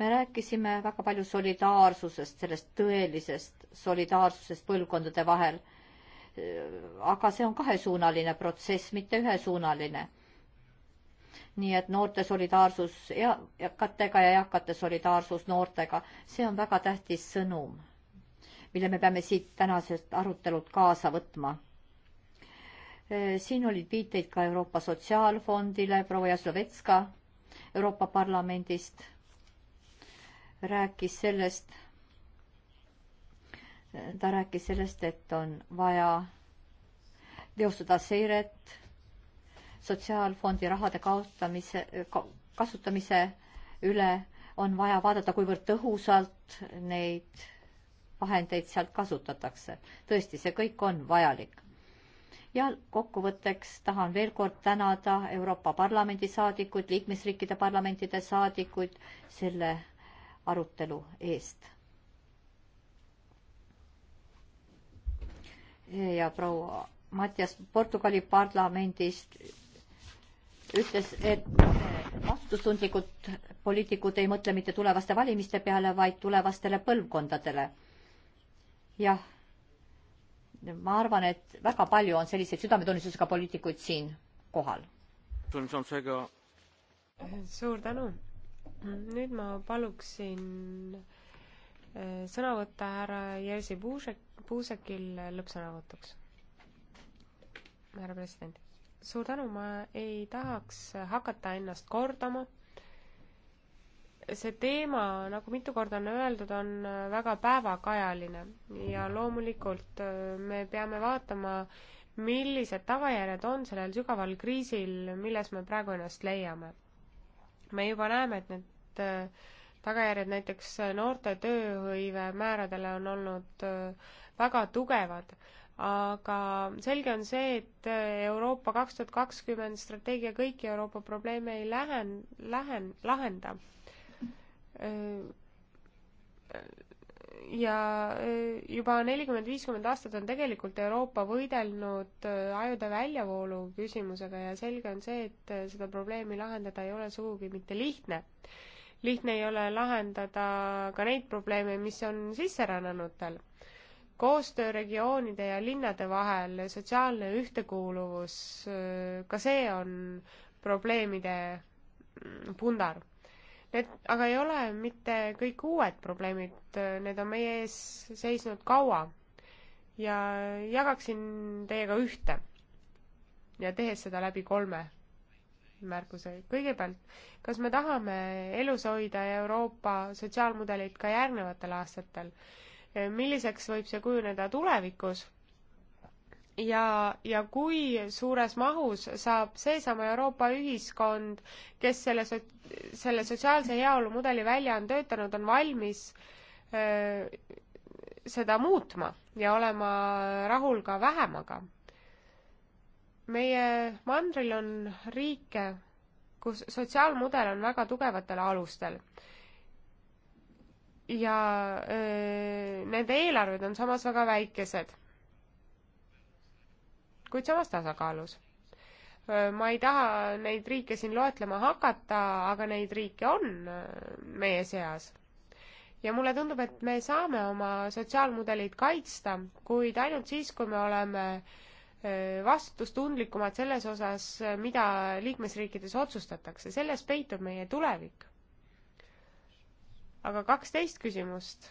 me rääkisime väga palju solidaarsusest, sellest tõelisest solidaarsusest põlvkondade vahel. aga see on kahesuunaline protsess, mitte ühesuunaline. nii et noorte solidaarsus eakatega ja eakate solidaarsus noortega, see on väga tähtis sõnum mille me peame siit tänasest arutelult kaasa võtma. siin olid viiteid ka Euroopa Sotsiaalfondile, proua Jaslovetska Euroopa Parlamendist rääkis sellest, ta rääkis sellest, et on vaja teostada seiret sotsiaalfondi rahade kaotamise, kasutamise üle, on vaja vaadata, kuivõrd tõhusalt neid vahendeid sealt kasutatakse. tõesti, see kõik on vajalik. ja kokkuvõtteks tahan veel kord tänada Euroopa Parlamendi saadikuid, liikmesriikide parlamentide saadikuid selle arutelu eest. ja proua Mattias Portugali parlamendist ütles, et vastutustundlikud poliitikud ei mõtle mitte tulevaste valimiste peale, vaid tulevastele põlvkondadele jah, ma arvan, et väga palju on selliseid südametunnistusega poliitikuid siin kohal. suur tänu. nüüd ma paluksin e, sõna võtta härra Jerzy Puusek, Puusekil lõppsõnavõtuks. härra president, suur tänu, ma ei tahaks hakata ennast kordama see teema, nagu mitu korda on öeldud, on äh, väga päevakajaline ja loomulikult äh, me peame vaatama, millised tagajärjed on sellel sügaval kriisil, milles me praegu ennast leiame. me juba näeme, et need äh, tagajärjed näiteks noorte tööhõive määradele on olnud väga tugevad, aga selge on see, et Euroopa kaks tuhat kakskümmend strateegia kõiki Euroopa probleeme ei lähen-, lähen-, lahenda ja e, juba nelikümmend, viiskümmend aastat on tegelikult Euroopa võidelnud e, ajude väljavoolu küsimusega ja selge on see, et e, seda probleemi lahendada ei ole sugugi mitte lihtne. lihtne ei ole lahendada ka neid probleeme, mis on sisserännanutel. koostöö regioonide ja linnade vahel, sotsiaalne ühtekuuluvus, ka see on probleemide pundar Need aga ei ole mitte kõik uued probleemid, need on meie ees seisnud kaua ja jagaksin teiega ühte ja tehes seda läbi kolme märkuse. kõigepealt, kas me tahame elus hoida Euroopa sotsiaalmudelit ka järgnevatel aastatel? milliseks võib see kujuneda tulevikus? ja, ja kui suures mahus saab seesama Euroopa ühiskond, kes selle, selle sotsiaalse heaolu mudeli välja on töötanud, on valmis öö, seda muutma ja olema rahul ka vähemaga. meie mandril on riike, kus sotsiaalmudel on väga tugevatel alustel ja öö, nende eelarved on samas väga väikesed kuid samas tasakaalus. ma ei taha neid riike siin loetlema hakata, aga neid riike on meie seas. ja mulle tundub, et me saame oma sotsiaalmudelit kaitsta, kuid ainult siis, kui me oleme vastutustundlikumad selles osas, mida liikmesriikides otsustatakse, selles peitub meie tulevik. aga kaksteist küsimust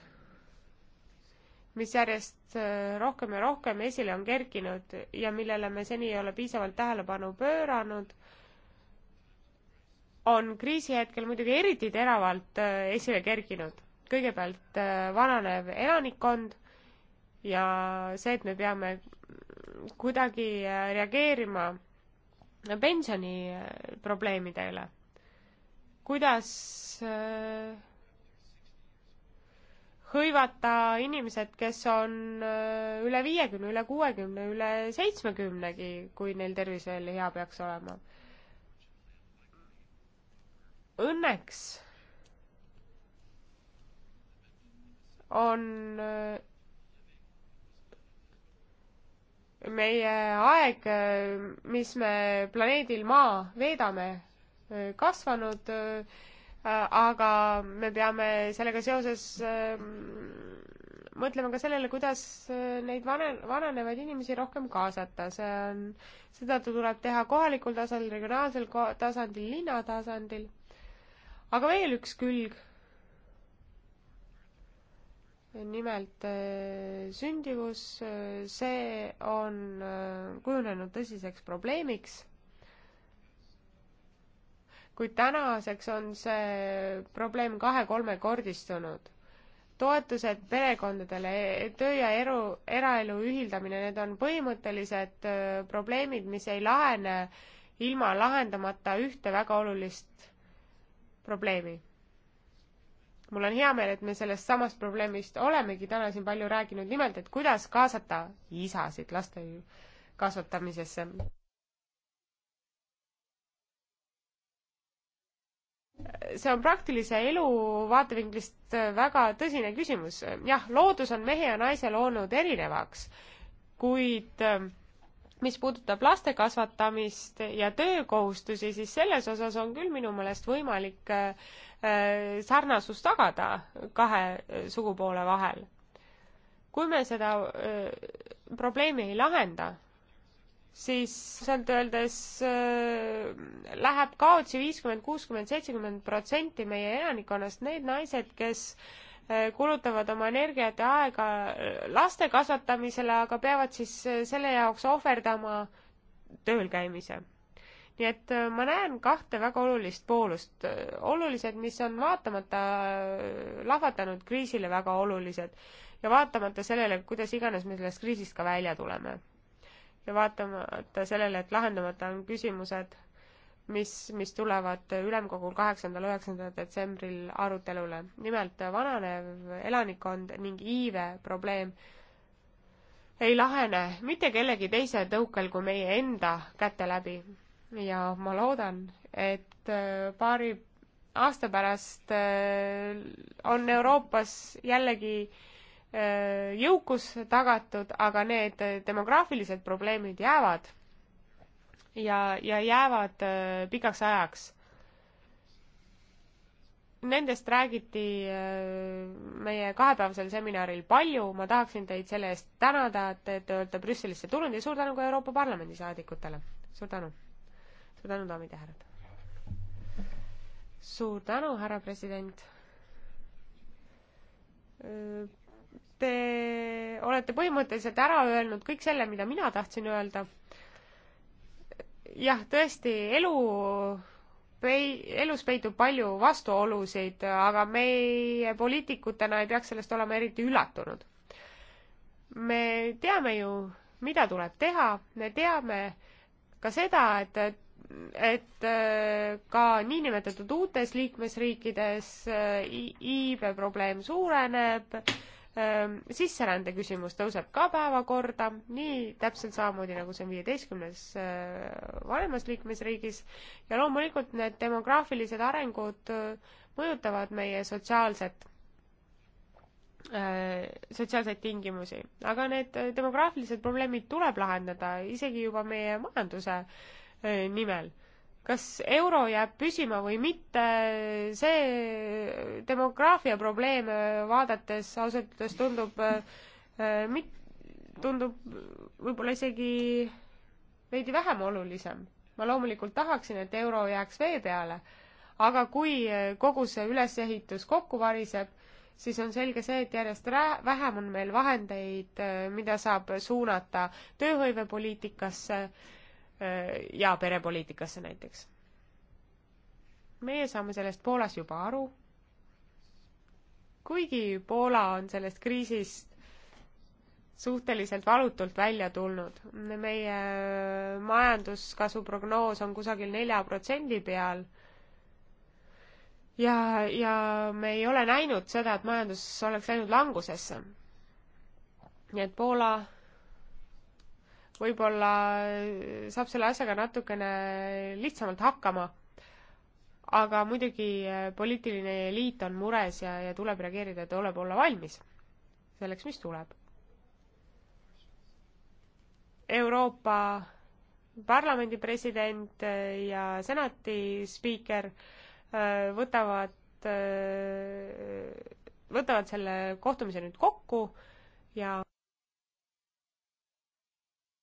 mis järjest äh, rohkem ja rohkem esile on kerkinud ja millele me seni ei ole piisavalt tähelepanu pööranud, on kriisi hetkel muidugi eriti teravalt äh, esile kerkinud. kõigepealt äh, vananev elanikkond ja see, et me peame kuidagi reageerima pensioniprobleemidele. kuidas hõivata inimesed, kes on äh, üle viiekümne, üle kuuekümne, üle seitsmekümnegi, kui neil tervis veel hea peaks olema. Õnneks on äh, meie aeg, äh, mis me planeedil Maa veedame, kasvanud Äh, aga me peame sellega seoses ähm, mõtlema ka sellele, kuidas äh, neid vanen-, vananevaid inimesi rohkem kaasata, see on, seda tuleb teha kohalikul tasandil, regionaalsel ko-, tasandil, linna tasandil. aga veel üks külg. nimelt äh, sündivus, see on kujunenud tõsiseks probleemiks kuid tänaseks on see probleem kahe-kolmekordistunud. toetused perekondadele, töö ja eru, eraelu ühildamine, need on põhimõttelised äh, probleemid, mis ei lahene ilma lahendamata ühte väga olulist probleemi. mul on hea meel, et me sellest samast probleemist olemegi täna siin palju rääkinud, nimelt et kuidas kaasata isasid laste kasvatamisesse. see on praktilise elu vaatevinklist väga tõsine küsimus. jah, loodus on mehe ja naise loonud erinevaks, kuid ähm, mis puudutab laste kasvatamist ja töökohustusi, siis selles osas on küll minu meelest võimalik äh, äh, sarnasus tagada kahe äh, sugupoole vahel. kui me seda probleemi ei lahenda, siis ausalt öeldes äh, läheb kaotsi viiskümmend, kuuskümmend, seitsekümmend protsenti meie elanikkonnast, need naised, kes äh, kulutavad oma energiat ja aega äh, laste kasvatamisele, aga peavad siis äh, selle jaoks ohverdama tööl käimise. nii et äh, ma näen kahte väga olulist poolust, äh, olulised, mis on vaatamata äh, lahvatanud kriisile väga olulised ja vaatamata sellele, kuidas iganes me sellest kriisist ka välja tuleme ja vaatamata sellele, et lahendamata on küsimused, mis, mis tulevad ülemkogul kaheksandal, üheksandal detsembril arutelule. nimelt vananev elanikkond ning iive probleem ei lahene mitte kellegi teise tõukel kui meie enda käte läbi. ja ma loodan, et äh, paari aasta pärast äh, on Euroopas jällegi äh, Äh, jõukus tagatud, aga need demograafilised probleemid jäävad ja, ja jäävad äh, pikaks ajaks. Nendest räägiti äh, meie kahepäevasel seminaril palju, ma tahaksin teid selle eest tänada, et te olete Brüsselisse tulnud ja suur tänu ka Euroopa Parlamendi saadikutele. suur tänu. suur tänu, daamid ja härrad. suur tänu, härra president Te olete põhimõtteliselt ära öelnud kõik selle, mida mina tahtsin öelda. jah, tõesti, elu pei-, elus peitub palju vastuolusid, aga meie poliitikutena ei peaks sellest olema eriti üllatunud. me teame ju, mida tuleb teha, me teame ka seda, et, et ka niinimetatud uutes liikmesriikides iibe probleem suureneb Ehm, sisserände küsimus tõuseb ka päevakorda, nii täpselt samamoodi, nagu see on viieteistkümnes äh, vanemas liikmesriigis ja loomulikult need demograafilised arengud äh, mõjutavad meie sotsiaalset äh, sotsiaalseid tingimusi, aga need demograafilised probleemid tuleb lahendada isegi juba meie majanduse nimel kas euro jääb püsima või mitte, see demograafia probleeme vaadates ausalt öeldes tundub äh, mit-, tundub võib-olla isegi veidi vähem olulisem. ma loomulikult tahaksin, et euro jääks vee peale, aga kui kogu see ülesehitus kokku variseb, siis on selge see, et järjest vähem on meil vahendeid, äh, mida saab suunata tööhõivepoliitikasse ja perepoliitikasse näiteks. meie saame sellest Poolas juba aru, kuigi Poola on sellest kriisist suhteliselt valutult välja tulnud. meie majanduskasvu prognoos on kusagil nelja protsendi peal ja, ja me ei ole näinud seda, et majandus oleks läinud langusesse. nii et Poola võib-olla äh, saab selle asjaga natukene lihtsamalt hakkama. aga muidugi äh, poliitiline eliit on mures ja, ja tuleb reageerida ja tuleb olla valmis selleks, mis tuleb. Euroopa Parlamendi president äh, ja senati spiiker võtavad, võtavad selle kohtumise nüüd kokku ja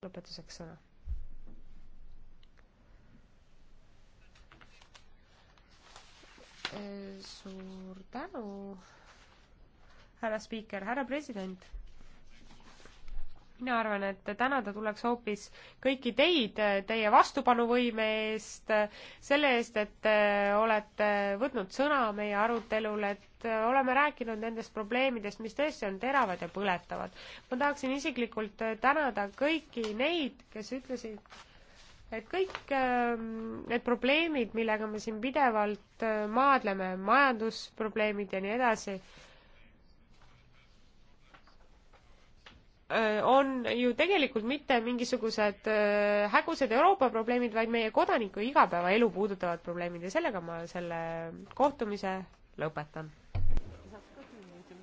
lõpetuseks sõna. suur tänu, härra spiiker, härra president mina arvan, et tänada tuleks hoopis kõiki teid teie vastupanuvõime eest, selle eest, et te äh, olete võtnud sõna meie arutelul, et äh, oleme rääkinud nendest probleemidest, mis tõesti on teravad ja põletavad. ma tahaksin isiklikult äh, tänada kõiki neid, kes ütlesid, et kõik ähm, need probleemid, millega me siin pidevalt maadleme, majandusprobleemid ja nii edasi, on ju tegelikult mitte mingisugused hägusad Euroopa probleemid, vaid meie kodaniku igapäevaelu puudutavad probleemid ja sellega ma selle kohtumise lõpetan